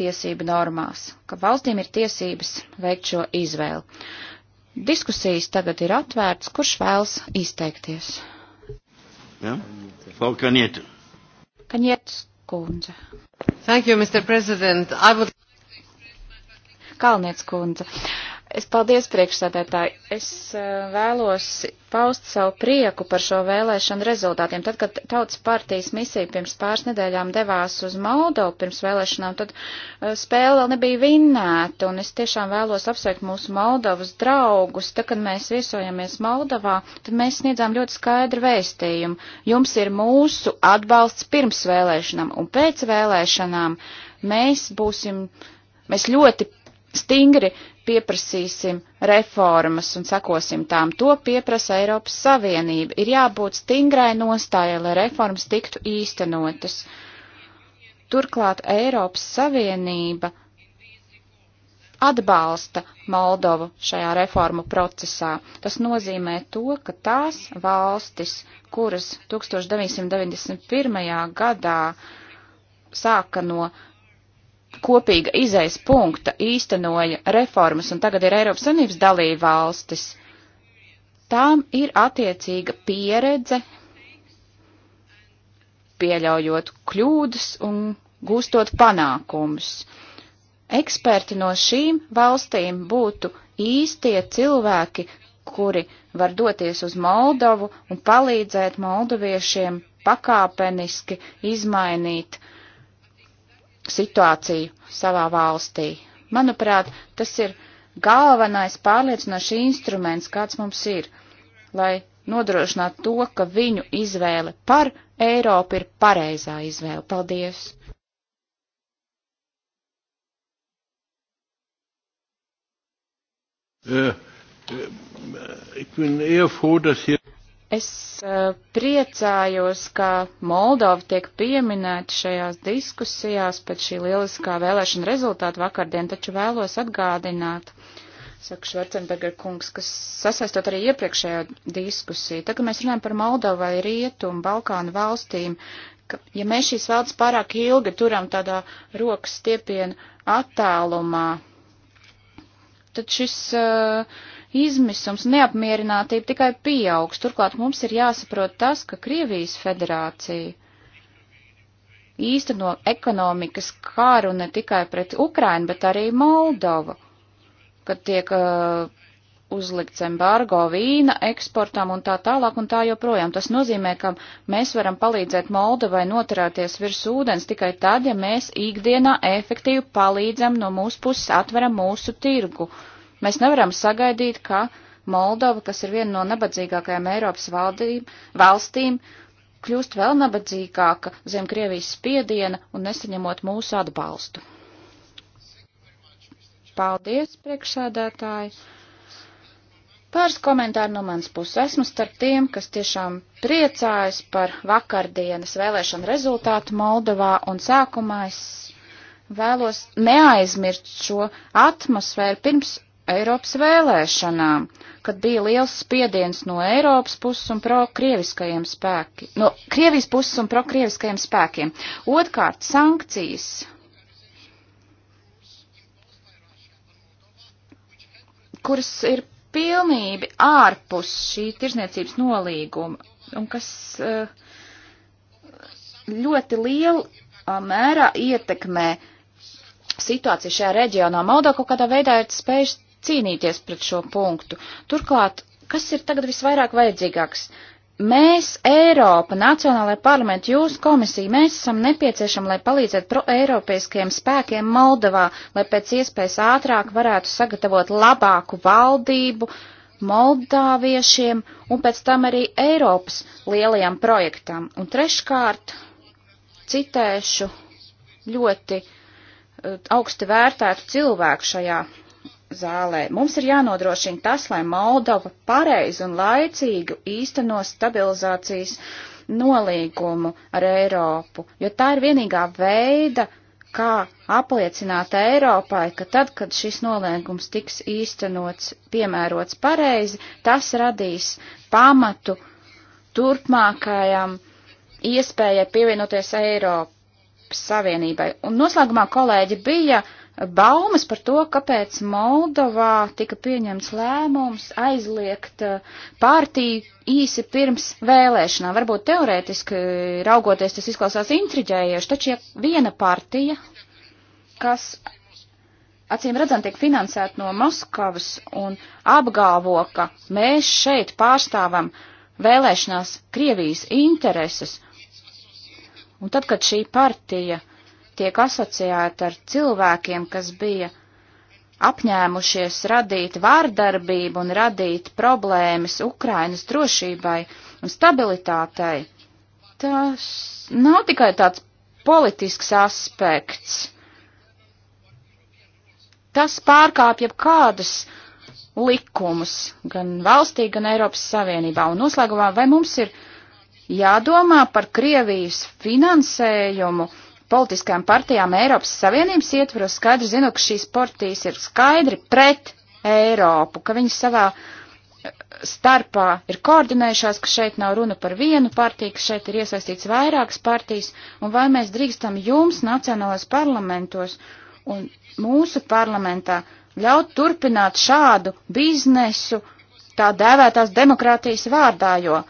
tiesību normās, ka valstīm ir tiesības veikt šo izvēli. Diskusijas tagad ir atvērts, kurš vēlas izteikties. Ja? Frau Kanieta. Kanietas kundze. Thank you, Mr. President. I would... Kalniec kundze. Uh, Es paldies priekšsēdētāji. Es eh, vēlos paust savu prieku par šo vēlēšanu rezultātiem. Tad, kad Tautas partijas misija pirms pāris nedēļām devās uz Moldovu pirms vēlēšanām, tad eh, spēle vēl nebija vinnēta, un es tiešām vēlos apsveikt mūsu Moldovas draugus. Tad, kad mēs viesojamies Moldovā, tad mēs sniedzām ļoti skaidru vēstījumu. Jums ir mūsu atbalsts pirms vēlēšanām, un pēc vēlēšanām mēs būsim, mēs ļoti stingri pieprasīsim reformas un sekosim tām. To pieprasa Eiropas Savienība. Ir jābūt stingrai nostājai, lai reformas tiktu īstenotas. Turklāt Eiropas Savienība atbalsta Moldovu šajā reformu procesā. Tas nozīmē to, ka tās valstis, kuras 1991. gadā sāka no kopīga izejas punkta īstenoja reformas un tagad ir Eiropas Savienības dalība valstis, tām ir attiecīga pieredze, pieļaujot kļūdas un gūstot panākumus. Eksperti no šīm valstīm būtu īstie cilvēki, kuri var doties uz Moldovu un palīdzēt moldoviešiem pakāpeniski izmainīt situāciju savā valstī. Manuprāt, tas ir galvenais pārliecinošs instruments, kāds mums ir, lai nodrošinātu to, ka viņu izvēle par Eiropu ir pareizā izvēle. Paldies! Uh, uh, ik ben eer voor dat hier. Es uh, priecājos, ka Moldova tiek pieminēta šajās diskusijās pēc šī lieliskā vēlēšana rezultāta vakardien, taču vēlos atgādināt, saka Švarcenberger kungs, kas sasaistot arī iepriekšējo diskusiju. Tagad mēs runājam par Moldovu vai Rietumu, Balkānu valstīm, ka, ja mēs šīs valsts pārāk ilgi turam tādā rokas stiepienu attālumā, tad šis uh, izmisums, neapmierinātība tikai pieaugs. Turklāt mums ir jāsaprot tas, ka Krievijas federācija īsteno ekonomikas kāru ne tikai pret Ukrainu, bet arī Moldova, kad tiek uh, uzlikts embargo vīna eksportam un tā tālāk un tā joprojām. Tas nozīmē, ka mēs varam palīdzēt Moldovai noturēties virs ūdens tikai tad, ja mēs ikdienā efektīvi palīdzam no mūsu puses, atveram mūsu tirgu. Uh, Mēs nevaram sagaidīt, ka Moldova, kas ir viena no nabadzīgākajām Eiropas valdīm, valstīm, kļūst vēl nabadzīgāka zem Krievijas spiediena un nesaņemot mūsu atbalstu. Paldies, priekšsēdētāji! Pāris komentāri no manas puses. Esmu starp tiem, kas tiešām priecājas par vakardienas vēlēšanu rezultātu Moldovā, un sākumā es vēlos neaizmirst šo atmosfēru pirms Eiropas vēlēšanām, kad bija liels spiediens no Eiropas puses un pro-krieviskajiem spēkiem, no Krievijas puses un pro-krieviskajiem spēkiem. Otkārt, sankcijas. kuras ir pilnīgi ārpus šī tirzniecības nolīguma un kas eh, ļoti liela eh, mērā ietekmē situāciju šajā reģionā. Moldova kaut kādā veidā ir spējusi cīnīties pret šo punktu. Turklāt, kas ir tagad visvairāk vajadzīgāks? Mēs, Eiropa, Nacionālajā parlamentā, jūs komisija, mēs esam nepieciešami, lai palīdzētu proeiropeiskajiem spēkiem Moldovā, lai pēc iespējas ātrāk varētu sagatavot labāku valdību moldāviešiem un pēc tam arī Eiropas lielajam projektam. Un treškārt, citēšu ļoti eh, augsti vērtētu cilvēku šajā zālē. Mums ir jānodrošina tas, lai Moldova pareizi un laicīgi īsteno stabilizācijas nolīgumu ar Eiropu, jo tā ir vienīgā veida, kā apliecināt Eiropai, ka tad, kad šis nolēgums tiks īstenots, piemērots pareizi, tas radīs pamatu turpmākajam iespējai pievienoties Eiropas Savienībai. Un noslēgumā kolēģi bija uh, baumas par to, kāpēc Moldovā tika pieņemts lēmums aizliegt uh, pārtīju īsi pirms vēlēšanām. Varbūt teorētiski raugoties tas izklausās intriģējoši, taču ja viena partija, kas acīm redzam tiek finansēta no Moskavas un apgalvo, ka mēs šeit pārstāvam vēlēšanās Krievijas intereses, un tad, kad šī partija uh, tiek asociēta ar cilvēkiem, kas bija apņēmušies radīt vārdarbību un radīt problēmas Ukrainas drošībai un stabilitātei. Tas nav tikai tāds politisks aspekts. Tas pārkāpja kādus likumus gan valstī, gan Eiropas Savienībā. Un noslēgumā, vai mums ir jādomā par Krievijas finansējumu politiskajām partijām Eiropas Savienības ietvaros skaidri zinu, ka šīs partijas ir skaidri pret Eiropu, ka viņas savā eh, starpā ir koordinējušās, ka šeit nav runa par vienu partiju, ka šeit ir iesaistīts vairākas partijas, un vai mēs drīkstam jums nacionālajos parlamentos un mūsu parlamentā ļaut turpināt šādu biznesu tā dēvētās demokrātijas vārdā, jo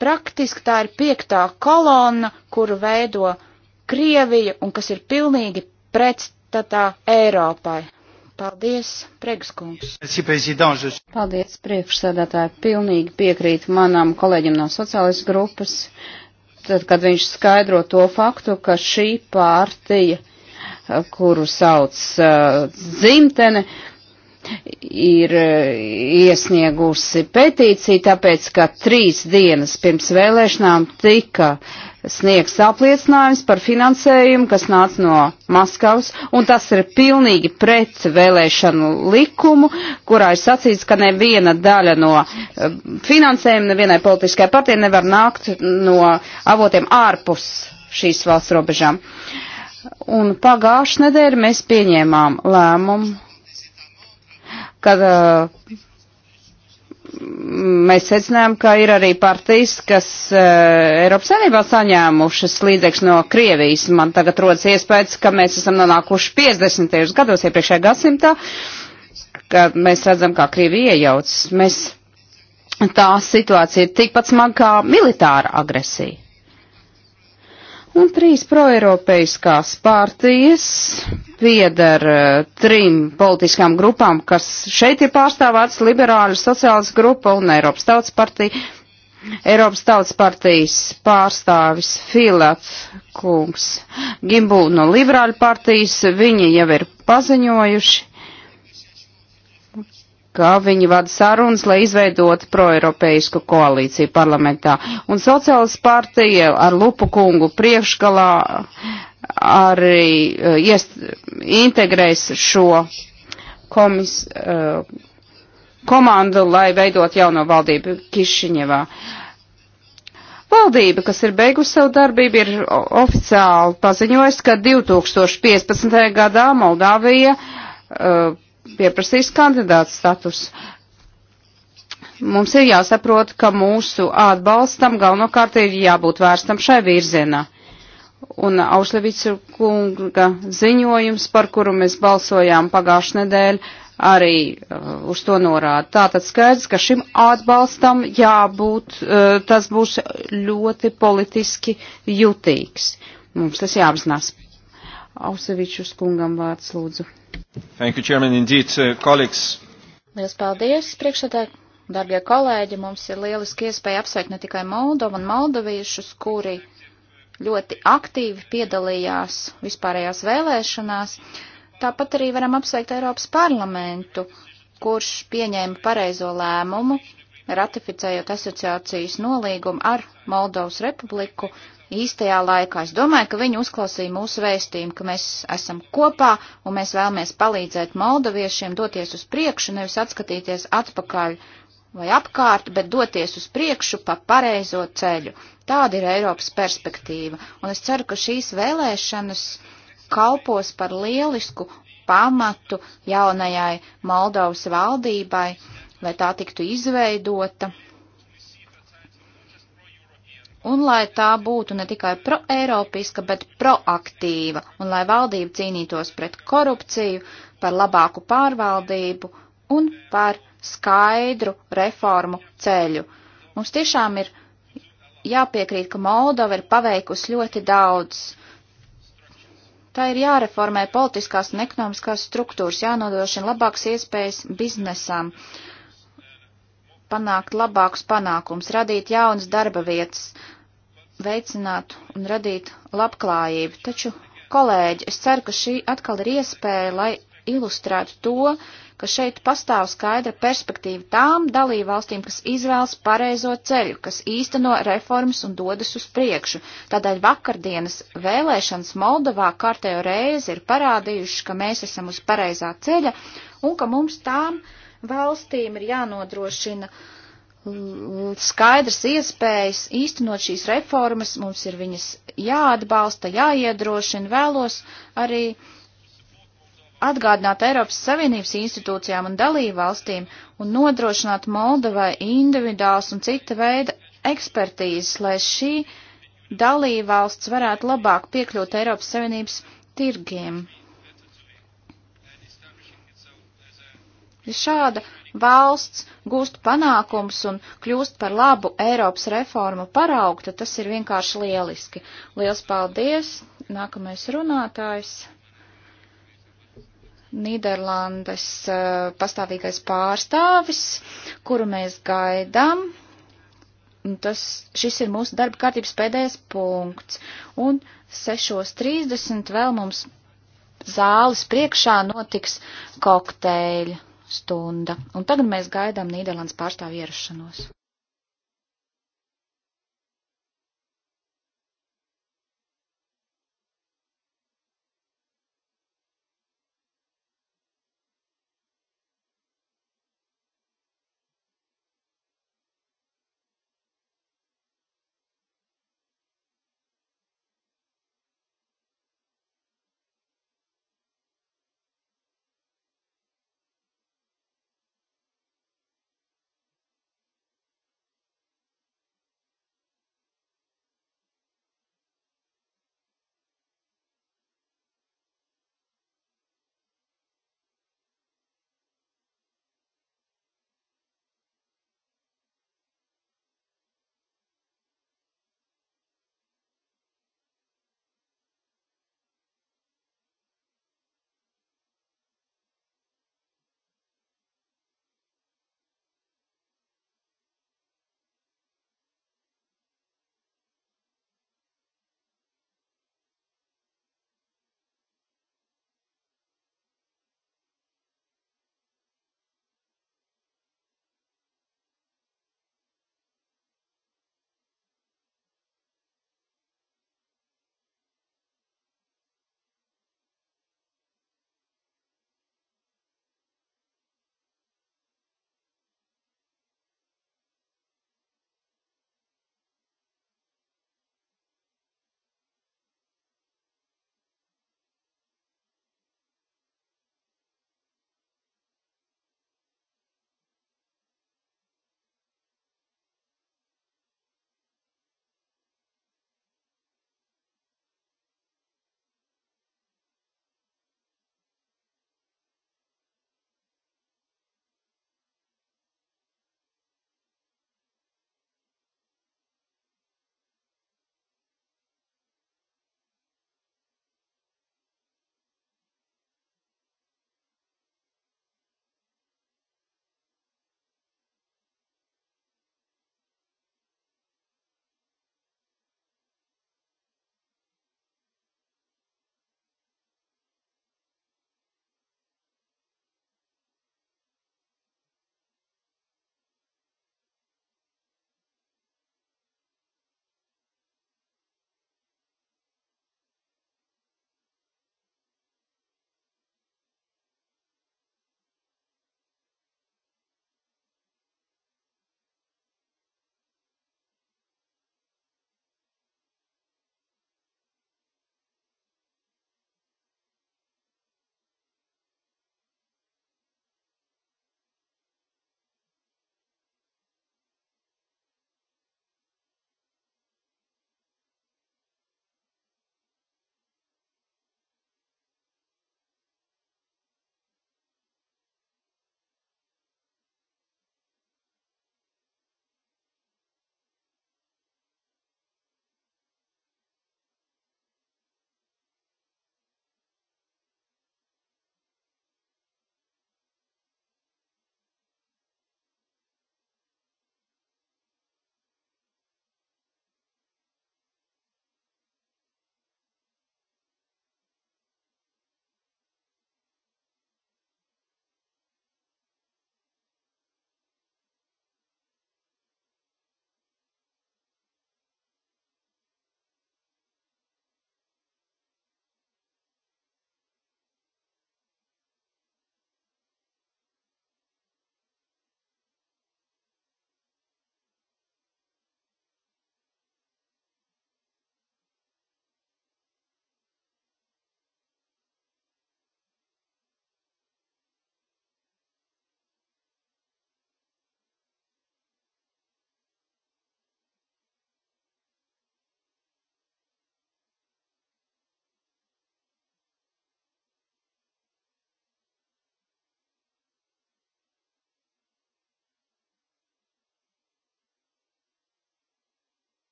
praktiski tā ir piektā kolona, kuru veido Krieviju un kas ir pilnīgi pretstatā Eiropai. Paldies, Pregskungs. Paldies, priekšsēdētāji. Pilnīgi piekrīt manam kolēģim no sociālistu grupas, tad, kad viņš skaidro to faktu, ka šī pārtija, kuru sauc uh, eh, dzimtene, ir eh, iesniegusi petīciju, tāpēc, ka trīs dienas pirms vēlēšanām tika uh, sniegs apliecinājums par finansējumu, kas nāca no Maskavas, un tas ir pilnīgi pret vēlēšanu likumu, kurā ir sacīts, ka neviena daļa no eh, finansējuma nevienai politiskai partijai nevar nākt no avotiem ārpus šīs valsts robežām. Un pagājušajā nedēļā mēs pieņēmām lēmumu, kad uh, mēs secinām, ka ir arī partijas, kas uh, Eiropas Savienībā saņēmušas līdzekļus no Krievijas. Man tagad rodas iespējas, ka mēs esam nonākuši 50. gados iepriekšējā gadsimtā, ka mēs redzam, kā Krievija iejaucas. Mēs tā situācija ir tikpat smaga kā militāra agresija. Un trīs proeiropeiskās partijas piedar uh, eh, trim politiskām grupām, kas šeit ir pārstāvāts liberāļu sociālas grupa un Eiropas tautas partija. Eiropas tautas partijas pārstāvis Filats Kungs Gimbu no liberāļu partijas, viņi jau ir paziņojuši, ka viņi vada sarunas, lai izveidotu proeiropeisku koalīciju parlamentā. Un sociālas partija ar Lupu kungu priekšgalā arī uh, eh, iest, integrēs šo komis, uh, komandu, lai veidot jauno valdību Kišiņevā. Valdība, kas ir beigusi savu darbību, ir oficiāli paziņojusi, ka 2015. gadā Moldāvija uh, pieprasīs kandidāts status. Mums ir jāsaprot, ka mūsu atbalstam galvenokārt ir jābūt vērstam šai virzienā. Un Aušlevicu kunga ziņojums, par kuru mēs balsojām pagājušajā nedēļā, arī uh, uz to norāda. Tātad skaidrs, ka šim atbalstam jābūt, uh, tas būs ļoti politiski jutīgs. Mums tas jāapzinās. Ausevičus kungam vārds lūdzu. Thank you, Chairman, indeed, uh, colleagues. Lielas paldies, priekšsēdētāji, darbie kolēģi. Mums ir lieliski iespēja apsveikt ne tikai Moldovu un Moldoviešus, kuri ļoti aktīvi piedalījās vispārējās vēlēšanās. Tāpat arī varam apsveikt Eiropas parlamentu, kurš pieņēma pareizo lēmumu, ratificējot asociācijas nolīgumu ar Moldovas republiku, īstajā laikā. Es domāju, ka viņi uzklausīja mūsu vēstījumu, ka mēs esam kopā un mēs vēlamies palīdzēt moldaviešiem doties uz priekšu, nevis atskatīties atpakaļ vai apkārt, bet doties uz priekšu pa pareizo ceļu. Tāda ir Eiropas perspektīva, un es ceru, ka šīs vēlēšanas kalpos par lielisku pamatu jaunajai Moldovas valdībai, lai tā tiktu izveidota un lai tā būtu ne tikai proeiropiska, bet proaktīva, un lai valdība cīnītos pret korupciju, par labāku pārvaldību un par skaidru reformu ceļu. Mums tiešām ir jāpiekrīt, ka Moldova ir paveikusi ļoti daudz. Tā ir jāreformē politiskās un ekonomiskās struktūras, jānodrošina labāks iespējas biznesam. Uh, panākt labākus panākums, radīt jaunas darba vietas, veicināt un radīt labklājību. Taču, kolēģi, es ceru, ka šī atkal ir iespēja, lai ilustrētu to, ka šeit pastāv skaidra perspektīva tām dalībvalstīm, kas izvēlas pareizo ceļu, kas īsteno reformas un dodas uz priekšu. Tādēļ vakardienas vēlēšanas Moldovā kārtējo reizi ir parādījuši, ka mēs esam uz pareizā ceļa un ka mums tām uh, valstīm ir jānodrošina skaidrs iespējas īstenot šīs reformas, mums ir viņas jāatbalsta, jāiedrošina, vēlos arī atgādināt Eiropas Savienības institūcijām un dalību valstīm un nodrošināt Moldovai individuāls un cita veida ekspertīzes, lai šī dalība valsts varētu labāk piekļūt Eiropas Savienības tirgiem. Ja šāda valsts gūst panākums un kļūst par labu Eiropas reformu paraugu, tad tas ir vienkārši lieliski. Liels paldies! Nākamais runātājs. Nīderlandes uh, pastāvīgais pārstāvis, kuru mēs gaidām. Tas, šis ir mūsu darba kārtības pēdējais punkts. Un 6.30 vēl mums zāles priekšā notiks kokteļi stunda. Un tagad mēs gaidām Nīderlandes pārstāvju ierašanos.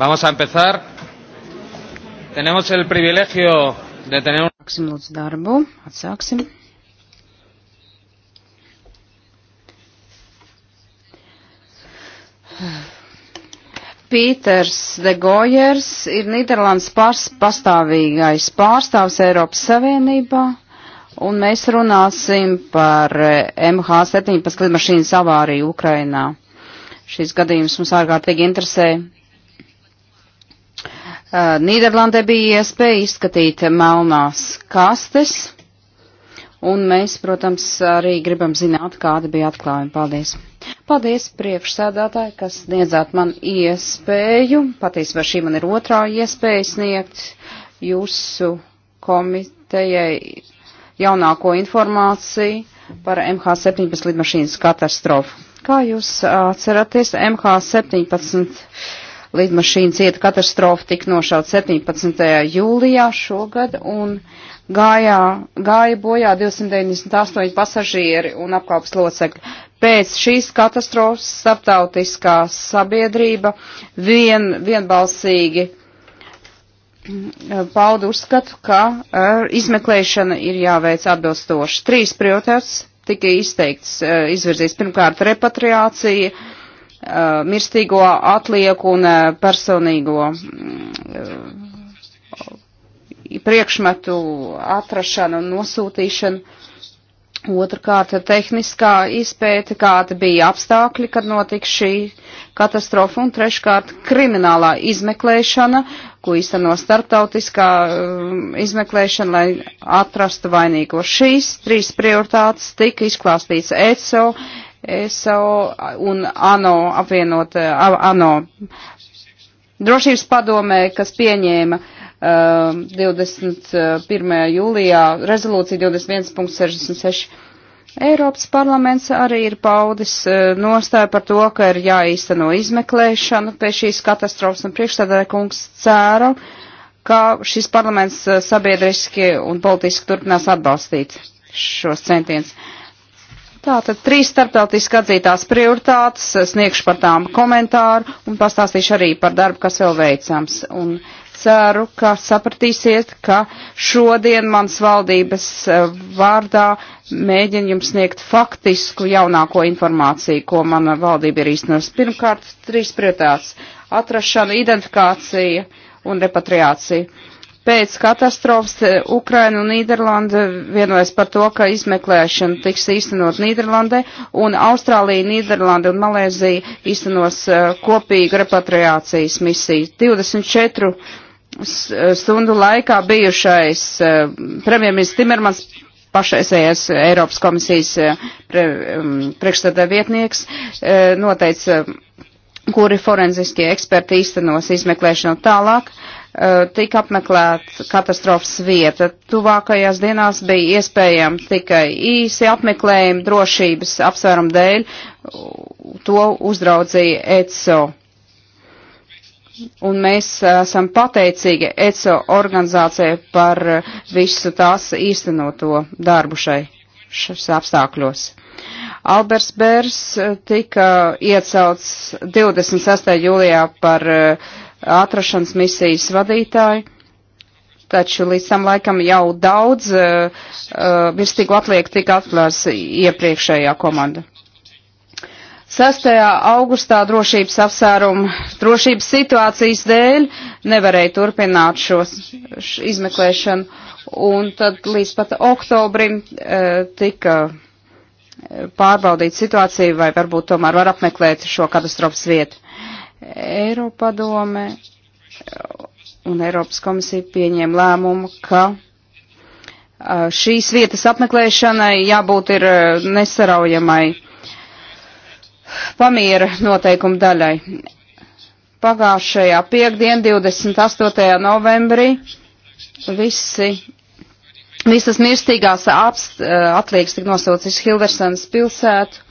Vamos a empezar. Tenemos el privilegio de tener un. Sāksim lūdzu darbu, atsāksim. Pīters de Gojers ir Nīderlandes pārs, pastāvīgais pārstāvs Eiropas Savienībā, un mēs runāsim par eh, MH17 klimašīnas avāriju Ukrainā. Šis gadījums mums ārkārtīgi interesē. Nīderlandē bija iespēja izskatīt melnās kastes, un mēs, protams, arī gribam zināt, kāda bija atklājuma. Paldies! Paldies priekšsēdātāji, kas sniedzāt man iespēju, patiesībā šī man ir otrā iespēja sniegt jūsu komitejai jaunāko informāciju par MH17 lidmašīnas katastrofu. Kā jūs atceraties, MH17 lidmašīna cieta katastrofa tika nošaut 17. jūlijā šogad un gājā, gāja bojā 298 pasažieri un apkalpas locekļi. Pēc šīs katastrofas starptautiskā sabiedrība vien, vienbalsīgi mm, paudu uzskatu, ka uh, izmeklēšana ir jāveic atbilstoši. Trīs prioritātes tika izteikts, uh, izvirzīts pirmkārt repatriācija, uh, Uh, mirstīgo atlieku un uh, personīgo mm, uh, priekšmetu atrašanu un nosūtīšanu. Otrakārt, tehniskā izpēte, kāda bija apstākļi, kad notika šī katastrofa, un treškārt, kriminālā izmeklēšana, ko izteno starptautiskā um, izmeklēšana, lai atrastu vainīgo. Šīs trīs prioritātes tika izklāstīts ECO ESO un ANO apvienot, ANO drošības padomē, kas pieņēma um, uh, 21. jūlijā rezolūciju 21.66. Eiropas parlaments arī ir paudis uh, nostāju par to, ka ir jāīsteno izmeklēšana pēc šīs katastrofas un priekšstādāja kungs cēra, ka šis parlaments uh, sabiedriski un politiski turpinās atbalstīt šos centienus. Uh, Tātad trīs starptautiski atzītās prioritātes, sniegšu par tām komentāru un pastāstīšu arī par darbu, kas vēl veicams. Un ceru, ka sapratīsiet, ka šodien mans valdības eh, vārdā mēģinu jums sniegt faktisku jaunāko informāciju, ko mana valdība ir īstenos. Pirmkārt, trīs prioritātes - atrašana, identifikācija un repatriācija Pēc katastrofas eh, Ukraina un Nīderlanda vienojas par to, ka izmeklēšana tiks īstenot Nīderlandē, un Austrālija, Nīderlanda un Malēzija īstenos eh, kopīgu repatriācijas misiju. 24 eh, stundu laikā bijušais premjerministrs Timermans pašreizējais Eiropas komisijas pre, um, priekšstādā vietnieks noteica, kuri forenziskie eksperti īstenos izmeklēšanu tālāk. Eh, tika apmeklēta katastrofas vieta. Tuvākajās dienās bija iespējams tikai īsi apmeklējumi drošības apsvērumu dēļ, to uzraudzīja ECO. Un mēs esam pateicīgi ECO organizācijai par visu tās īstenoto darbu šai apstākļos. Alberts Bērs tika iecelts 26. jūlijā par uh, atrašanas misijas vadītāju. Taču līdz tam laikam jau daudz uh, mirstīgu atliek tika atklāts iepriekšējā komanda. 6. augustā drošības apsvērumu, drošības situācijas dēļ nevarēja turpināt šo izmeklēšanu, un tad līdz pat oktobrim uh, tika pārbaudīt situāciju, vai varbūt tomēr var apmeklēt šo katastrofas vietu. Eiropadome un Eiropas komisija pieņēma lēmumu, ka šīs vietas apmeklēšanai jābūt ir nesaraujamai pamiera noteikuma daļai. Pagājušajā piekdien, 28. novembrī, visi, visas mirstīgās apst, atliekas tika nosaucis Hilversons pilsētu,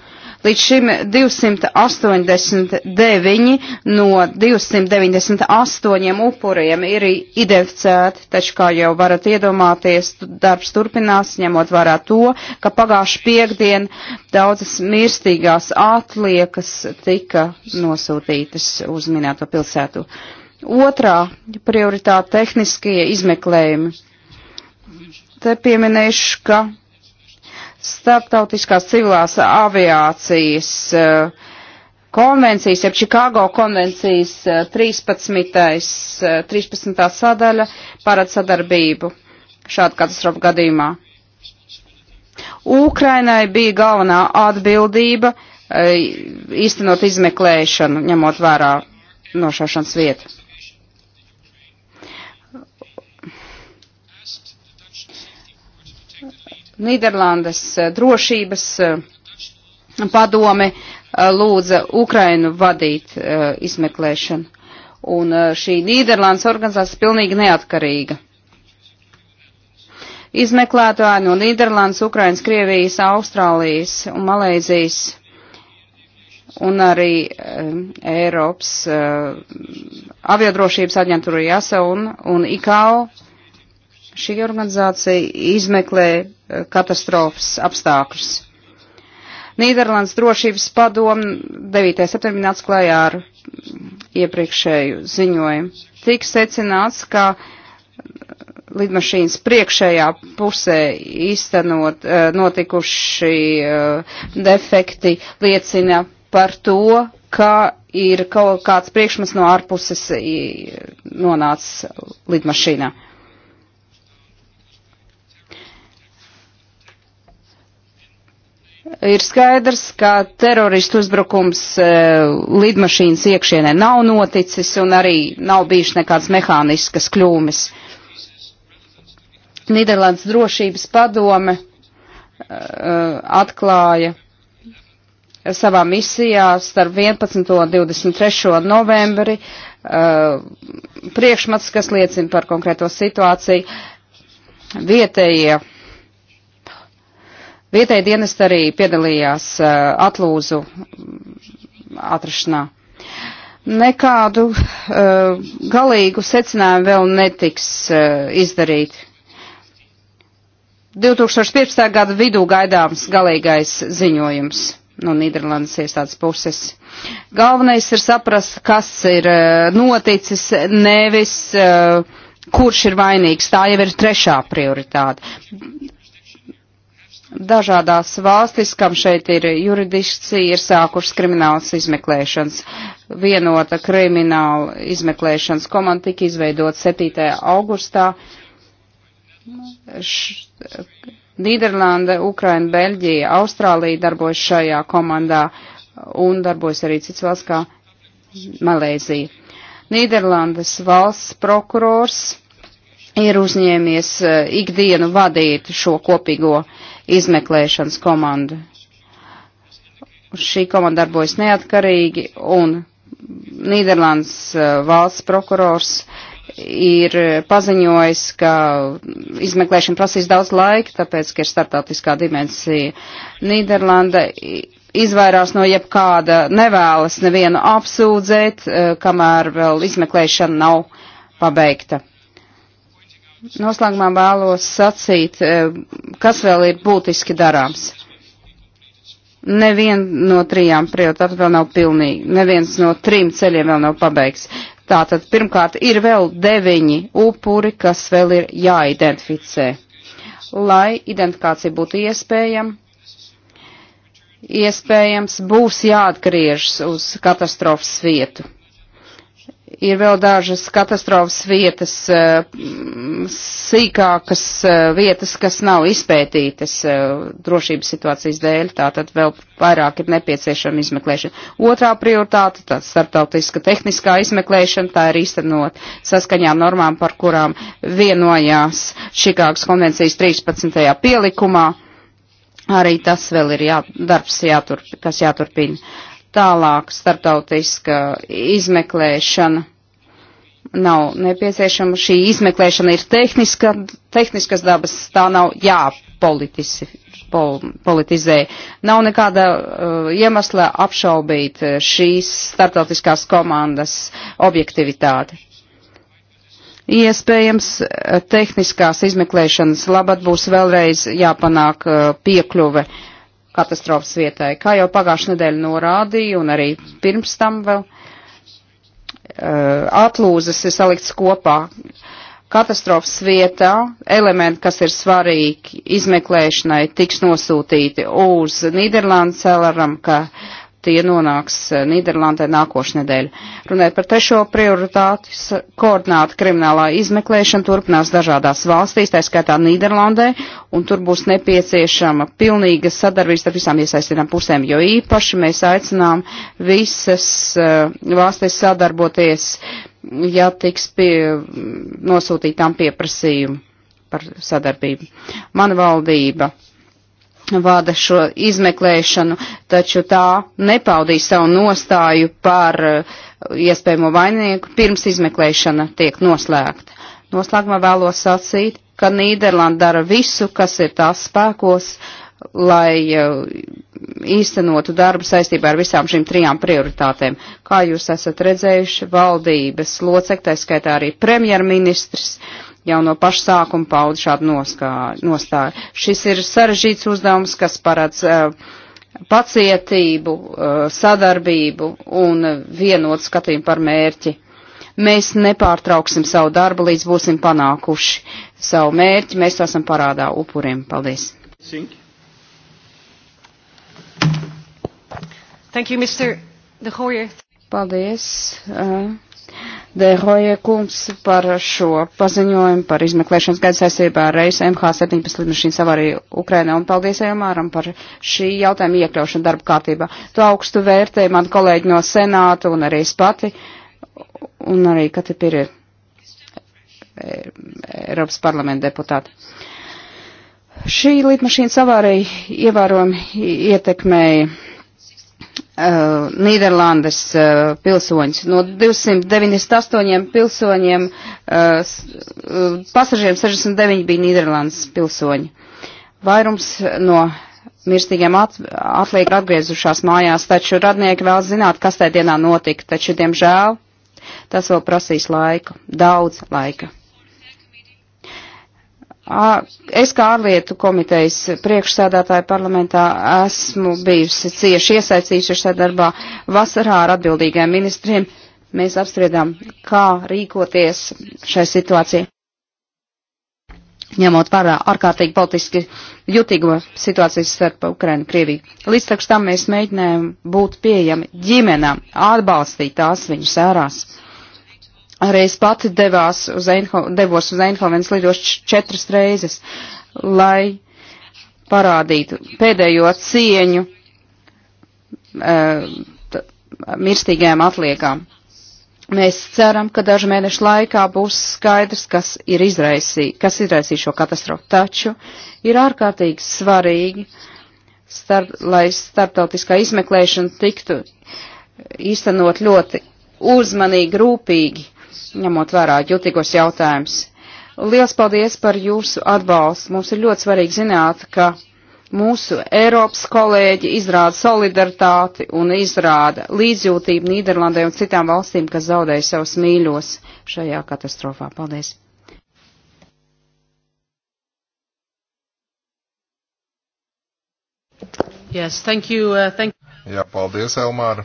Līdz šim 289 no 298 upuriem ir identificēti, taču, kā jau varat iedomāties, darbs turpinās, ņemot vērā to, ka pagājuši piekdien daudzas mirstīgās atliekas tika nosūtītas uz minēto pilsētu. Otrā prioritāte - tehniskie izmeklējumi. Te pieminēšu, ka starptautiskās civilās aviācijas eh, konvencijas, jeb Čikāgo konvencijas 13. Eh, 13. Eh, sadaļa parāda sadarbību šādu katastrofu gadījumā. Ukrainai bija galvenā atbildība īstenot izmeklēšanu, ņemot vērā nošaušanas vietu. Nīderlandes eh, drošības eh, padome eh, lūdza Ukrainu vadīt izmeklēšanu. Un šī Nīderlandes organizācija pilnīgi neatkarīga. Izmeklētāji no Nīderlandes, Ukrainas, Krievijas, Austrālijas un Malēzijas un arī um, Eiropas uh, aviodrošības aģentūra JASA un, un IKAO Šī organizācija izmeklē eh, katastrofas apstākļus. Nīderlandes drošības padomu 9. septembrī nāca klājā ar iepriekšēju ziņojumu. Tik secināts, ka lidmašīnas priekšējā pusē īstenot eh, notikuši eh, defekti liecina par to, ka ir kaut kāds priekšmets no ārpuses nonācis lidmašīnā. Ir skaidrs, ka teroristu uzbrukums e, lidmašīnas iekšienē nav noticis un arī nav bijuši nekāds mehāniskas kļūmes. Nīderlandes drošības padome e, atklāja savā misijā starp 11. un 23. novembri e, priekšmats, kas liecina par konkrēto situāciju. Vietējie Vietēji dienesti arī piedalījās eh, atlūzu mm, atrašanā. Nekādu uh, galīgu secinājumu vēl netiks uh, izdarīt. 2015. gada vidū gaidāms galīgais ziņojums no Nīderlandes iestādes puses. Galvenais ir saprast, kas ir uh, noticis, nevis uh, kurš ir vainīgs. Tā jau ir trešā prioritāte dažādās valstis, kam šeit ir juridiscija, ir sākušas kriminālas izmeklēšanas. Vienota krimināla izmeklēšanas komanda tika izveidot 7. augustā. Š Nīderlanda, Ukraina, Beļģija, Austrālija darbojas šajā komandā un darbojas arī cits valsts kā Malēzija. Nīderlandes valsts prokurors ir uzņēmies eh, ikdienu vadīt šo kopīgo izmeklēšanas komandu. Šī komanda darbojas neatkarīgi un Nīderlandes eh, valsts prokurors ir paziņojis, ka izmeklēšana prasīs daudz laika, tāpēc, ka ir startautiskā dimensija. Nīderlanda izvairās no jebkāda nevēlas nevienu apsūdzēt, eh, kamēr vēl izmeklēšana nav pabeigta. Noslēgumā vēlos sacīt, e, kas vēl ir būtiski darāms. Neviena no trijām prioritātēm vēl nav pilnīga, neviens no trim ceļiem vēl nav pabeigts. Tātad pirmkārt ir vēl deviņi upuri, kas vēl ir jāidentificē. Lai identifikācija būtu iespējama, iespējams būs jāatgriežas uz katastrofas vietu ir vēl dažas katastrofas vietas, eh, sīkākas eh, vietas, kas nav izpētītas eh, drošības situācijas dēļ, tātad vēl vairāk ir nepieciešama izmeklēšana. Otrā prioritāte, tā starptautiska tehniskā izmeklēšana, tā ir īstenot saskaņā normām, par kurām vienojās Šikāgas konvencijas 13. pielikumā. Arī tas vēl ir jā, darbs, jātur, kas jāturpina tālāk starptautiska izmeklēšana nav nepieciešama. Šī izmeklēšana ir tehniska, tehniskas dabas, tā nav jāpolitisi. Pol, politizē. Nav nekāda uh, iemesla apšaubīt uh, šīs startautiskās komandas objektivitāti. Iespējams, uh, tehniskās izmeklēšanas labad būs vēlreiz jāpanāk uh, piekļuve uh, katastrofas vietai. Kā jau pagājušā nedēļa norādīja, un arī pirms tam vēl eh, atlūzas ir salikts kopā. Katastrofas vietā elementi, kas ir svarīgi izmeklēšanai, tiks nosūtīti uz Nīderlandes celaram, ka tie nonāks eh, Nīderlandē nākošnedēļ. Runājot par trešo prioritāti, koordināta kriminālā izmeklēšana turpinās dažādās valstīs, tā skaitā Nīderlandē, un tur būs nepieciešama pilnīga sadarbības ar visām iesaistītām pusēm, jo īpaši mēs aicinām visas eh, valstis sadarboties, ja tiks pie, nosūtītām pieprasījumu par sadarbību. Mana valdība vada šo izmeklēšanu, taču tā nepaudīja savu nostāju par eh, iespējamo vainīgu pirms izmeklēšana tiek noslēgta. Noslēgumā vēlos sacīt, ka Nīderlanda dara visu, kas ir tās spēkos, lai eh, īstenotu darbu saistībā ar visām šīm trijām prioritātēm. Kā jūs esat redzējuši, valdības locektais, skaitā arī premjerministrs, uh, jau no paša sākuma pauda šādu nostāju. Šis ir sarežģīts uzdevums, kas parāds uh, eh, pacietību, uh, sadarbību un vienotu skatījumu par mērķi. Mēs nepārtrauksim savu darbu, līdz būsim panākuši savu mērķi. Mēs to esam parādā upuriem. Paldies! Sink. Thank you, Mr. De Hoyer. Paldies. Uh, Dehoja kungs par šo paziņojumu par izmeklēšanas gadu saistībā ar reisu MH17 lidmašīnu savāriju Ukrainā un paldies Ejomāram par šī jautājuma iekļaušanu darba kārtībā. To augstu vērtē man kolēģi no Senāta un arī es pati un arī Katipiri Eiropas parlamenta deputāti. Šī lidmašīna savārija ievērojami ietekmēja uh, Nīderlandes uh, pilsoņus. No 298 pilsoņiem, uh, pasažieriem 69 bija Nīderlandes pilsoņi. Vairums no mirstīgiem at, atliek atgriezušās mājās, taču radnieki vēl zināt, kas tajā dienā notika, taču, diemžēl, tas vēl prasīs laiku, daudz laika. Es kā ārlietu komitejas priekšsēdētāja parlamentā esmu bijusi cieši iesaistījušies šajā darbā vasarā ar atbildīgajiem ministriem. Mēs apstriedām, kā rīkoties šai situācijai. Ņemot vērā ārkārtīgi politiski jutīgo situācijas starp Ukrainu un Krieviju. Līdz tam mēs mēģinājām būt pieejami ģimenām, atbalstīt tās viņu sērās reiz pati devās uz Einho, devos uz Einhovens lidošs četras reizes, lai parādītu pēdējo cieņu uh, mirstīgajām atliekām. Mēs ceram, ka dažu mēnešu laikā būs skaidrs, kas ir izraisī, kas izraisīja šo katastrofu. Taču ir ārkārtīgi svarīgi, starp, lai starptautiskā izmeklēšana tiktu īstenot ļoti uzmanīgi, rūpīgi ņemot vērā jutīgos jautājumus. Liels paldies par jūsu atbalstu. Mums ir ļoti svarīgi zināt, ka mūsu Eiropas kolēģi izrāda solidaritāti un izrāda līdzjūtību Nīderlandē un citām valstīm, kas zaudēja savus mīļos šajā katastrofā. Paldies! Yes, thank you, uh, thank you. Jā, paldies, Elmāra.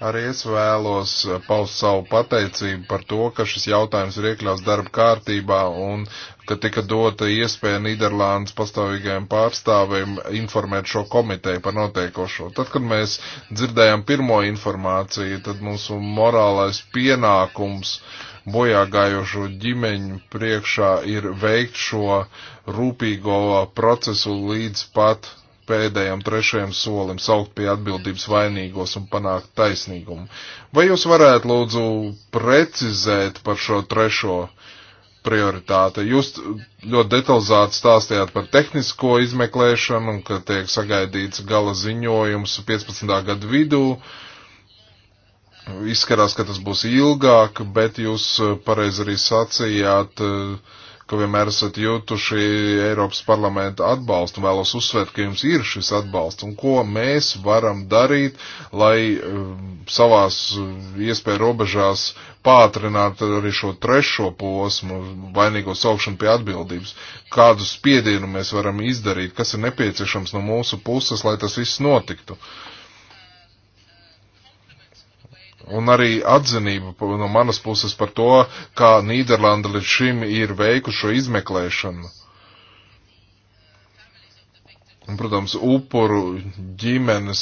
Arī es vēlos eh, paust savu pateicību par to, ka šis jautājums ir iekļauts darba kārtībā un ka tika dota iespēja Nīderlandes pastāvīgajiem pārstāvjiem informēt šo komiteju par noteikošo. Tad, kad mēs dzirdējām pirmo informāciju, tad mūsu morālais pienākums bojā gājošo ģimeņu priekšā ir veikt šo rūpīgo procesu līdz pat pēdējam trešajam solim saukt pie atbildības vainīgos un panākt taisnīgumu. Vai jūs varētu lūdzu precizēt par šo trešo prioritāte. Jūs ļoti detalizēti stāstījāt par tehnisko izmeklēšanu, ka tiek sagaidīts gala ziņojums 15. gadu vidū. Izskatās, ka tas būs ilgāk, bet jūs pareizi arī sacījāt, uh, ka vienmēr esat jutuši Eiropas parlamenta atbalstu un vēlos uzsvērt, ka jums ir šis atbalsts un ko mēs varam darīt, lai um, savās um, iespēju robežās pātrināt arī šo trešo posmu, vainīgo saukšanu pie atbildības. Kādu spiedienu mēs varam izdarīt, kas ir nepieciešams no mūsu puses, lai tas viss notiktu. Uh, un arī atzinība no manas puses par to, kā Nīderlanda līdz šim ir veikušo izmeklēšanu. Un, protams, upuru ģimenes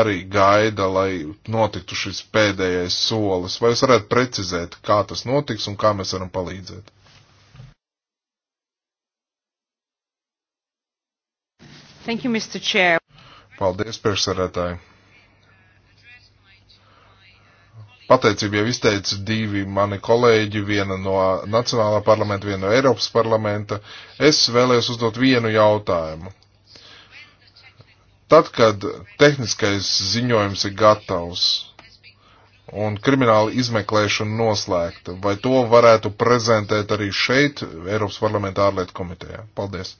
arī gaida, lai notiktu šis pēdējais solis. Vai jūs varētu precizēt, kā tas notiks un kā mēs varam palīdzēt? Thank you, Mr. Chair. Paldies, priekšsarētāji. pateicību jau izteica divi mani kolēģi, viena no Nacionālā parlamenta, viena no Eiropas parlamenta. Es vēlējos uzdot vienu jautājumu. Tad, kad tehniskais ziņojums ir gatavs un krimināla izmeklēšana noslēgta, vai to varētu prezentēt arī šeit, Eiropas parlamenta ārlietu komitejā? Paldies!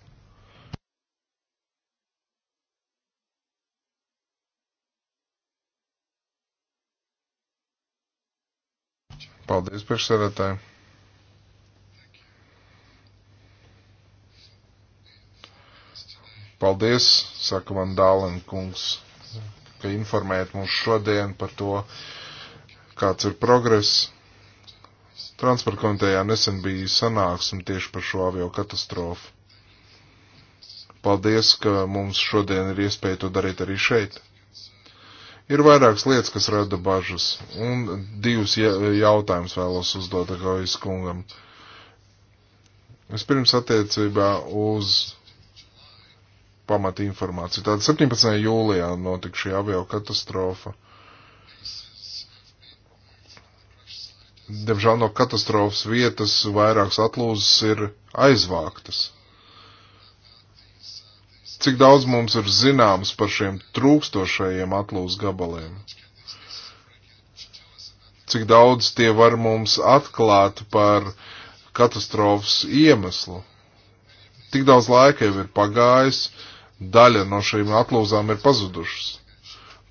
Paldies, priekšsēdētāji. Paldies, saka man Dālenkungs, ka informējat mums šodien par to, kāds ir progress. Transporta komitejā nesen bija sanāksme tieši par šo avio katastrofu. Paldies, ka mums šodien ir iespēja to darīt arī šeit. Ir vairākas lietas, kas rada bažas, un divus jautājumus vēlos uzdot Agaujas kungam. Vispirms attiecībā uz pamata informāciju. Tāda 17. jūlijā notika šī avio katastrofa. Diemžēl no katastrofas vietas vairākas atlūzas ir aizvāktas cik daudz mums ir zināms par šiem trūkstošajiem atlūs gabaliem. Cik daudz tie var mums atklāt par katastrofas iemeslu. Tik daudz laika jau ir pagājis, daļa no šīm atlūzām ir pazudušas.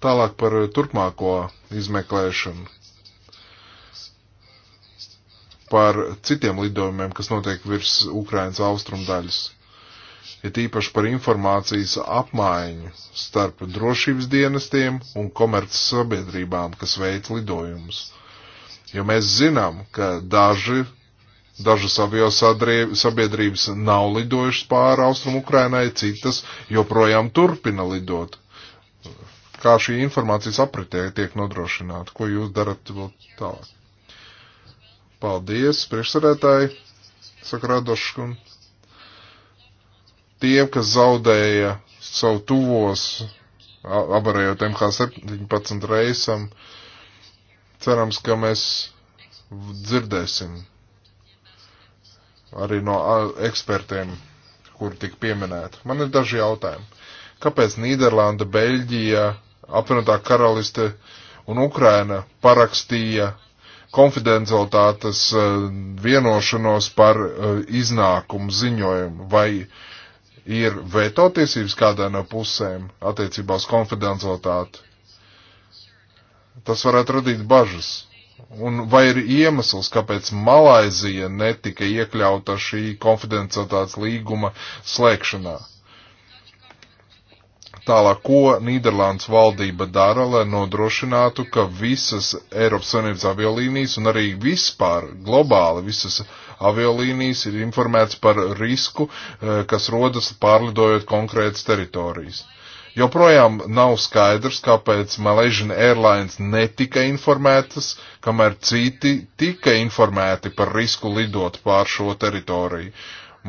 Tālāk par eh, turpmāko izmeklēšanu. Par citiem lidojumiem, kas notiek virs Ukrainas austrumdaļas ir tīpaši par informācijas apmaiņu starp drošības dienestiem un komerces sabiedrībām, kas veic lidojumus. Jo mēs zinām, ka daži, dažas avio sabiedrības nav lidojušas pāri Austrum Ukrainai, citas joprojām turpina lidot. Kā šī informācijas apritē tiek nodrošināta? Ko jūs darat vēl tālāk? Paldies, priekšsarētāji, saka Radošs kundze tiem, kas zaudēja savu tuvos, abarējot MH17 reisam. Cerams, ka mēs dzirdēsim arī no ekspertiem, kuri tik pieminēti. Man ir daži jautājumi. Kāpēc Nīderlanda, Beļģija, apvienotā karaliste un Ukraina parakstīja konfidencialitātes vienošanos par iznākumu ziņojumu vai uh, ir veto tiesības kādā no pusēm attiecībā uz konfidencialitāti, tas varētu radīt bažas. Un vai ir iemesls, kāpēc Malaizija netika iekļauta šī konfidencialitātes līguma slēgšanā? Tālāk, ko Nīderlandes valdība dara, lai nodrošinātu, ka visas Eiropas Savienības aviolīnijas un arī vispār globāli visas aviolīnijas ir informēts par risku, eh, kas rodas pārlidojot konkrētas teritorijas. Joprojām nav skaidrs, kāpēc Malaysian Airlines netika informētas, kamēr citi tika informēti par risku lidot pār šo teritoriju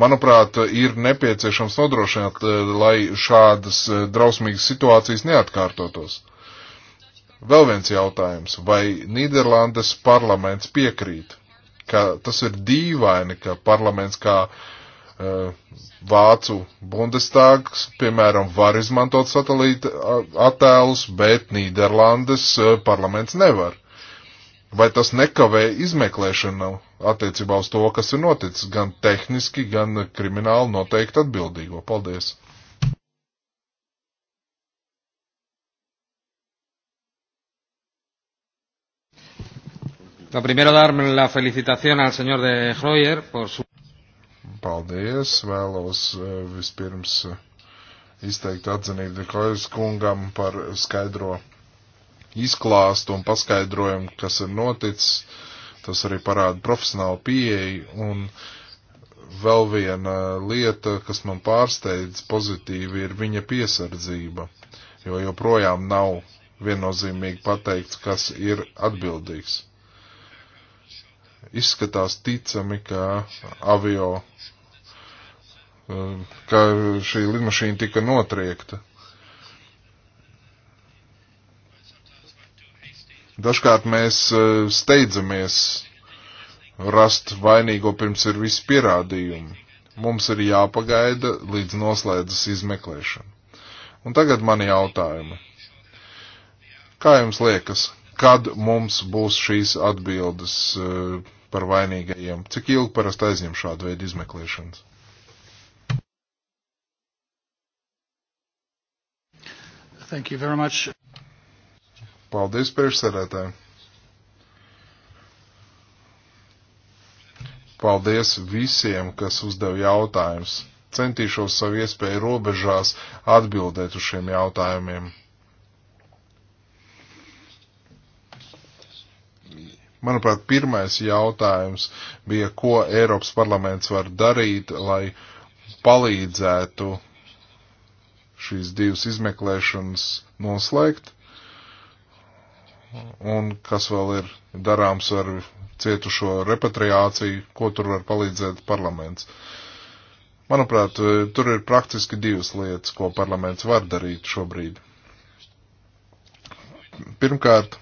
manuprāt, ir nepieciešams nodrošināt, eh, lai šādas eh, drausmīgas situācijas neatkārtotos. Vēl viens jautājums. Vai Nīderlandes parlaments piekrīt ka tas ir dīvaini, ka parlaments kā uh, Vācu Bundestāgs, piemēram, var izmantot satelīta attēlus, bet Nīderlandes uh, parlaments nevar. Vai tas nekavē izmeklēšanu attiecībā uz to, kas ir noticis, gan tehniski, gan krimināli noteikti atbildīgo? Paldies! Lo primero dar la felicitación al señor de Hroyer por su. Paldies, vēlos eh, vispirms eh, izteikt atzinību de Hroyers kungam par skaidro izklāstu un paskaidrojumu, kas ir noticis. Tas arī parāda profesionālu pieeju un vēl viena lieta, kas man pārsteidz pozitīvi, ir viņa piesardzība, jo joprojām nav viennozīmīgi pateikts, kas ir atbildīgs izskatās ticami, ka avio, um, ka šī lidmašīna tika notriekta. Dažkārt mēs uh, steidzamies rast vainīgo pirms ir visi pierādījumi. Mums ir jāpagaida līdz noslēdzas izmeklēšana. Un tagad mani jautājumi. Kā jums liekas, kad mums būs šīs atbildes? Uh, par vainīgajiem? Cik ilgi parasti aizņem šādu veidu izmeklēšanas? Thank you very much. Paldies, priekšsēdētāji. Paldies visiem, kas uzdeva jautājumus. Centīšos savu iespēju robežās atbildēt uz šiem jautājumiem. Manuprāt, pirmais jautājums bija, ko Eiropas parlaments var darīt, lai palīdzētu šīs divas izmeklēšanas noslēgt, un kas vēl ir darāms ar cietušo repatriāciju, ko tur var palīdzēt parlaments. Manuprāt, tur ir praktiski divas lietas, ko parlaments var darīt šobrīd. Pirmkārt,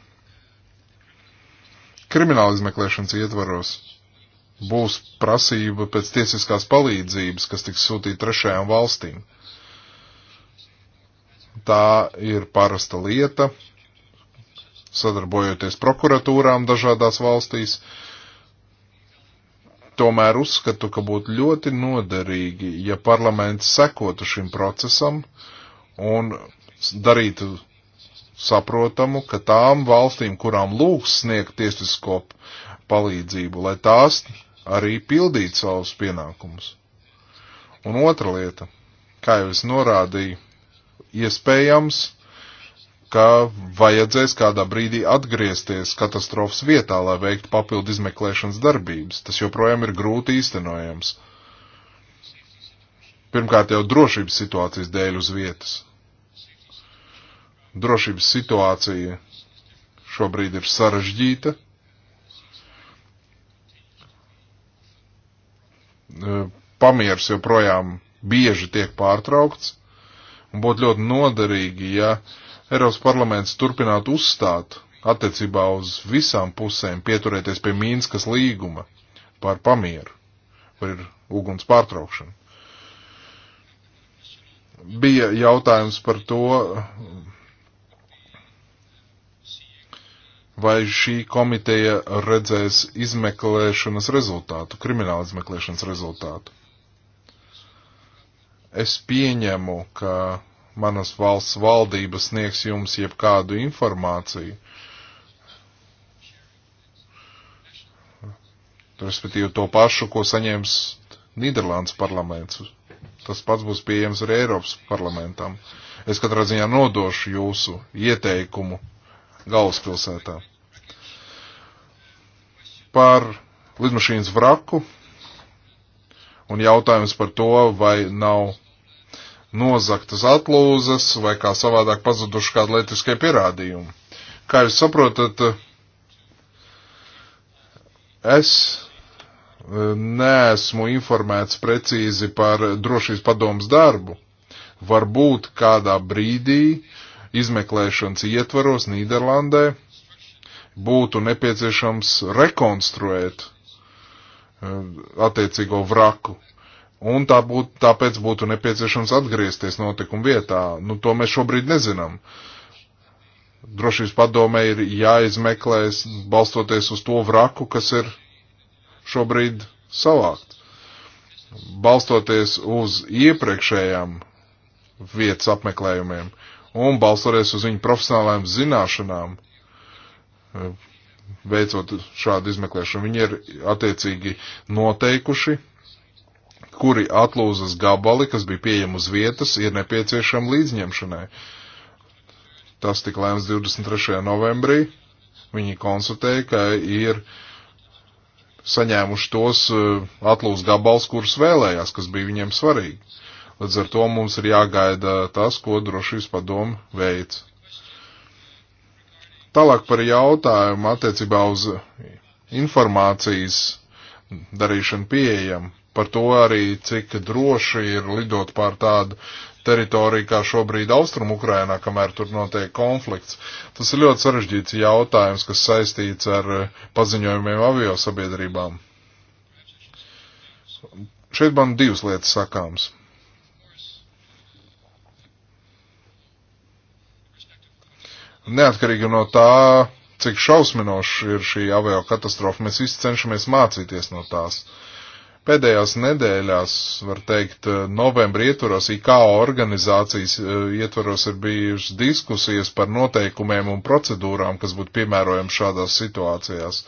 krimināla izmeklēšanas ietvaros būs prasība pēc tiesiskās palīdzības, kas tiks sūtīta trešajām valstīm. Tā ir parasta lieta, sadarbojoties prokuratūrām dažādās valstīs. Tomēr uzskatu, ka būtu ļoti noderīgi, ja parlaments sekotu šim procesam un darītu saprotamu, ka tām valstīm, kurām lūgs sniegt tiesisko palīdzību, lai tās arī pildītu savus pienākumus. Un otra lieta, kā jau es norādīju, iespējams, ka vajadzēs kādā brīdī atgriezties katastrofas vietā, lai veiktu papildu izmeklēšanas darbības. Tas joprojām ir grūti īstenojams. Pirmkārt jau drošības situācijas dēļ uz vietas drošības situācija šobrīd ir sarežģīta. E, pamiers joprojām bieži tiek pārtraukts, un būtu ļoti noderīgi, ja Eiropas parlaments turpinātu uzstāt attiecībā uz visām pusēm pieturēties pie Mīnskas līguma par pamieru, par uguns pārtraukšanu. Bija jautājums par to, vai šī komiteja redzēs izmeklēšanas rezultātu, krimināla izmeklēšanas rezultātu. Es pieņemu, ka manas valsts valdības sniegs jums jebkādu informāciju. Respektīvi to pašu, ko saņems Nīderlandes parlaments. Tas pats būs pieejams arī Eiropas parlamentam. Es katrā ziņā nodošu jūsu ieteikumu galvaspilsētā. Par lidmašīnas vraku un jautājums par to, vai nav nozaktas atlūzas vai kā savādāk pazuduši kādi lietiskie pierādījumi. Kā jūs saprotat, es e, neesmu informēts precīzi par drošības padomas darbu. Varbūt kādā brīdī uh, izmeklēšanas ietvaros Nīderlandē būtu nepieciešams rekonstruēt eh, attiecīgo vraku. Un tā būt, tāpēc būtu nepieciešams atgriezties notikuma vietā. Nu, to mēs šobrīd nezinām. Drošības padomē ir jāizmeklē, balstoties uz to vraku, kas ir šobrīd savākt. Balstoties uz iepriekšējām vietas apmeklējumiem, uh, un balstoties uz viņu profesionālajām zināšanām, e, veicot šādu izmeklēšanu. Viņi ir attiecīgi noteikuši, kuri atlūzas gabali, kas bija pieejami uz vietas, ir nepieciešami līdzņemšanai. Tas tika lēms 23. novembrī. Viņi konstatēja, ka ir saņēmuši tos e, atlūz gabals, kurus vēlējās, kas bija viņiem svarīgi. Līdz ar to mums ir jāgaida tas, ko drošības padomu veic. Tālāk par jautājumu attiecībā uz informācijas darīšanu pieejam. Par to arī, cik droši ir lidot pār tādu teritoriju kā šobrīd Austrum Ukrainā, kamēr tur notiek konflikts. Tas ir ļoti sarežģīts jautājums, kas saistīts ar paziņojumiem avio sabiedrībām. Šeit man divas lietas sakāms. Neatkarīgi no tā, cik šausminoši ir šī avio katastrofa, mēs visi cenšamies mācīties no tās. Pēdējās nedēļās, var teikt, novembrī ietvaros IKO organizācijas e, ietvaros ir bijušas diskusijas par noteikumiem un procedūrām, kas būtu piemērojami šādās situācijās.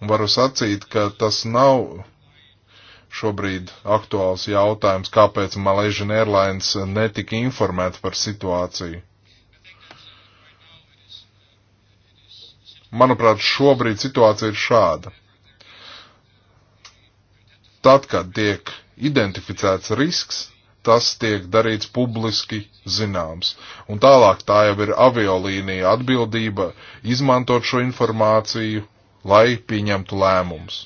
Un varu sacīt, ka tas nav šobrīd aktuāls jautājums, kāpēc Malaysian Airlines netika informēta par situāciju Manuprāt, šobrīd situācija ir šāda. Tad, kad tiek identificēts risks, tas tiek darīts publiski zināms. Un tālāk tā jau ir aviolīnija atbildība izmantot šo informāciju, lai pieņemtu lēmumus.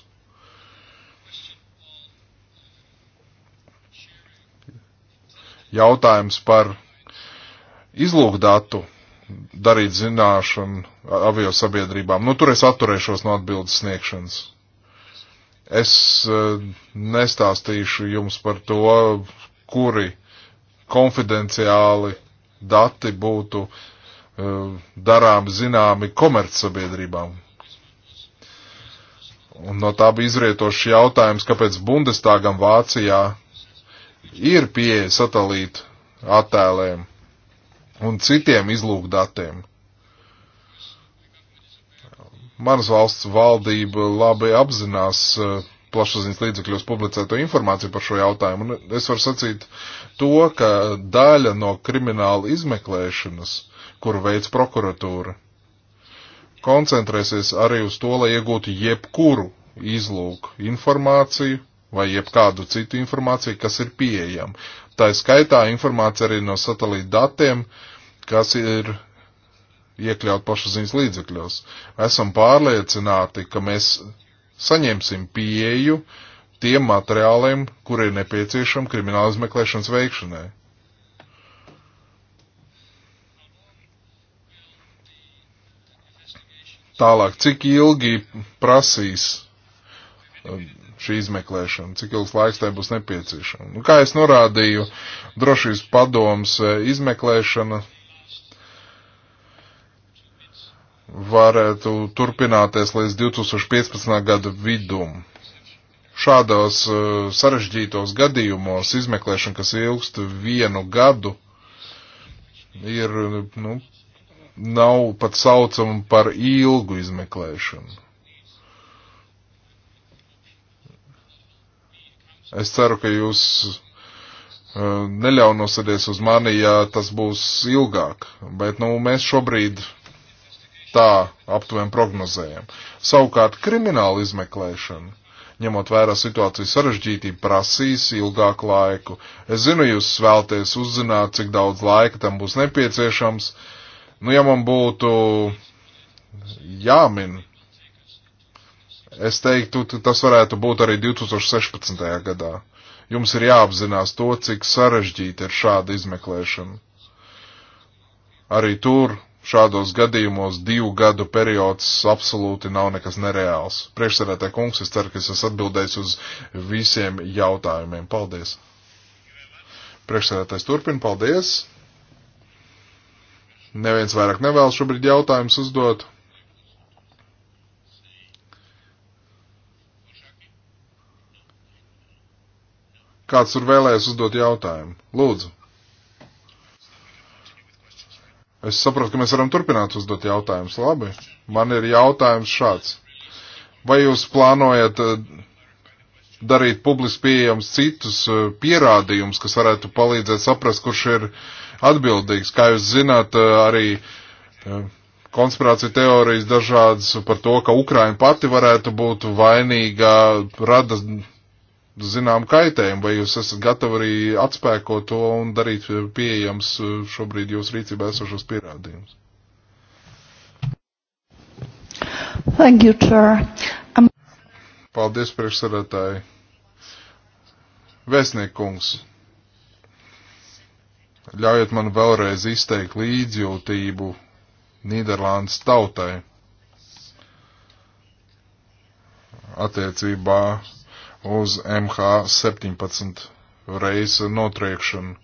Jautājums par izlūkdatu darīt zināšanu avio sabiedrībām. Nu, tur es atturēšos no atbildes sniegšanas. Es e, nestāstīšu jums par to, kuri konfidenciāli dati būtu e, darām zināmi komercsabiedrībām. Un no tā bija izrietošs jautājums, kāpēc Bundestāgam Vācijā ir pieeja satelītu attēliem un citiem izlūkdatiem. Manas valsts valdība labi apzinās eh, plašsaziņas līdzekļos publicēto informāciju par šo jautājumu. Un es varu sacīt to, ka daļa no krimināla izmeklēšanas, kuru veids prokuratūra, koncentrēsies arī uz to, lai iegūtu jebkuru izlūku informāciju vai jebkādu citu informāciju, kas ir pieejama. Tā ir skaitā informācija arī no satelīta datiem, uh, kas ir iekļaut pašaziņas līdzekļos. Esam pārliecināti, ka mēs saņemsim pieeju tiem materiāliem, kuri ir nepieciešami krimināla izmeklēšanas veikšanai. Tālāk, cik ilgi prasīs um, šī izmeklēšana, cik ilgs laiks tai būs nepieciešama. Nu, kā es norādīju, drošības padoms eh, izmeklēšana varētu turpināties līdz 2015. gada vidum. Šādos uh, sarežģītos gadījumos izmeklēšana, kas ilgst vienu gadu, ir, nu, nav pat saucama par ilgu izmeklēšanu. Es ceru, ka jūs uh, neļaunosieties uz mani, ja tas būs ilgāk, bet, nu, mēs šobrīd tā aptuveni prognozējam. Savukārt krimināla izmeklēšana, ņemot vērā situācijas sarežģītību, prasīs ilgāku laiku. Es zinu, jūs vēlties uzzināt, cik daudz laika tam būs nepieciešams. Nu, ja man būtu jāmin, es teiktu, tas varētu būt arī 2016. gadā. Jums ir jāapzinās to, cik sarežģīta ir šāda izmeklēšana. Arī tur šādos gadījumos divu gadu periods absolūti nav nekas nereāls. Priekšsēdētāji kungs, es ceru, ka es esmu atbildējis uz visiem jautājumiem. Paldies! Priekšsēdētājs turpina, paldies! Neviens vairāk nevēlas šobrīd jautājumus uzdot. Kāds tur vēlējas uzdot jautājumu? Lūdzu! Es saprotu, ka mēs varam turpināt uzdot jautājumus. Labi, man ir jautājums šāds. Vai jūs plānojat eh, darīt publiski pieejams citus eh, pierādījumus, kas varētu palīdzēt saprast, kurš ir atbildīgs? Kā jūs zināt, eh, arī konspirācija teorijas dažādas par to, ka Ukraina pati varētu būt vainīga, rada zinām kaitējumu, vai jūs esat gatavi arī atspēkot to un darīt pieejams šobrīd jūs rīcībā esošos pierādījumus? Thank you, Chair. Um... Paldies, priekšsarētāji. Vēstniekungs, ļaujiet man vēlreiz izteikt līdzjūtību Nīderlandes tautai attiecībā uz MH17 reisu notriekšanu.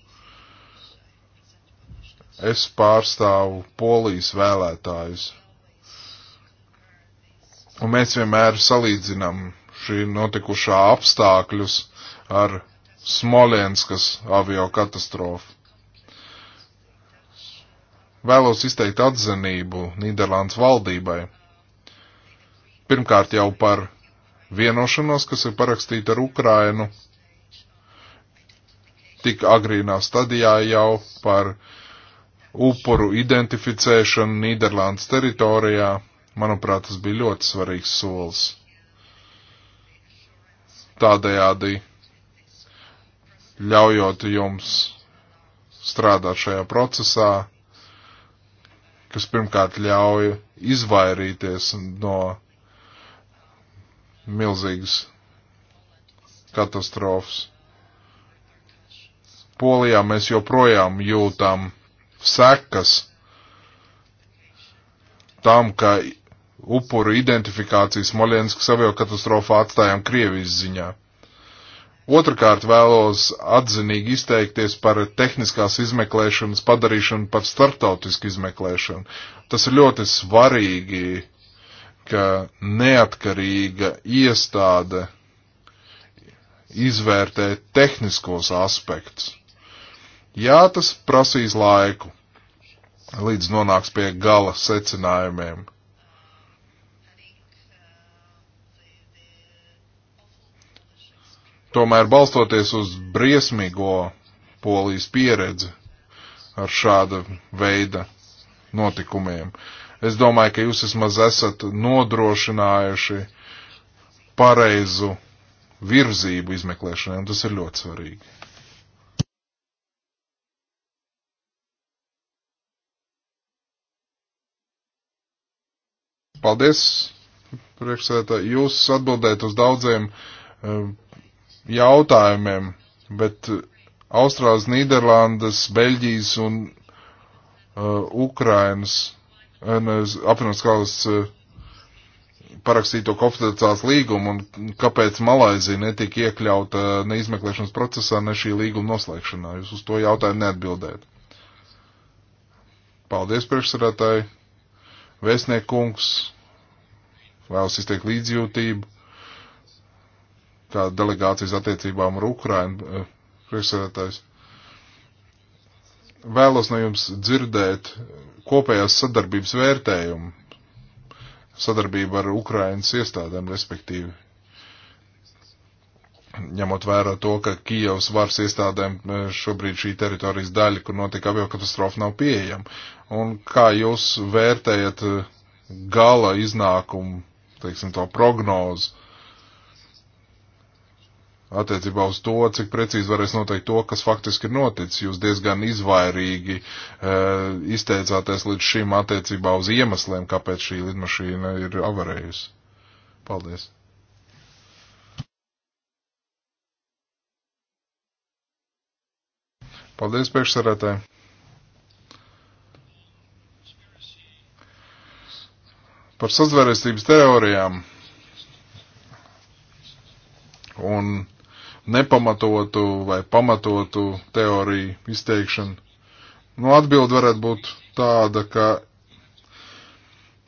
Es pārstāvu polijas vēlētājus. Un mēs vienmēr salīdzinām šī notikušā apstākļus ar Smolenskas avio katastrofu. Vēlos izteikt atzinību Nīderlandes valdībai. Pirmkārt jau par vienošanos, kas ir parakstīta ar Ukrainu tik agrīnā stadijā jau par upuru identificēšanu Nīderlandes teritorijā. Manuprāt, tas bija ļoti svarīgs solis. Tādējādi ļaujot jums strādāt šajā procesā, kas pirmkārt ļauj izvairīties no milzīgas katastrofas. Polijā mēs joprojām jūtam sekas tam, ka upuru identifikācijas Moljenskas avio katastrofā atstājām Krievijas ziņā. Otrakārt vēlos atzinīgi izteikties par tehniskās izmeklēšanas padarīšanu par startautisku izmeklēšanu. Tas ir ļoti svarīgi ka neatkarīga iestāde izvērtē tehniskos aspektus. Jā, tas prasīs laiku, līdz nonāks pie gala secinājumiem. Tomēr balstoties uz briesmīgo polijas pieredzi ar šāda veida notikumiem, uh, Es domāju, ka jūs vismaz esat nodrošinājuši pareizu virzību izmeklēšanai, un tas ir ļoti svarīgi. Paldies, priekšsēdētāji. Jūs atbildējat uz daudziem eh, jautājumiem, bet eh, Austrālijas, Nīderlandes, Beļģijas un uh, Ukrainas Eh, apvienotās kalas eh, parakstīto konfidenciāls līgumu un kāpēc Malaizija netika iekļauta eh, ne izmeklēšanas procesā, ne šī līguma noslēgšanā. Jūs uz to jautājumu neatbildējat. Paldies, priekšsarētāji, vēstniekungs, vēlas izteikt līdzjūtību kā delegācijas attiecībām ar Ukrainu priekšsēdētājs. Vēlos no jums dzirdēt kopējās sadarbības vērtējumu, sadarbību ar Ukrainas iestādēm, respektīvi, ņemot vērā to, ka Kijavas varas iestādēm e, šobrīd šī teritorijas daļa, kur notika aviokatastrofa, nav pieejama. Un kā jūs vērtējat e, gala iznākumu, teiksim, to prognozu, attiecībā uz to, cik precīzi varēs noteikt to, kas faktiski ir noticis. Jūs diezgan izvairīgi e, izteicāties līdz šim attiecībā uz iemesliem, kāpēc šī lidmašīna ir avarējusi. Paldies! Paldies, priekšsarētāji! Par sazvērestības teorijām un nepamatotu vai pamatotu teoriju izteikšanu. Nu, atbildi varētu būt tāda, ka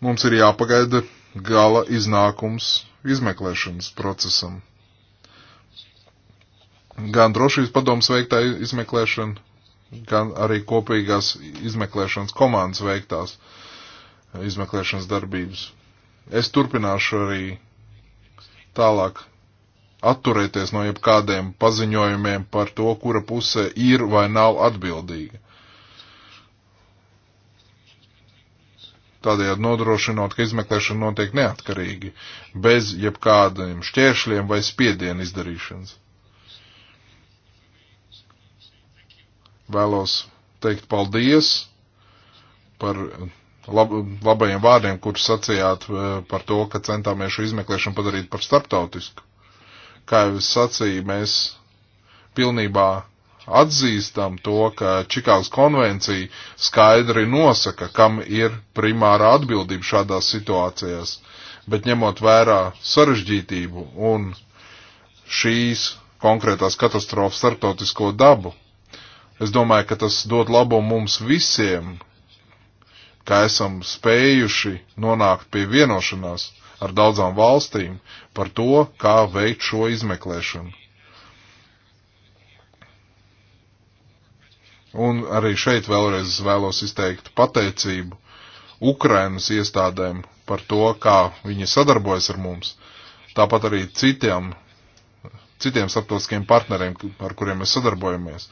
mums ir jāpagaida gala iznākums izmeklēšanas procesam. Gan drošības padoms veiktā izmeklēšana, gan arī kopīgās izmeklēšanas komandas veiktās izmeklēšanas darbības. Es turpināšu arī tālāk atturēties no jebkādiem paziņojumiem par to, kura puse ir vai nav atbildīga. Tādējādi nodrošinot, ka izmeklēšana notiek neatkarīgi, bez jebkādiem šķēršļiem vai spiedienu izdarīšanas. Vēlos teikt paldies par lab, labajiem vārdiem, kurus sacījāt eh, par to, ka centāmies šo izmeklēšanu padarīt par starptautisku. Kā jau es sacīju, mēs pilnībā atzīstam to, ka Čikāgas konvencija skaidri nosaka, kam ir primāra atbildība šādās situācijās, bet ņemot vērā sarežģītību un šīs konkrētās katastrofas starptautisko dabu, es domāju, ka tas dod labu mums visiem, ka esam spējuši nonākt pie vienošanās ar daudzām valstīm par to, kā veikt šo izmeklēšanu. Un arī šeit vēlreiz vēlos izteikt pateicību Ukrainas iestādēm par to, kā viņi sadarbojas ar mums. Tāpat arī citiem, citiem starptautiskiem partneriem, ar kuriem mēs sadarbojamies.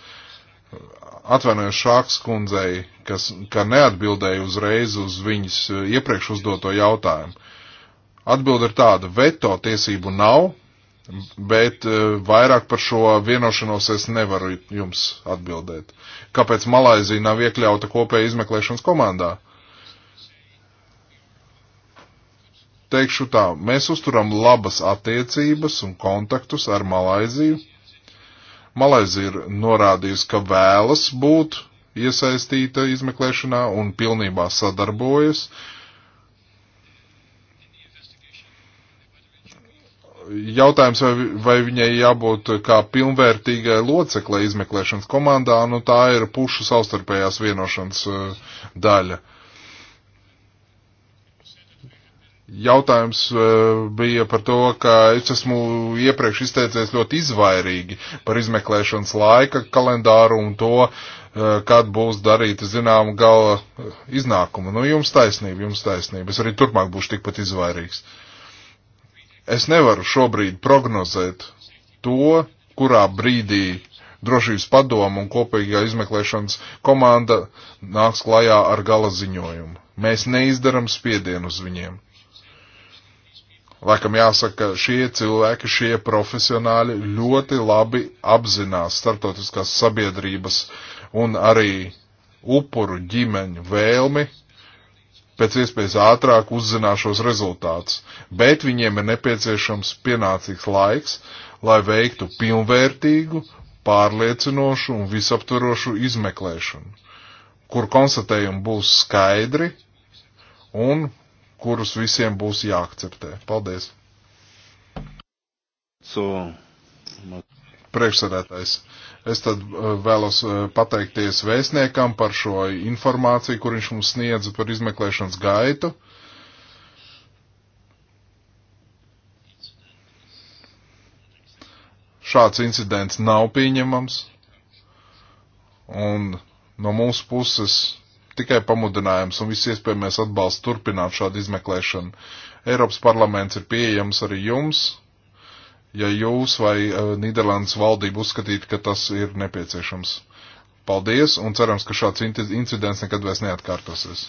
Atvainojos Šāks kundzei, kas, ka neatbildēju uzreiz uz viņas iepriekš uzdoto jautājumu. Atbilde ir tāda, veto tiesību nav, bet eh, vairāk par šo vienošanos es nevaru jums atbildēt. Kāpēc Malaizija nav iekļauta kopēja izmeklēšanas komandā? teikšu tā, mēs uzturam labas attiecības un kontaktus ar Malaiziju. Malaizija ir norādījusi, ka vēlas būt iesaistīta izmeklēšanā un pilnībā sadarbojas. Uh, jautājums, vai, vai viņai jābūt kā pilnvērtīgai loceklē izmeklēšanas komandā, nu tā ir pušu savstarpējās vienošanas eh, daļa. Jautājums eh, bija par to, ka es esmu iepriekš izteicies ļoti izvairīgi par izmeklēšanas laika kalendāru un to, eh, kad būs darīta zināma gala iznākuma. Nu, jums taisnība, jums taisnība. Es arī turpmāk būšu tikpat izvairīgs. Uh, Es nevaru šobrīd prognozēt to, kurā brīdī drošības padomu un kopīgā izmeklēšanas komanda nāks klajā ar gala ziņojumu. Mēs neizdaram spiedienu uz viņiem. Laikam jāsaka, šie cilvēki, šie profesionāļi ļoti labi apzinās starptautiskās sabiedrības un arī upuru ģimeņu vēlmi pēc iespējas ātrāk uzzināšos rezultātus, bet viņiem ir nepieciešams pienācīgs laiks, lai veiktu pilnvērtīgu, pārliecinošu un visaptverošu izmeklēšanu, kur konstatējumi būs skaidri un kurus visiem būs jāakceptē. Paldies! So, priekšsēdētājs. Es tad uh, vēlos uh, pateikties vēstniekam par šo informāciju, kur viņš mums sniedza par izmeklēšanas gaitu. Šāds incidents nav pieņemams, un no mūsu puses tikai pamudinājums un viss iespējamais atbalsts turpināt šādu izmeklēšanu. Eiropas parlaments ir pieejams arī jums, ja jūs vai eh, Nīderlandes valdība uzskatītu, ka tas ir nepieciešams. Paldies un cerams, ka šāds incidents nekad vairs neatkārtosies.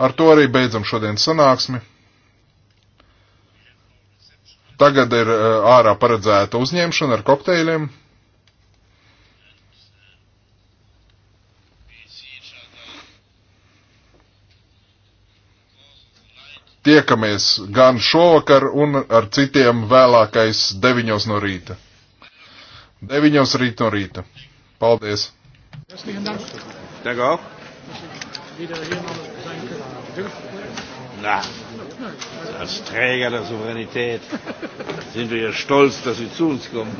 Ar to arī beidzam šodienas sanāksmi. Tagad ir eh, ārā paredzēta uzņemšana ar kokteiļiem. Tiekamies gan šovakar un ar citiem vēlākais 9 no rīta. 9 rīt no rīta. Paldies! Dank. Na, als Träger der Souveränität sind wir ja stolz, dass Sie zu uns kommen.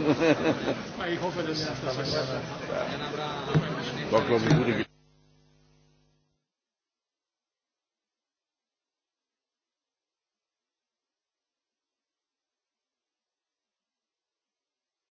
Ich hoffe, dass das ist.